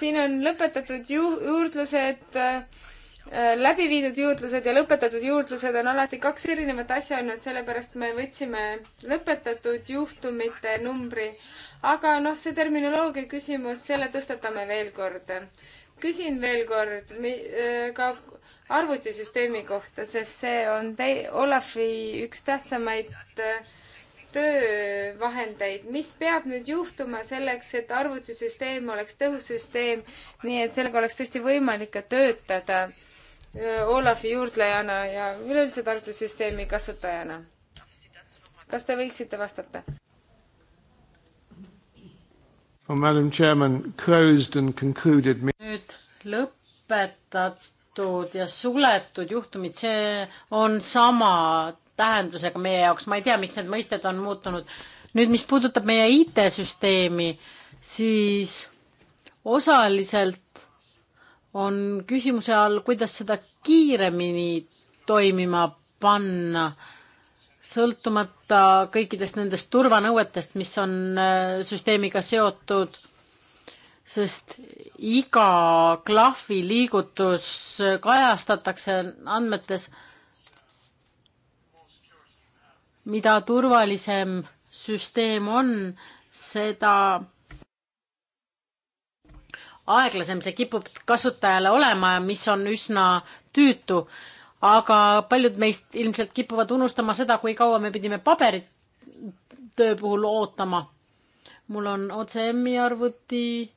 siin on lõpetatud ju-, juurdlused äh, Äh, läbi viidud juurdlused ja lõpetatud juurdlused on alati kaks erinevat asja olnud, sellepärast me võtsime lõpetatud juhtumite numbri. aga noh, see terminoloogia küsimus, selle tõstatame veel kord. küsin veel kord äh, ka arvutisüsteemi kohta, sest see on tei-, Olafi üks tähtsamaid äh, töövahendeid, mis peab nüüd juhtuma selleks, et arvutisüsteem oleks tõhus süsteem, nii et sellega oleks tõesti võimalik ka töötada Äh, Olavi juurdlejana ja üleüldse tarvitussüsteemi kasutajana. kas te võiksite vastata? nüüd lõpetatud ja suletud juhtumid, see on sama tähendusega meie jaoks, ma ei tea, miks need mõisted on muutunud. nüüd, mis puudutab meie IT-süsteemi, siis osaliselt on küsimuse all, kuidas seda kiiremini toimima panna, sõltumata kõikidest nendest turvanõuetest, mis on äh, süsteemiga seotud, sest iga klahvi liigutus kajastatakse andmetes, mida turvalisem süsteem on, seda aeglasem see kipub kasutajale olema ja mis on üsna tüütu. aga paljud meist ilmselt kipuvad unustama seda, kui kaua me pidime paberit töö puhul ootama. mul on OCM-i arvuti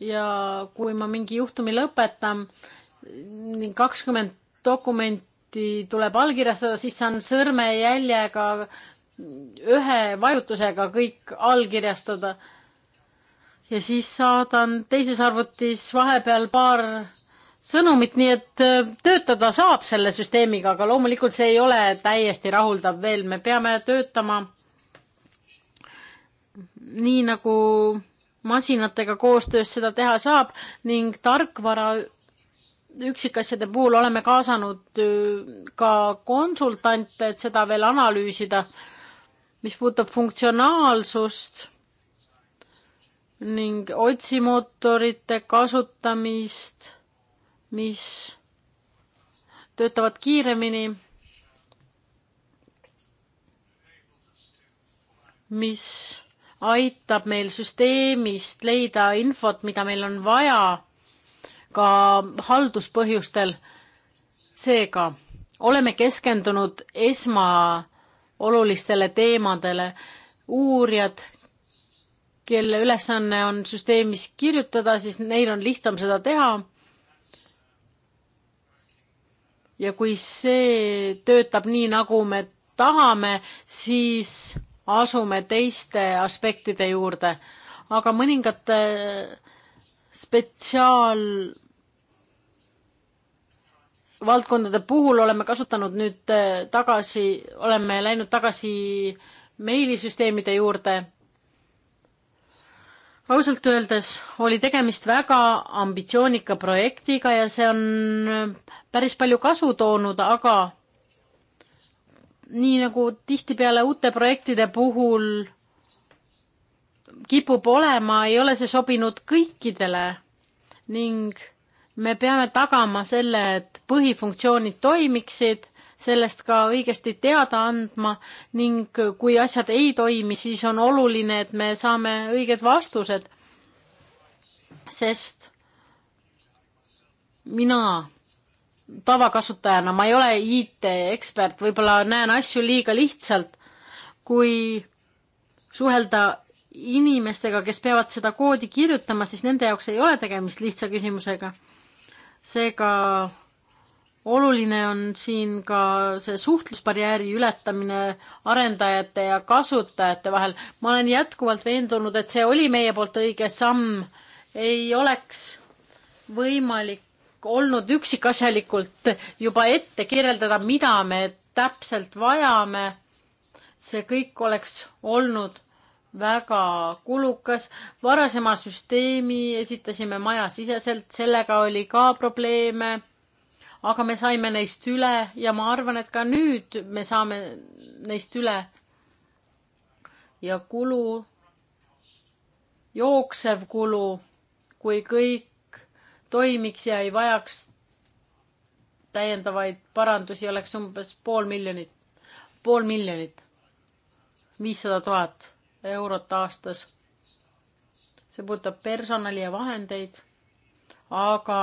ja kui ma mingi juhtumi lõpetan, kakskümmend dokumenti tuleb allkirjastada, siis saan sõrmejäljega ühe vajutusega kõik allkirjastada ja siis saadan teises arvutis vahepeal paar sõnumit, nii et äh, töötada saab selle süsteemiga, aga loomulikult see ei ole täiesti rahuldav veel, me peame töötama nii nagu masinatega koostöös seda teha saab ning tarkvara üksikasjade puhul oleme kaasanud äh, ka konsultante, et seda veel analüüsida. mis puudutab funktsionaalsust ning otsimootorite kasutamist, mis töötavad kiiremini, mis aitab meil süsteemist leida infot, mida meil on vaja ka halduspõhjustel. seega oleme keskendunud esmaolulistele teemadele. uurijad, kelle ülesanne on süsteemis kirjutada, siis neil on lihtsam seda teha. ja kui see töötab nii, nagu me tahame, siis asume teiste aspektide juurde, aga mõningate spetsiaal valdkondade puhul oleme kasutanud nüüd tagasi, oleme läinud tagasi meilisüsteemide juurde ausalt öeldes oli tegemist väga ambitsioonika projektiga ja see on päris palju kasu toonud, aga nii nagu tihtipeale uute projektide puhul kipub olema, ei ole see sobinud kõikidele ning me peame tagama selle, et põhifunktsioonid toimiksid sellest ka õigesti teada andma ning kui asjad ei toimi, siis on oluline, et me saame õiged vastused. sest mina tavakasutajana, ma ei ole IT-ekspert, võib-olla näen asju liiga lihtsalt, kui suhelda inimestega, kes peavad seda koodi kirjutama, siis nende jaoks ei ole tegemist lihtsa küsimusega. seega oluline on siin ka see suhtlusbarjääri ületamine arendajate ja kasutajate vahel. ma olen jätkuvalt veendunud, et see oli meie poolt õige samm. ei oleks võimalik olnud üksikasjalikult juba ette kirjeldada, mida me täpselt vajame. see kõik oleks olnud väga kulukas. varasema süsteemi esitasime majasiseselt, sellega oli ka probleeme aga me saime neist üle ja ma arvan, et ka nüüd me saame neist üle. ja kulu, jooksev kulu, kui kõik toimiks ja ei vajaks täiendavaid parandusi, oleks umbes pool miljonit, pool miljonit, viissada tuhat eurot aastas. see puudutab personali ja vahendeid, aga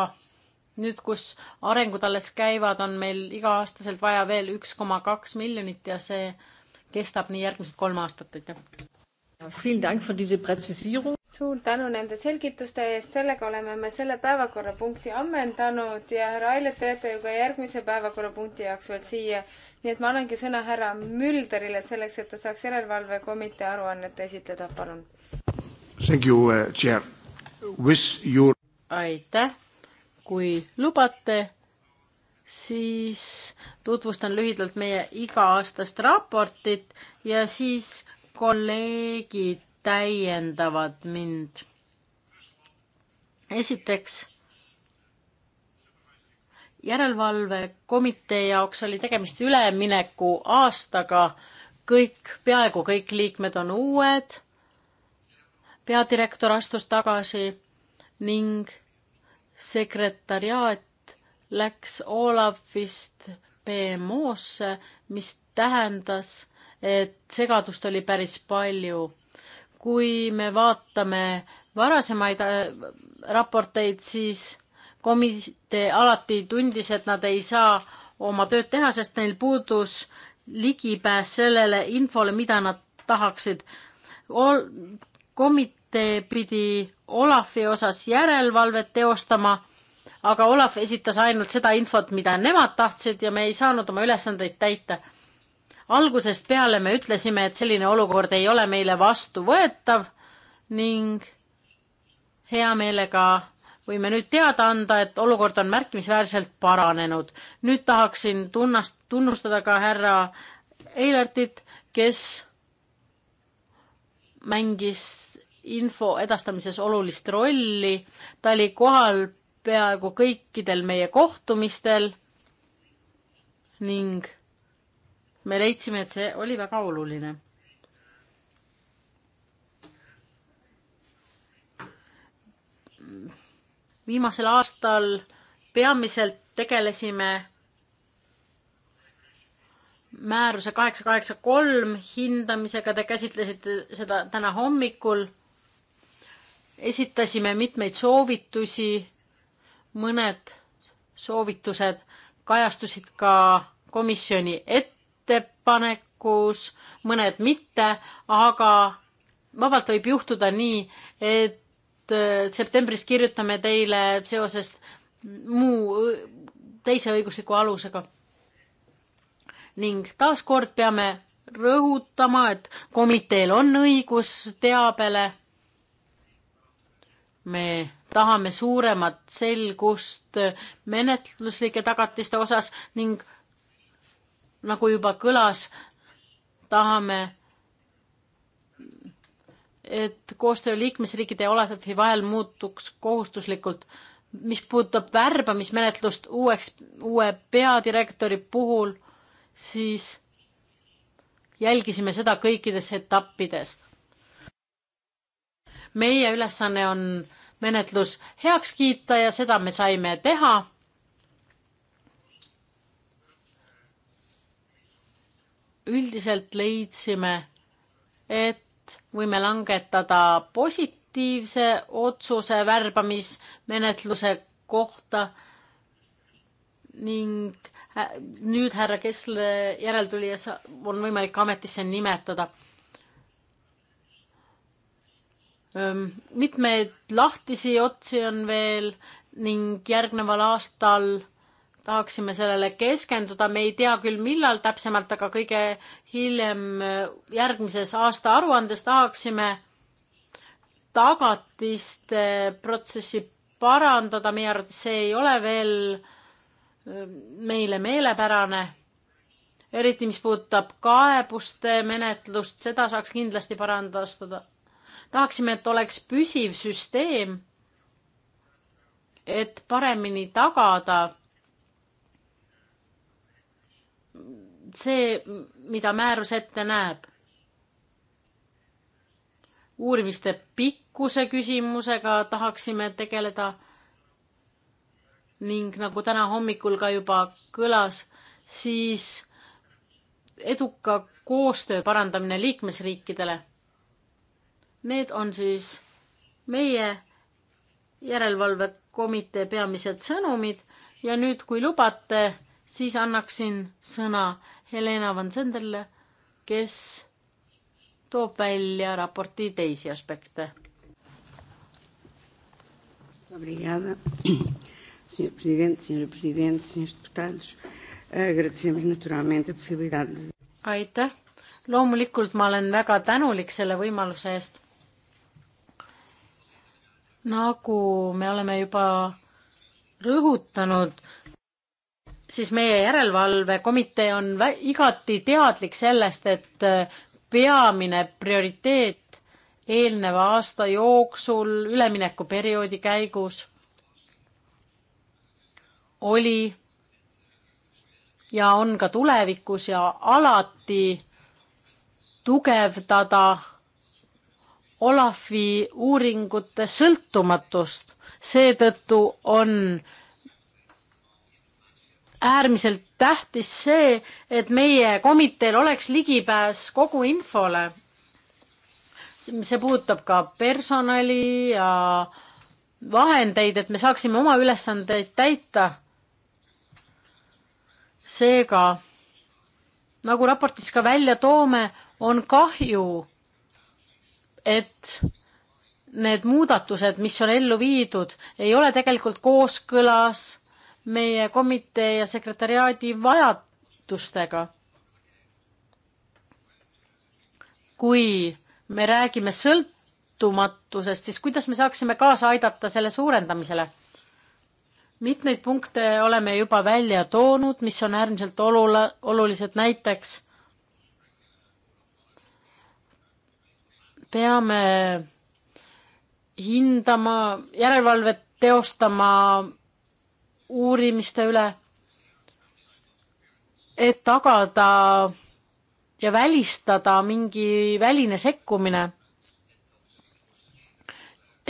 nüüd, kus arengud alles käivad, on meil iga-aastaselt vaja veel üks koma kaks miljonit ja see kestab nii järgmised kolm aastat, aitäh. suur tänu nende selgituste eest, sellega oleme me selle päevakorrapunkti ammendanud ja härra Ailep, te jääte ju ka järgmise päevakorrapunkti jaoks veel siia. nii et ma annangi sõna härra Mülderile selleks, et ta saaks järelevalvekomitee aruannet esitleda, palun. Uh, your... aitäh kui lubate, siis tutvustan lühidalt meie iga-aastast raportit ja siis kolleegid täiendavad mind. esiteks, järelevalvekomitee jaoks oli tegemist ülemineku aastaga, kõik, peaaegu kõik liikmed on uued, peadirektor astus tagasi ning sekretariaat läks Olavist BMO-sse, mis tähendas, et segadust oli päris palju. kui me vaatame varasemaid äh, raporteid, siis komitee alati tundis, et nad ei saa oma tööd teha, sest neil puudus ligipääs sellele infole, mida nad tahaksid. komitee pidi Olafi osas järelevalvet teostama, aga Olaf esitas ainult seda infot, mida nemad tahtsid ja me ei saanud oma ülesandeid täita. algusest peale me ütlesime, et selline olukord ei ole meile vastuvõetav ning hea meelega võime nüüd teada anda, et olukord on märkimisväärselt paranenud. nüüd tahaksin tunnast, tunnustada ka härra Eilertit, kes mängis info edastamises olulist rolli. ta oli kohal peaaegu kõikidel meie kohtumistel ning me leidsime, et see oli väga oluline. viimasel aastal peamiselt tegelesime määruse kaheksa, kaheksa, kolm hindamisega, te käsitlesite seda täna hommikul esitasime mitmeid soovitusi, mõned soovitused kajastusid ka komisjoni ettepanekus, mõned mitte, aga vabalt võib juhtuda nii, et äh, septembris kirjutame teile seoses muu teise õigusliku alusega. ning taaskord peame rõhutama, et komiteel on õigus teabele me tahame suuremat selgust menetluslike tagatiste osas ning nagu juba kõlas, tahame, et koostöö liikmesriikide ja Olafi vahel muutuks kohustuslikult. mis puudutab värbamismenetlust uueks, uue peadirektori puhul, siis jälgisime seda kõikides etappides meie ülesanne on menetlus heaks kiita ja seda me saime teha üldiselt leidsime, et võime langetada positiivse otsuse värbamismenetluse kohta ning äh, nüüd härra Kessle järeltulija on võimalik ametisse nimetada mitmeid lahtisi otsi on veel ning järgneval aastal tahaksime sellele keskenduda, me ei tea küll, millal täpsemalt, aga kõige hiljem järgmises aasta aruandes tahaksime tagatiste protsessi parandada, meie arvates see ei ole veel meile meelepärane. eriti, mis puudutab kaebuste menetlust, seda saaks kindlasti parandastada tahaksime, et oleks püsiv süsteem, et paremini tagada see, mida määrus ette näeb. uurimiste pikkuse küsimusega tahaksime tegeleda ning nagu täna hommikul ka juba kõlas, siis eduka koostöö parandamine liikmesriikidele Need on siis meie järelevalvekomitee peamised sõnumid ja nüüd, kui lubate, siis annaksin sõna Helena Van Senderle, kes toob välja raporti teisi aspekte. Obrigada, senhor presidente, senhora presidente, senhores deputados. Agradecemos naturalmente a possibilidade. aitäh, loomulikult ma olen väga tänulik selle võimaluse eest nagu me oleme juba rõhutanud, siis meie järelevalvekomitee on igati teadlik sellest, et äh, peamine prioriteet eelneva aasta jooksul üleminekuperioodi käigus oli ja on ka tulevikus ja alati tugevdada Olafi uuringute sõltumatust, seetõttu on äärmiselt tähtis see, et meie komiteel oleks ligipääs kogu infole. see puudutab ka personali ja vahendeid, et me saaksime oma ülesandeid täita. seega, nagu raportis ka välja toome, on kahju, et need muudatused, mis on ellu viidud, ei ole tegelikult kooskõlas meie komitee ja sekretäriaadi vajadustega. kui me räägime sõltumatusest, siis kuidas me saaksime kaasa aidata selle suurendamisele? mitmeid punkte oleme juba välja toonud, mis on äärmiselt olula-, olulised, näiteks peame hindama, järelevalvet teostama uurimiste üle, et tagada ja välistada mingi väline sekkumine.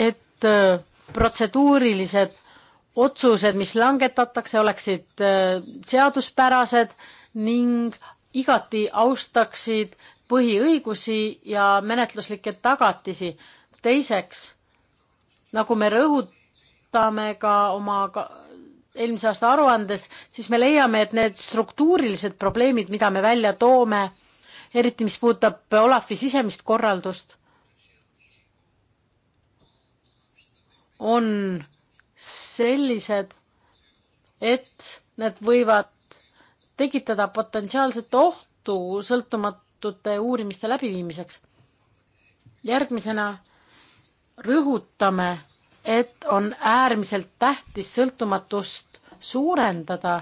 et äh, protseduurilised otsused, mis langetatakse, oleksid äh, seaduspärased ning igati austaksid põhiõigusi ja menetluslikke tagatisi. teiseks, nagu me rõhutame ka oma eelmise aasta aruandes, siis me leiame, et need struktuurilised probleemid, mida me välja toome, eriti mis puudutab Olafi sisemist korraldust, on sellised, et need võivad tekitada potentsiaalset ohtu sõltumat-, teatud äh, uurimiste läbiviimiseks. järgmisena rõhutame, et on äärmiselt tähtis sõltumatust suurendada,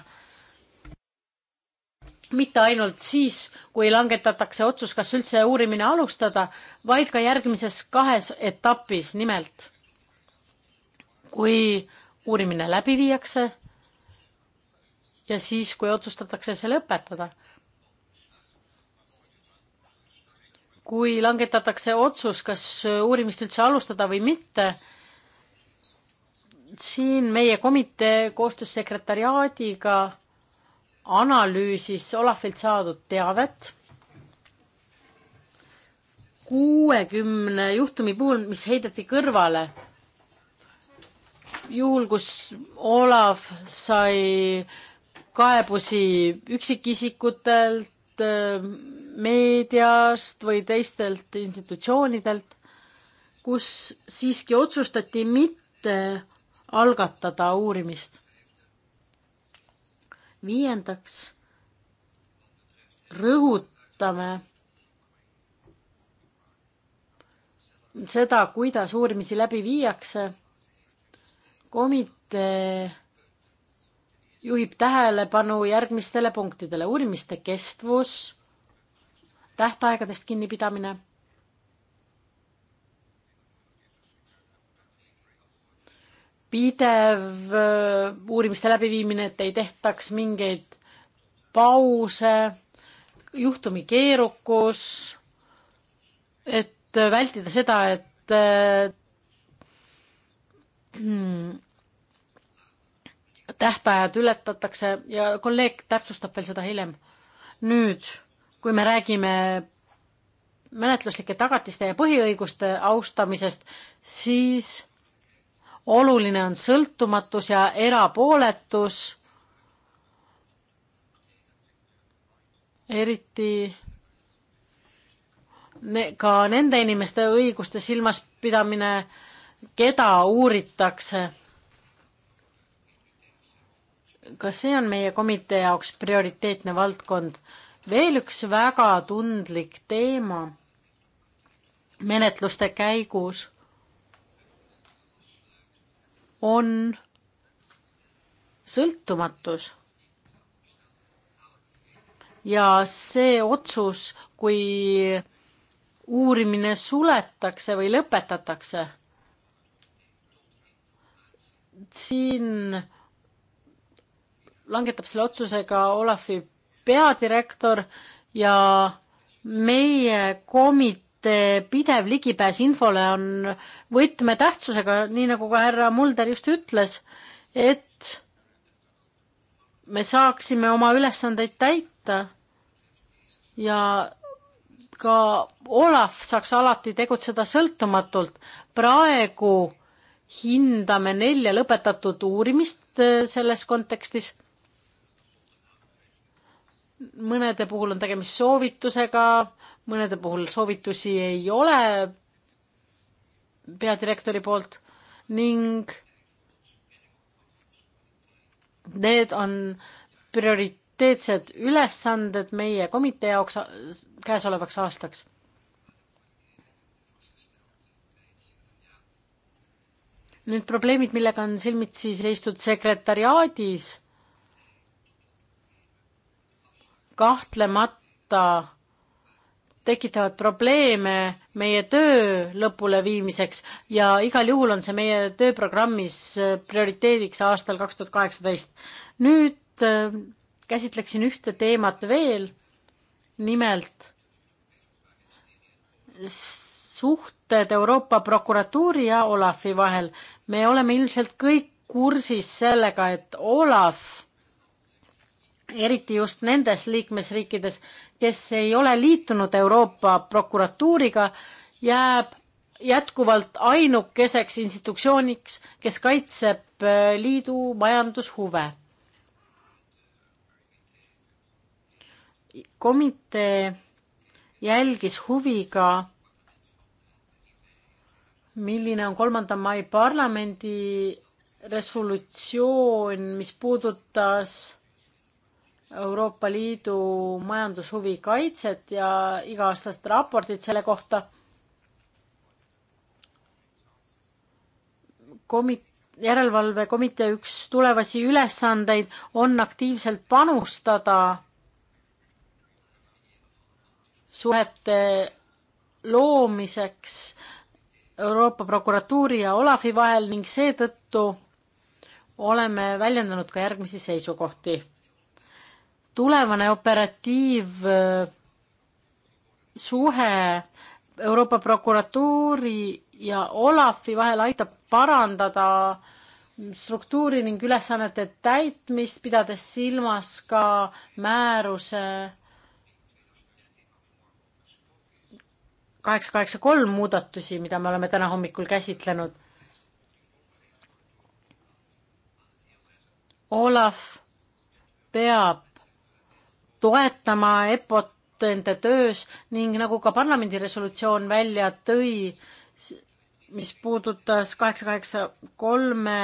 mitte ainult siis, kui langetatakse otsus, kas üldse uurimine alustada, vaid ka järgmises kahes etapis, nimelt kui uurimine läbi viiakse ja siis, kui otsustatakse see lõpetada kui langetatakse otsus, kas uurimist üldse alustada või mitte, siin meie komitee koostöös sekretariaadiga analüüsis Olafilt saadud teavet kuuekümne juhtumi puhul, mis heideti kõrvale. juhul, kus Olav sai kaebusi üksikisikutelt, meediast või teistelt institutsioonidelt, kus siiski otsustati mitte algatada uurimist. viiendaks rõhutame seda, kuidas uurimisi läbi viiakse. komitee juhib tähelepanu järgmistele punktidele. uurimiste kestvus tähtaegadest kinnipidamine. pidev äh, uurimiste läbiviimine, et ei tehtaks mingeid pause, juhtumi keerukus, et äh, vältida seda, et äh, tähtajad ületatakse ja kolleeg täpsustab veel seda hiljem. nüüd kui me räägime menetluslike tagatiste ja põhiõiguste austamisest, siis oluline on sõltumatus ja erapooletus. eriti ka nende inimeste õiguste silmaspidamine, keda uuritakse. ka see on meie komitee jaoks prioriteetne valdkond veel üks väga tundlik teema menetluste käigus on sõltumatus. ja see otsus, kui uurimine suletakse või lõpetatakse, siin langetab selle otsuse ka Olafi peadirektor ja meie komitee pidev ligipääs infole on võtmetähtsusega, nii nagu ka härra Mulder just ütles, et me saaksime oma ülesandeid täita ja ka Olav saaks alati tegutseda sõltumatult. praegu hindame nelja lõpetatud uurimist eh, selles kontekstis mõnede puhul on tegemist soovitusega, mõnede puhul soovitusi ei ole peadirektori poolt ning need on prioriteetsed ülesanded meie komitee jaoks käesolevaks aastaks. nüüd probleemid, millega on silmitsi seistud sekretariaadis kahtlemata tekitavad probleeme meie töö lõpuleviimiseks ja igal juhul on see meie tööprogrammis äh, prioriteediks aastal kaks tuhat kaheksateist. nüüd äh, käsitleksin ühte teemat veel, nimelt suhted Euroopa prokuratuuri ja Olafi vahel. me oleme ilmselt kõik kursis sellega, et Olaf eriti just nendes liikmesriikides, kes ei ole liitunud Euroopa prokuratuuriga, jääb jätkuvalt ainukeseks institutsiooniks, kes kaitseb äh, liidu majandushuve. komitee jälgis huviga, milline on kolmanda mai parlamendi resolutsioon, mis puudutas Euroopa Liidu majandushuvi kaitset ja iga-aastast raportit selle kohta. komit-, järelevalvekomitee üks tulevasi ülesandeid on aktiivselt panustada suhete loomiseks Euroopa prokuratuuri ja Olavi vahel ning seetõttu oleme väljendanud ka järgmisi seisukohti tulevane operatiivsuhe äh, Euroopa prokuratuuri ja Olafi vahel aitab parandada struktuuri ning ülesannete täitmist, pidades silmas ka määruse kaheksa, kaheksa, kolm muudatusi, mida me oleme täna hommikul käsitlenud. Olav peab toetama EPO-t enda töös ning nagu ka parlamendi resolutsioon välja tõi, mis puudutas kaheksa, kaheksa, kolme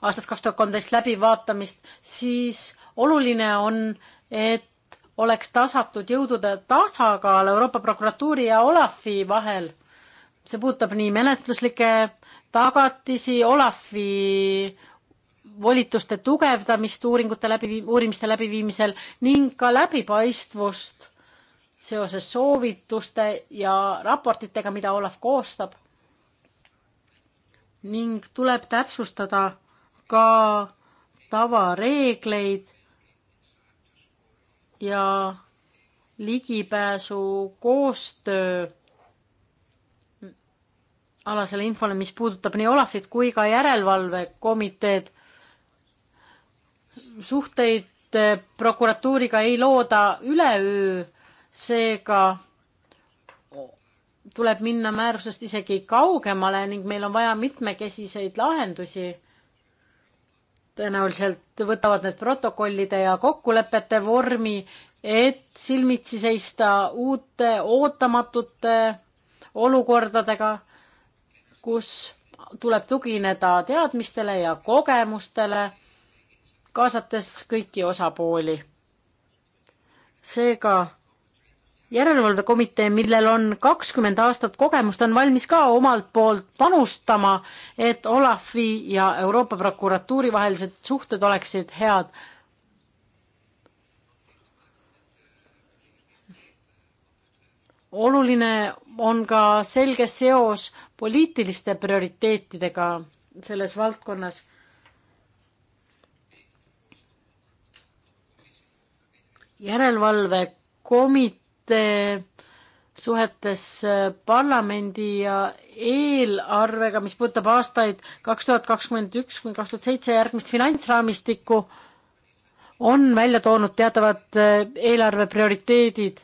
aastast kaks tuhat kolmteist läbivaatamist, siis oluline on, et oleks tasatud jõudude tasakaal Euroopa prokuratuuri ja Olafi vahel. see puudutab nii menetluslikke tagatisi, Olafi volituste tugevdamist uuringute läbi, uurimiste läbiviimisel ning ka läbipaistvust seoses soovituste ja raportitega, mida Olav koostab. ning tuleb täpsustada ka tavareegleid ja ligipääsu koostöö alasele infole, mis puudutab nii Olafit kui ka järelevalvekomiteed suhteid eh, prokuratuuriga ei looda üleöö, seega tuleb minna määrusest isegi kaugemale ning meil on vaja mitmekesiseid lahendusi. tõenäoliselt võtavad need protokollide ja kokkulepete vormi, et silmitsi seista uute ootamatute olukordadega, kus tuleb tugineda teadmistele ja kogemustele kaasates kõiki osapooli. seega järelevalvekomitee, millel on kakskümmend aastat kogemust, on valmis ka omalt poolt panustama, et Olafi ja Euroopa prokuratuuri vahelised suhted oleksid head oluline on ka selge seos poliitiliste prioriteetidega selles valdkonnas. järelevalvekomitee suhetes äh, parlamendi ja eelarvega, mis puudutab aastaid kaks tuhat kakskümmend üks kuni kaks tuhat seitse järgmist finantsraamistikku, on välja toonud teatavad äh, eelarve prioriteedid,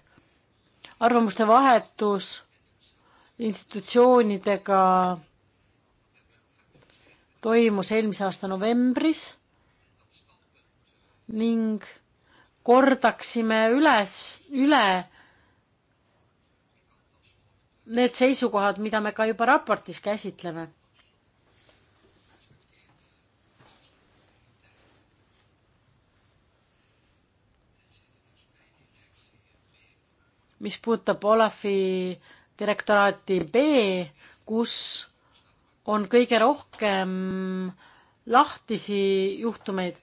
arvamuste vahetus institutsioonidega toimus eelmise aasta novembris ning kordaksime üles, üle need seisukohad, mida me ka juba raportis käsitleme. mis puudutab Olafi direktoraati B, kus on kõige rohkem lahtisi juhtumeid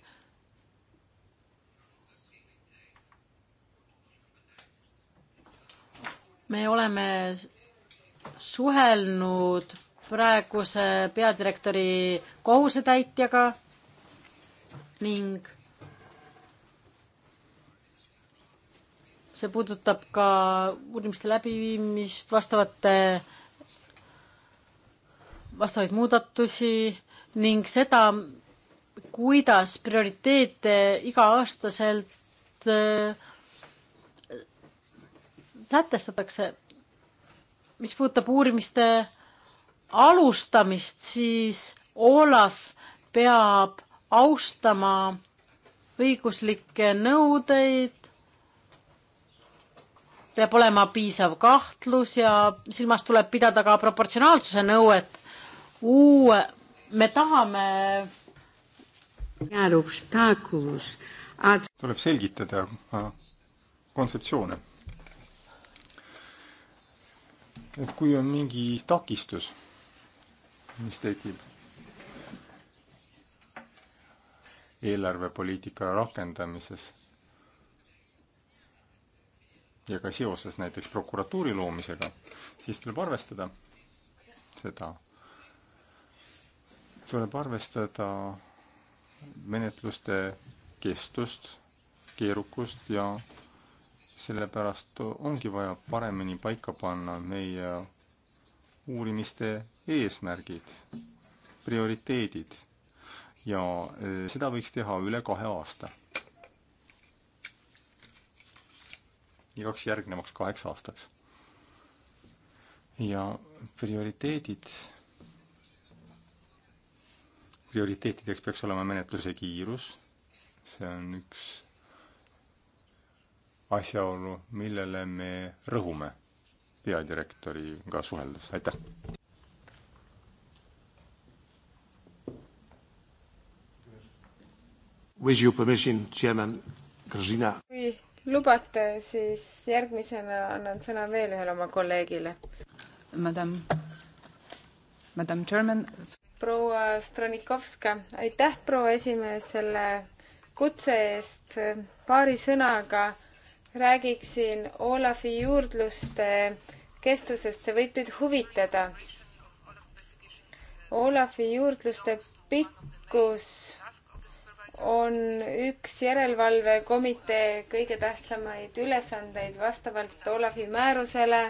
me oleme suhelnud praeguse peadirektori kohusetäitjaga ning see puudutab ka uurimiste läbiviimist, vastavate, vastavaid muudatusi ning seda, kuidas prioriteete iga-aastaselt äh, sätestatakse. mis puudutab uurimiste alustamist, siis Olav peab austama õiguslikke nõudeid, peab olema piisav kahtlus ja silmas tuleb pidada ka proportsionaalsuse nõuet. uue, me tahame. tuleb selgitada äh, kontseptsioone et kui on mingi takistus, mis tekib eelarvepoliitika rakendamises ja ka seoses näiteks prokuratuuri loomisega, siis tuleb arvestada seda, tuleb arvestada menetluste kestust, keerukust ja sellepärast ongi vaja paremini paika panna meie uurimiste eesmärgid, prioriteedid ja eh, seda võiks teha üle kahe aasta. igaks järgnevaks kaheks aastaks. ja prioriteedid, prioriteetideks peaks olema menetluse kiirus, see on üks asjaolu, millele me rõhume peadirektoriga suheldes, aitäh! With your permission, Chairman Grzina. kui lubate, siis järgmisena annan sõna veel ühele oma kolleegile. Madam, Madam Chairman. proua Stronikovska, aitäh, proua esimees, selle kutse eest paari sõnaga räägiksin Olavi juurdluste kestusest, see võib teid huvitada. Olavi juurdluste pikkus on üks järelevalvekomitee kõige tähtsamaid ülesandeid. vastavalt Olavi määrusele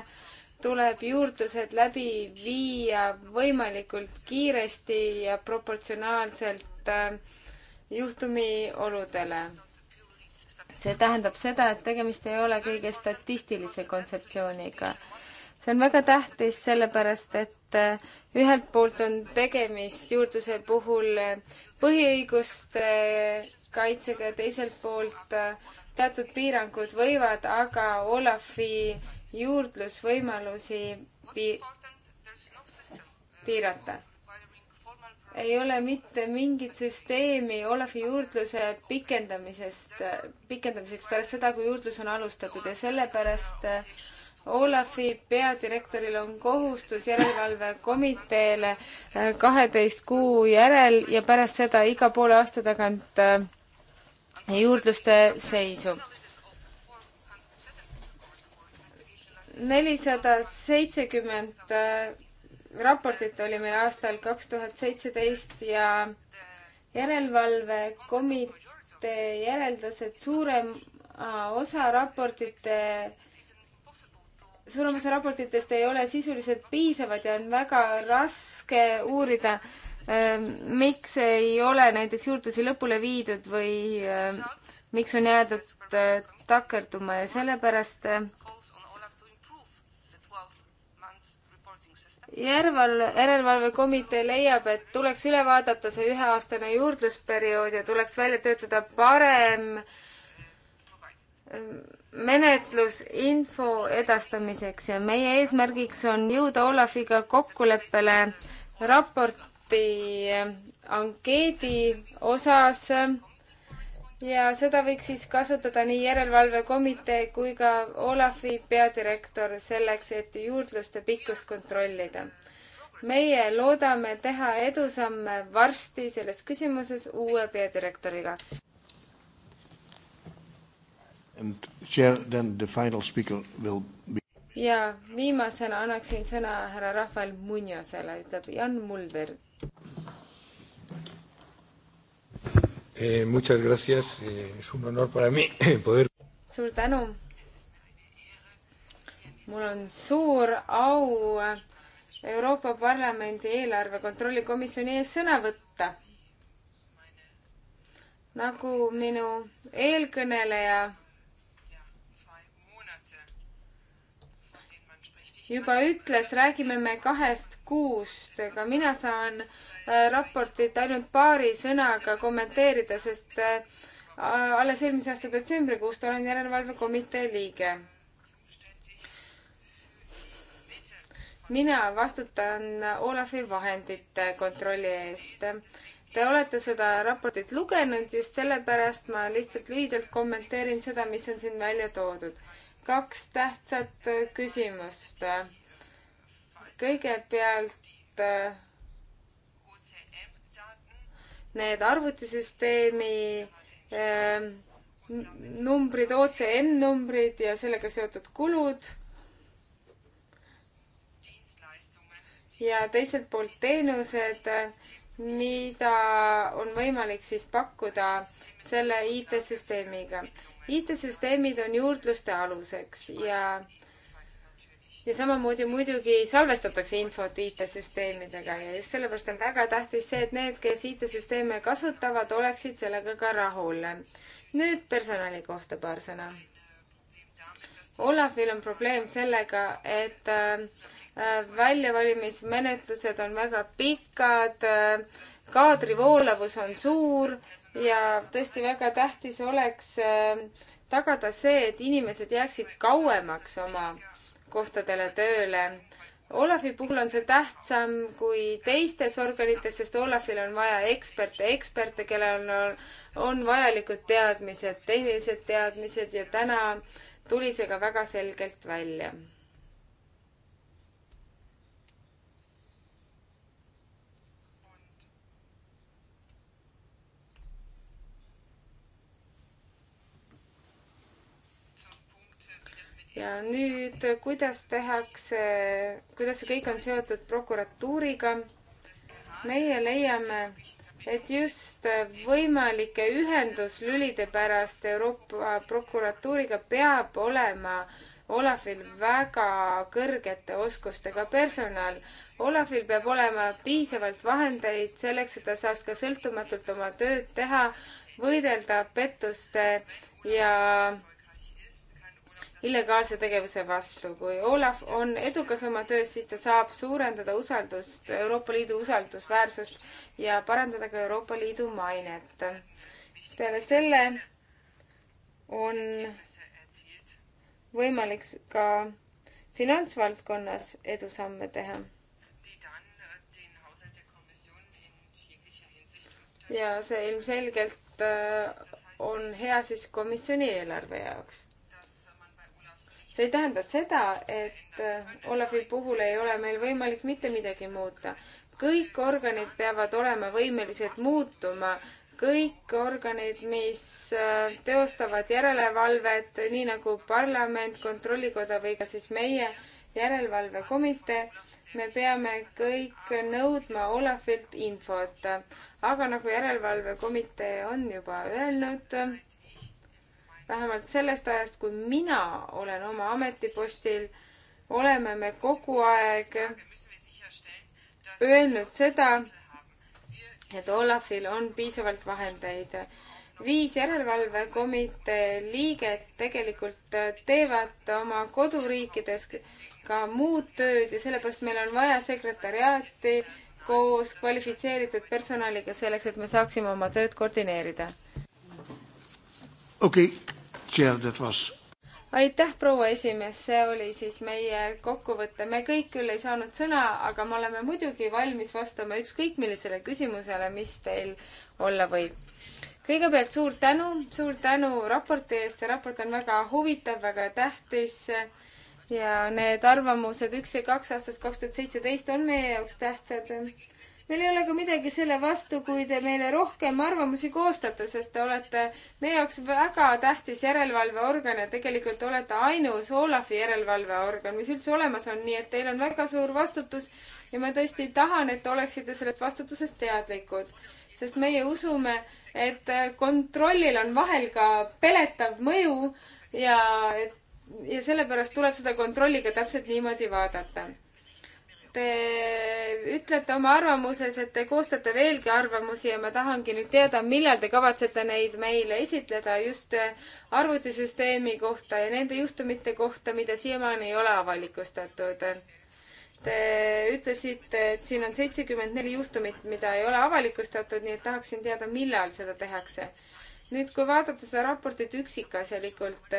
tuleb juurdlused läbi viia võimalikult kiiresti ja proportsionaalselt äh, juhtumi oludele see tähendab seda, et tegemist ei ole kõige statistilise kontseptsiooniga. see on väga tähtis, sellepärast et eh, ühelt poolt on tegemist juurdluse puhul eh, põhiõiguste eh, kaitsega ja teiselt poolt teatud piirangud võivad aga Olafi juurdlusvõimalusi pi piirata ei ole mitte mingit süsteemi Olavi juurdluse pikendamisest, pikendamiseks pärast seda, kui juurdlus on alustatud ja sellepärast äh, Olavi peadirektoril on kohustus järelevalvekomiteele äh, kaheteist kuu järel ja pärast seda iga poole aasta tagant äh, juurdluste seisu. nelisada seitsekümmend raportit oli meil aastal kaks tuhat seitseteist ja järelevalvekomitee järeldas, et suurem äh, osa raportite, suurem osa raportitest ei ole sisuliselt piisavad ja on väga raske uurida, ähm, miks ei ole näiteks juurdlusi lõpule viidud või äh, miks on jäädud äh, takerduma ja sellepärast äh, järval, järelevalvekomitee leiab, et tuleks üle vaadata see üheaastane juurdlusperiood ja tuleks välja töötada parem ähm, menetlus info edastamiseks ja meie eesmärgiks on jõuda Olafiga kokkuleppele raporti äh, ankeedi osas ja seda võiks siis kasutada nii Järelevalvekomitee kui ka Olafi peadirektor selleks, et juurdluste pikkust kontrollida. meie loodame teha edusamme varsti selles küsimuses uue peadirektoriga. Be... ja viimasena annaksin sõna härra Rafael Munjosele, ütleb Jan Mulder eh,. Muchas gracias eh,, es un honor para mí poder. suur tänu. mul on suur au Euroopa Parlamendi eelarve kontrolli komisjoni ees sõna võtta. nagu minu eelkõneleja juba ütles, räägime me kahest kuust, aga mina saan Äh, raportit ainult paari sõnaga kommenteerida, sest äh, alles eelmise aasta detsembrikuust olen järelevalvekomitee liige. mina vastutan Olavi vahendite kontrolli eest. Te olete seda raportit lugenud, just sellepärast ma lihtsalt lühidalt kommenteerin seda, mis on siin välja toodud. kaks tähtsat küsimust. kõigepealt äh, need arvutisüsteemi ähm, numbrid, OCM numbrid ja sellega seotud kulud. ja teiselt poolt teenused, mida on võimalik siis pakkuda selle IT-süsteemiga. IT-süsteemid on juurdluste aluseks ja äh, ja samamoodi muidugi salvestatakse infot IT-süsteemidega ja just sellepärast on väga tähtis see, et need, kes IT-süsteeme kasutavad, oleksid sellega ka rahul. nüüd personali kohta paar sõna. Olafil on probleem sellega, et äh, äh, väljavalimismenetlused on väga pikad, äh, kaadri voolavus on suur ja tõesti väga tähtis oleks tagada see, et inimesed jääksid kauemaks oma kohtadele tööle. Olavi puhul on see tähtsam kui teistes organites, sest Olafil on vaja eksperte, eksperte, kellel on, on vajalikud teadmised, tehnilised teadmised ja täna tuli see ka väga selgelt välja ja nüüd, kuidas tehakse, kuidas see kõik on seotud prokuratuuriga? meie leiame, et just võimalike ühenduslülide pärast Euroopa prokuratuuriga peab olema Olafil väga kõrgete oskustega personal. Olafil peab olema piisavalt vahendeid selleks, et ta saaks ka sõltumatult oma tööd teha, võidelda pettuste ja illegaalse tegevuse vastu. kui Olav on edukas oma töös, siis ta saab suurendada usaldust, Euroopa Liidu usaldusväärsust ja parandada ka Euroopa Liidu mainet. peale selle on võimalik ka finantsvaldkonnas edusamme teha. ja see ilmselgelt äh, on hea siis komisjoni eelarve jaoks see ei tähenda seda, et äh, Olavi puhul ei ole meil võimalik mitte midagi muuta. kõik organid peavad olema võimelised muutuma, kõik organid, mis äh, teostavad järelevalvet, nii nagu parlament, kontrollikoda või ka siis meie järelevalvekomitee, me peame kõik nõudma Olafilt infot. aga nagu järelevalvekomitee on juba öelnud, vähemalt sellest ajast, kui mina olen oma ametipostil, oleme me kogu aeg öelnud seda, et Olafil on piisavalt vahendeid. viis järelevalvekomitee liiget tegelikult teevad oma koduriikides ka muud tööd ja sellepärast meil on vaja sekretäriaati koos kvalifitseeritud personaliga selleks, et me saaksime oma tööd koordineerida. okei okay aitäh, proua esimees, see oli siis meie kokkuvõte. me kõik küll ei saanud sõna, aga me oleme muidugi valmis vastama ükskõik millisele küsimusele, mis teil olla võib. kõigepealt suur tänu, suur tänu raporti eest, see raport on väga huvitav, väga tähtis ja need arvamused üks ja kaks aastast kaks tuhat seitseteist on meie jaoks tähtsad meil ei ole ka midagi selle vastu, kui te meile rohkem arvamusi koostate, sest te olete meie jaoks väga tähtis järelevalveorgan ja tegelikult olete ainus Olavi järelevalveorgan, mis üldse olemas on, nii et teil on väga suur vastutus ja ma tõesti tahan, et oleksite sellest vastutusest teadlikud, sest meie usume, et kontrollil on vahel ka peletav mõju ja et ja sellepärast tuleb seda kontrolli ka täpselt niimoodi vaadata Te ütlete oma arvamuses, et te koostate veelgi arvamusi ja ma tahangi nüüd teada, millal te kavatsete neid meile esitleda just arvutisüsteemi kohta ja nende juhtumite kohta, mida siiamaani ei ole avalikustatud. Te ütlesite, et siin on seitsekümmend neli juhtumit, mida ei ole avalikustatud, nii et tahaksin teada, millal seda tehakse. nüüd, kui vaadata seda raportit üksikasjalikult,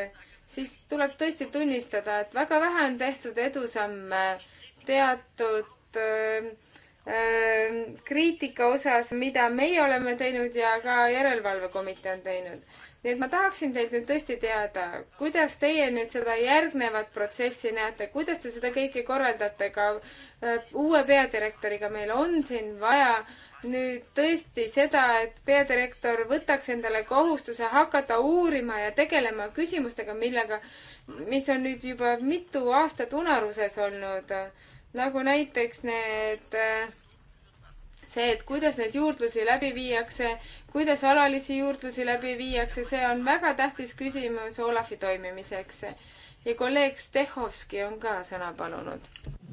siis tuleb tõesti tunnistada, et väga vähe on tehtud edusamme teatud öö, kriitika osas, mida meie oleme teinud ja ka Järelevalvekomitee on teinud. nii et ma tahaksin teilt nüüd tõesti teada, kuidas teie nüüd seda järgnevat protsessi näete, kuidas te seda kõike korraldate, ka uue peadirektoriga meil on siin vaja nüüd tõesti seda, et peadirektor võtaks endale kohustuse hakata uurima ja tegelema küsimustega, millega, mis on nüüd juba mitu aastat unaruses olnud nagu näiteks need, äh, see, et kuidas neid juurdlusi läbi viiakse, kuidas alalisi juurdlusi läbi viiakse, see on väga tähtis küsimus Olafi toimimiseks. ja kolleeg Stehhovski on ka sõna palunud.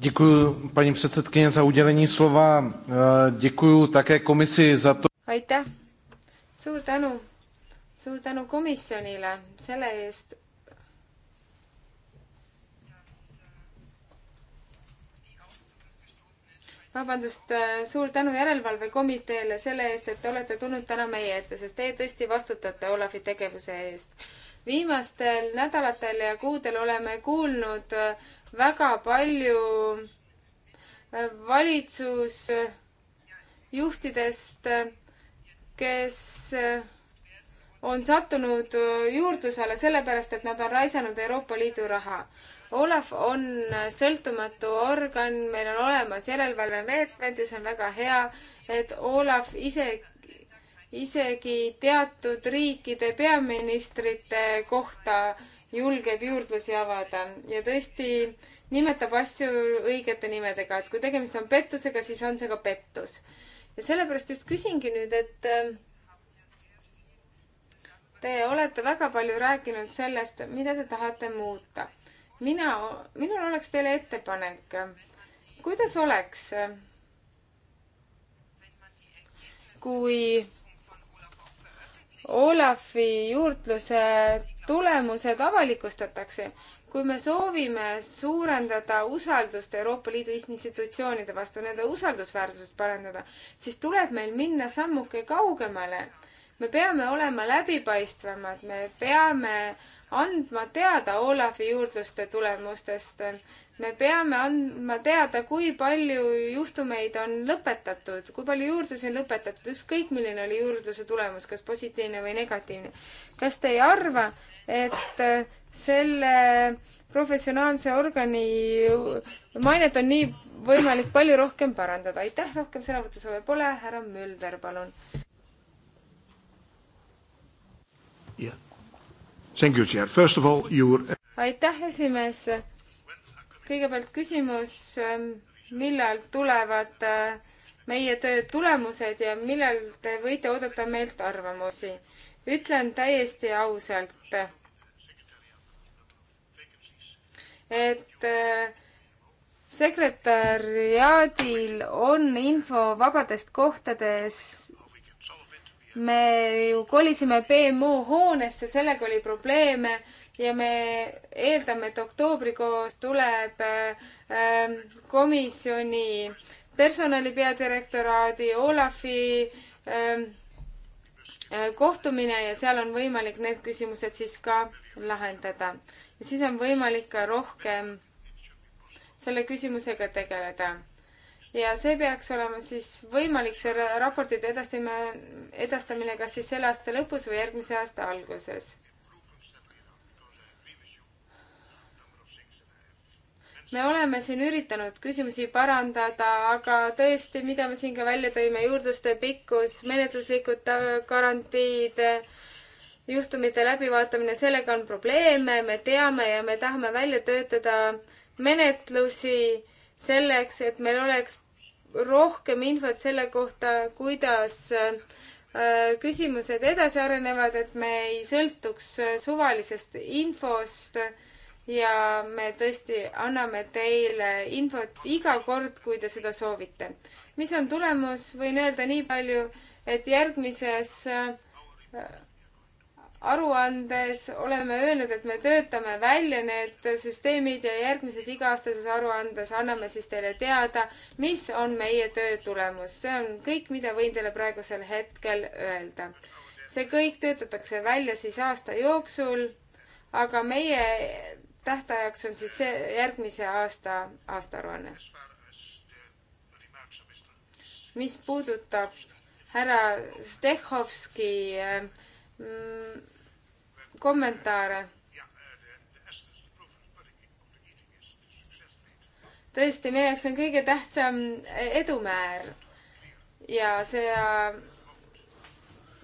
Děkuji paní předsedkyně za udělení slova. E, Děkuji také komisi za to. Aitäh. Suur tänu. Suur tänu komisjonile selle eest, vabandust, äh, suur tänu Järelevalvekomiteele selle eest, et te olete tulnud täna meie ette, sest teie tõesti vastutate Olavi tegevuse eest. viimastel nädalatel ja kuudel oleme kuulnud äh, väga palju äh, valitsusjuhtidest, kes on sattunud äh, juurdluse alla sellepärast, et nad on raisanud Euroopa Liidu raha. Olav on sõltumatu organ, meil on olemas järelevalvemeetmed ja see on väga hea, et Olav ise, isegi teatud riikide peaministrite kohta julgeb juurdlusi avada ja tõesti nimetab asju õigete nimedega, et kui tegemist on pettusega, siis on see ka pettus. ja sellepärast just küsingi nüüd, et äh, Te olete väga palju rääkinud sellest, mida te tahate muuta. mina, minul oleks teile ettepanek. kuidas oleks, kui Olafi juurdluse tulemused avalikustatakse, kui me soovime suurendada usaldust Euroopa Liidu institutsioonide vastu, nende usaldusväärsust parandada, siis tuleb meil minna sammuke kaugemale me peame olema läbipaistvamad, me peame andma teada Olavi juurdluste tulemustest. me peame andma teada, kui palju juhtumeid on lõpetatud, kui palju juurdlusi on lõpetatud, ükskõik milline oli juurdluse tulemus, kas positiivne või negatiivne. kas te ei arva, et äh, selle professionaalse organi mainet on nii võimalik palju rohkem parandada. aitäh, rohkem sõnavõtusoove pole, härra Mölder, palun. yeah.. Thank you, Chair. First of all, your. aitäh, esimees. kõigepealt küsimus, ähm, millal tulevad äh, meie töö tulemused ja millal te võite oodata meilt arvamusi? ütlen täiesti ausalt, et äh, sekretäriaadil on info vabadest kohtades, me ju kolisime BMO hoonesse, sellega oli probleeme ja me eeldame, et oktoobrikoos tuleb ähm, komisjoni personali peadirektoraadi, Olafi ähm, äh, kohtumine ja seal on võimalik need küsimused siis ka lahendada. ja siis on võimalik ka rohkem selle küsimusega tegeleda ja see peaks olema siis võimalik, see raportide edastamine, edastamine kas siis selle aasta lõpus või järgmise aasta alguses. me oleme siin üritanud küsimusi parandada, aga tõesti, mida me siin ka välja tõime, juurdluste pikkus, menetluslikud garantiid, juhtumite läbivaatamine, sellega on probleeme, me teame ja me tahame välja töötada menetlusi selleks, et meil oleks rohkem infot selle kohta, kuidas äh, küsimused edasi arenevad, et me ei sõltuks äh, suvalisest infost ja me tõesti anname teile infot iga kord, kui te seda soovite. mis on tulemus, võin öelda nii palju, et järgmises äh, aruandes oleme öelnud, et me töötame välja need süsteemid ja järgmises iga-aastases aruandes anname siis teile teada, mis on meie töö tulemus. see on kõik, mida võin teile praegusel hetkel öelda. see kõik töötatakse välja siis aasta jooksul, aga meie tähtajaks on siis see järgmise aasta aastaaruanne. mis puudutab härra Stehhovski äh, Mm, kommentaare. tõesti, meie jaoks on kõige tähtsam edumäär ja see,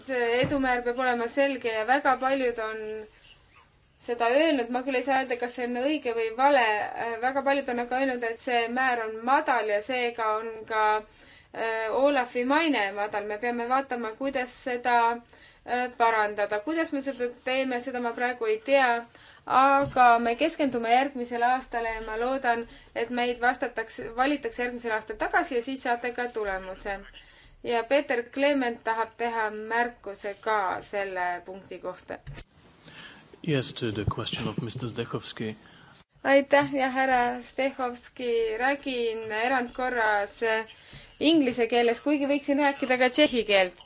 see edumäär peab olema selge ja väga paljud on seda öelnud, ma küll ei saa öelda, kas see on õige või vale, väga paljud on aga öelnud, et see määr on madal ja seega on ka äh, Olafi maine madal, me peame vaatama, kuidas seda äh, Äh, parandada. kuidas me seda teeme, seda ma praegu ei tea, aga me keskendume järgmisele aastale ja ma loodan, et meid vastatakse, valitakse järgmisel aastal tagasi ja siis saate ka tulemuse. ja Peeter Klement tahab teha märkuse ka selle punkti kohta. Yes, to the question of Mr Zdechovski aitäh, jah, härra Stehhovski, räägin erandkorras inglise keeles, kuigi võiksin rääkida ka tšehhi keelt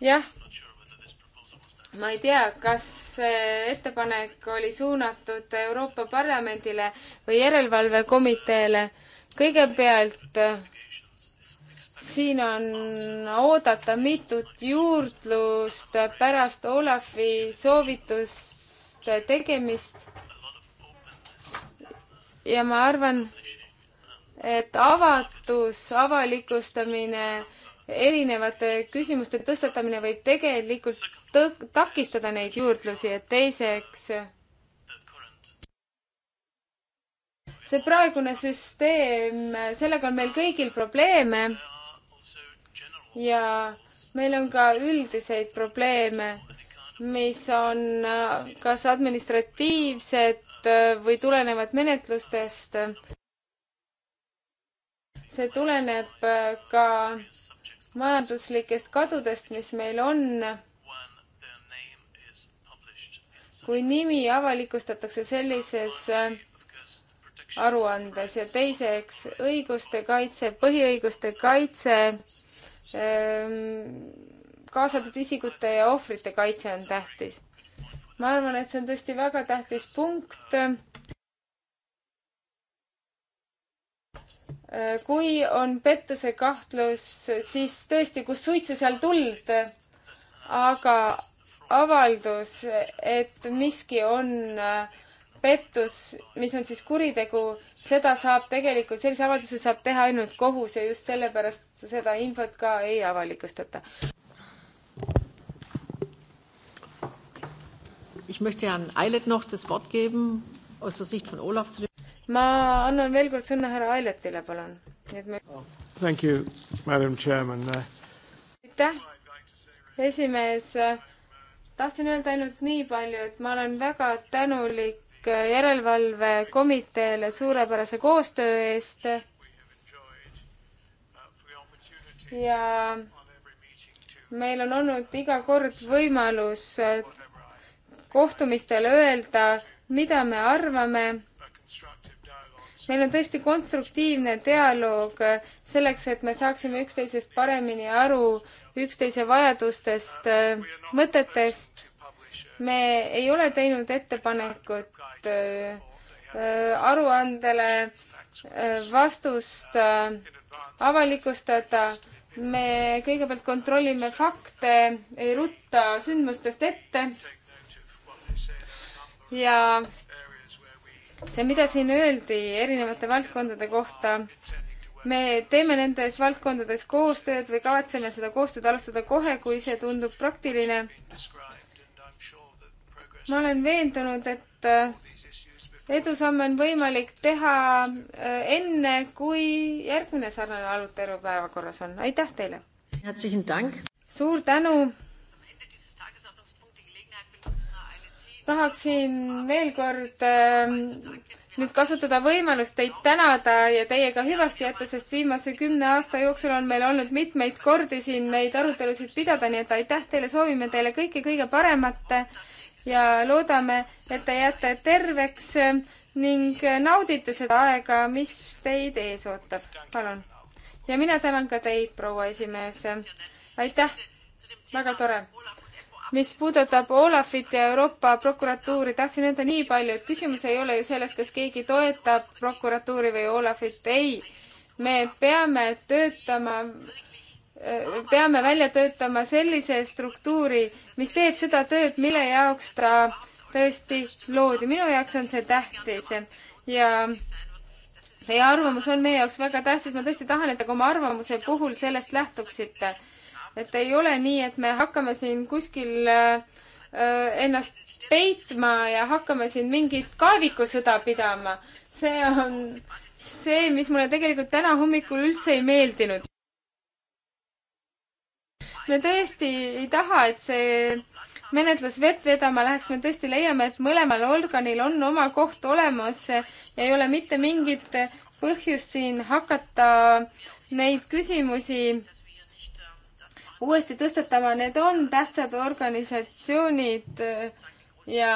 jah, ma ei tea, kas see ettepanek oli suunatud Euroopa Parlamendile või Järelevalvekomiteele. kõigepealt siin on oodata mitut juurdlust pärast Olafi soovituste tegemist. ja ma arvan, et avatus, avalikustamine äh, erinevate küsimuste tõstatamine võib tegelikult tõ-, takistada neid juurdlusi, et teiseks see praegune süsteem, sellega on meil kõigil probleeme ja meil on ka üldiseid probleeme, mis on äh, kas administratiivsed äh, või tulenevad menetlustest. see tuleneb äh, ka majanduslikest kadudest, mis meil on. kui nimi avalikustatakse sellises äh, aruandes ja teiseks õiguste kaitse, põhiõiguste kaitse, ähm, kaasatud isikute ja ohvrite kaitse on tähtis. ma arvan, et see on tõesti väga tähtis punkt kui on pettuse kahtlus, siis tõesti, kus suitsu, seal tuld. aga avaldus, et miski on äh, pettus, mis on siis kuritegu, seda saab tegelikult, sellise avalduse saab teha ainult kohus ja just sellepärast seda infot ka ei avalikustata. Ich möchte Herrn Eilert noch das Wort geben aus der Sicht von Olaf zu dem ma annan veel kord sõna härra Ailetile, palun. nii et me. Oh, thank you, madam chairman. Uh, aitäh, esimees. tahtsin öelda ainult nii palju, et ma olen väga tänulik järelevalvekomiteele suurepärase koostöö eest. ja meil on olnud iga kord võimalus kohtumistel öelda, mida me arvame meil on tõesti konstruktiivne dialoog äh, selleks, et me saaksime üksteisest paremini aru, üksteise vajadustest, äh, mõtetest. me ei ole teinud ettepanekut äh, aruandele vastust avalikustada. me kõigepealt kontrollime fakte, ei rutta sündmustest ette ja see, mida siin öeldi erinevate valdkondade kohta, me teeme nendes valdkondades koostööd või kavatseme seda koostööd alustada kohe, kui see tundub praktiline. ma olen veendunud, et äh, edusamme on võimalik teha äh, enne, kui järgmine sarnane arutelu päevakorras on. aitäh teile! suur tänu! tahaksin veel kord äh, nüüd kasutada võimalust teid tänada ja teiega hüvasti jätta, sest viimase kümne aasta jooksul on meil olnud mitmeid kordi siin neid arutelusid pidada, nii et aitäh teile, soovime teile kõike kõige paremat ja loodame, et te jääte terveks ning naudite seda aega, mis teid ees ootab. palun. ja mina tänan ka teid, proua esimees. aitäh, väga tore mis puudutab Olafit ja Euroopa prokuratuuri, tahtsin öelda nii palju, et küsimus ei ole ju selles, kas keegi toetab prokuratuuri või Olafit, ei. me peame töötama, äh, peame välja töötama sellise struktuuri, mis teeb seda tööd, mille jaoks ta tõesti loodi. minu jaoks on see tähtis ja teie arvamus on meie jaoks väga tähtis. ma tõesti tahan, et te ka oma arvamuse puhul sellest lähtuksite et ei ole nii, et me hakkame siin kuskil äh, ennast peitma ja hakkame siin mingit kaevikusõda pidama. see on see, mis mulle tegelikult täna hommikul üldse ei meeldinud. me tõesti ei taha, et see menetlus vett vedama läheks, me tõesti leiame, et mõlemal organil on oma koht olemas ja ei ole mitte mingit põhjust siin hakata neid küsimusi uuesti tõstetama, need on tähtsad organisatsioonid äh, ja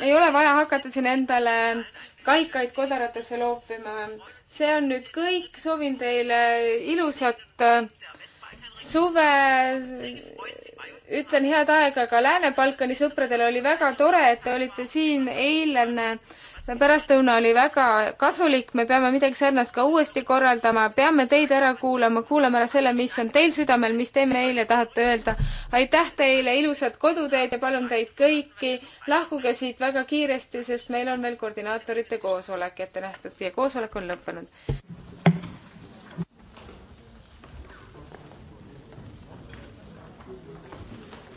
ei ole vaja hakata siin endale kaikaid kodaratesse loopima. see on nüüd kõik, soovin teile ilusat äh, suve. ütlen head aega ka Lääne-Balkani sõpradele, oli väga tore, et te olite siin eilne pärastlõuna oli väga kasulik, me peame midagi sarnast ka uuesti korraldama, peame teid ära kuulama, kuulame ära selle, mis on teil südamel, mis te meile tahate öelda. aitäh teile, ilusat koduteed ja palun teid kõiki, lahkuge siit väga kiiresti, sest meil on veel koordinaatorite koosolek ette nähtud ja koosolek on lõppenud.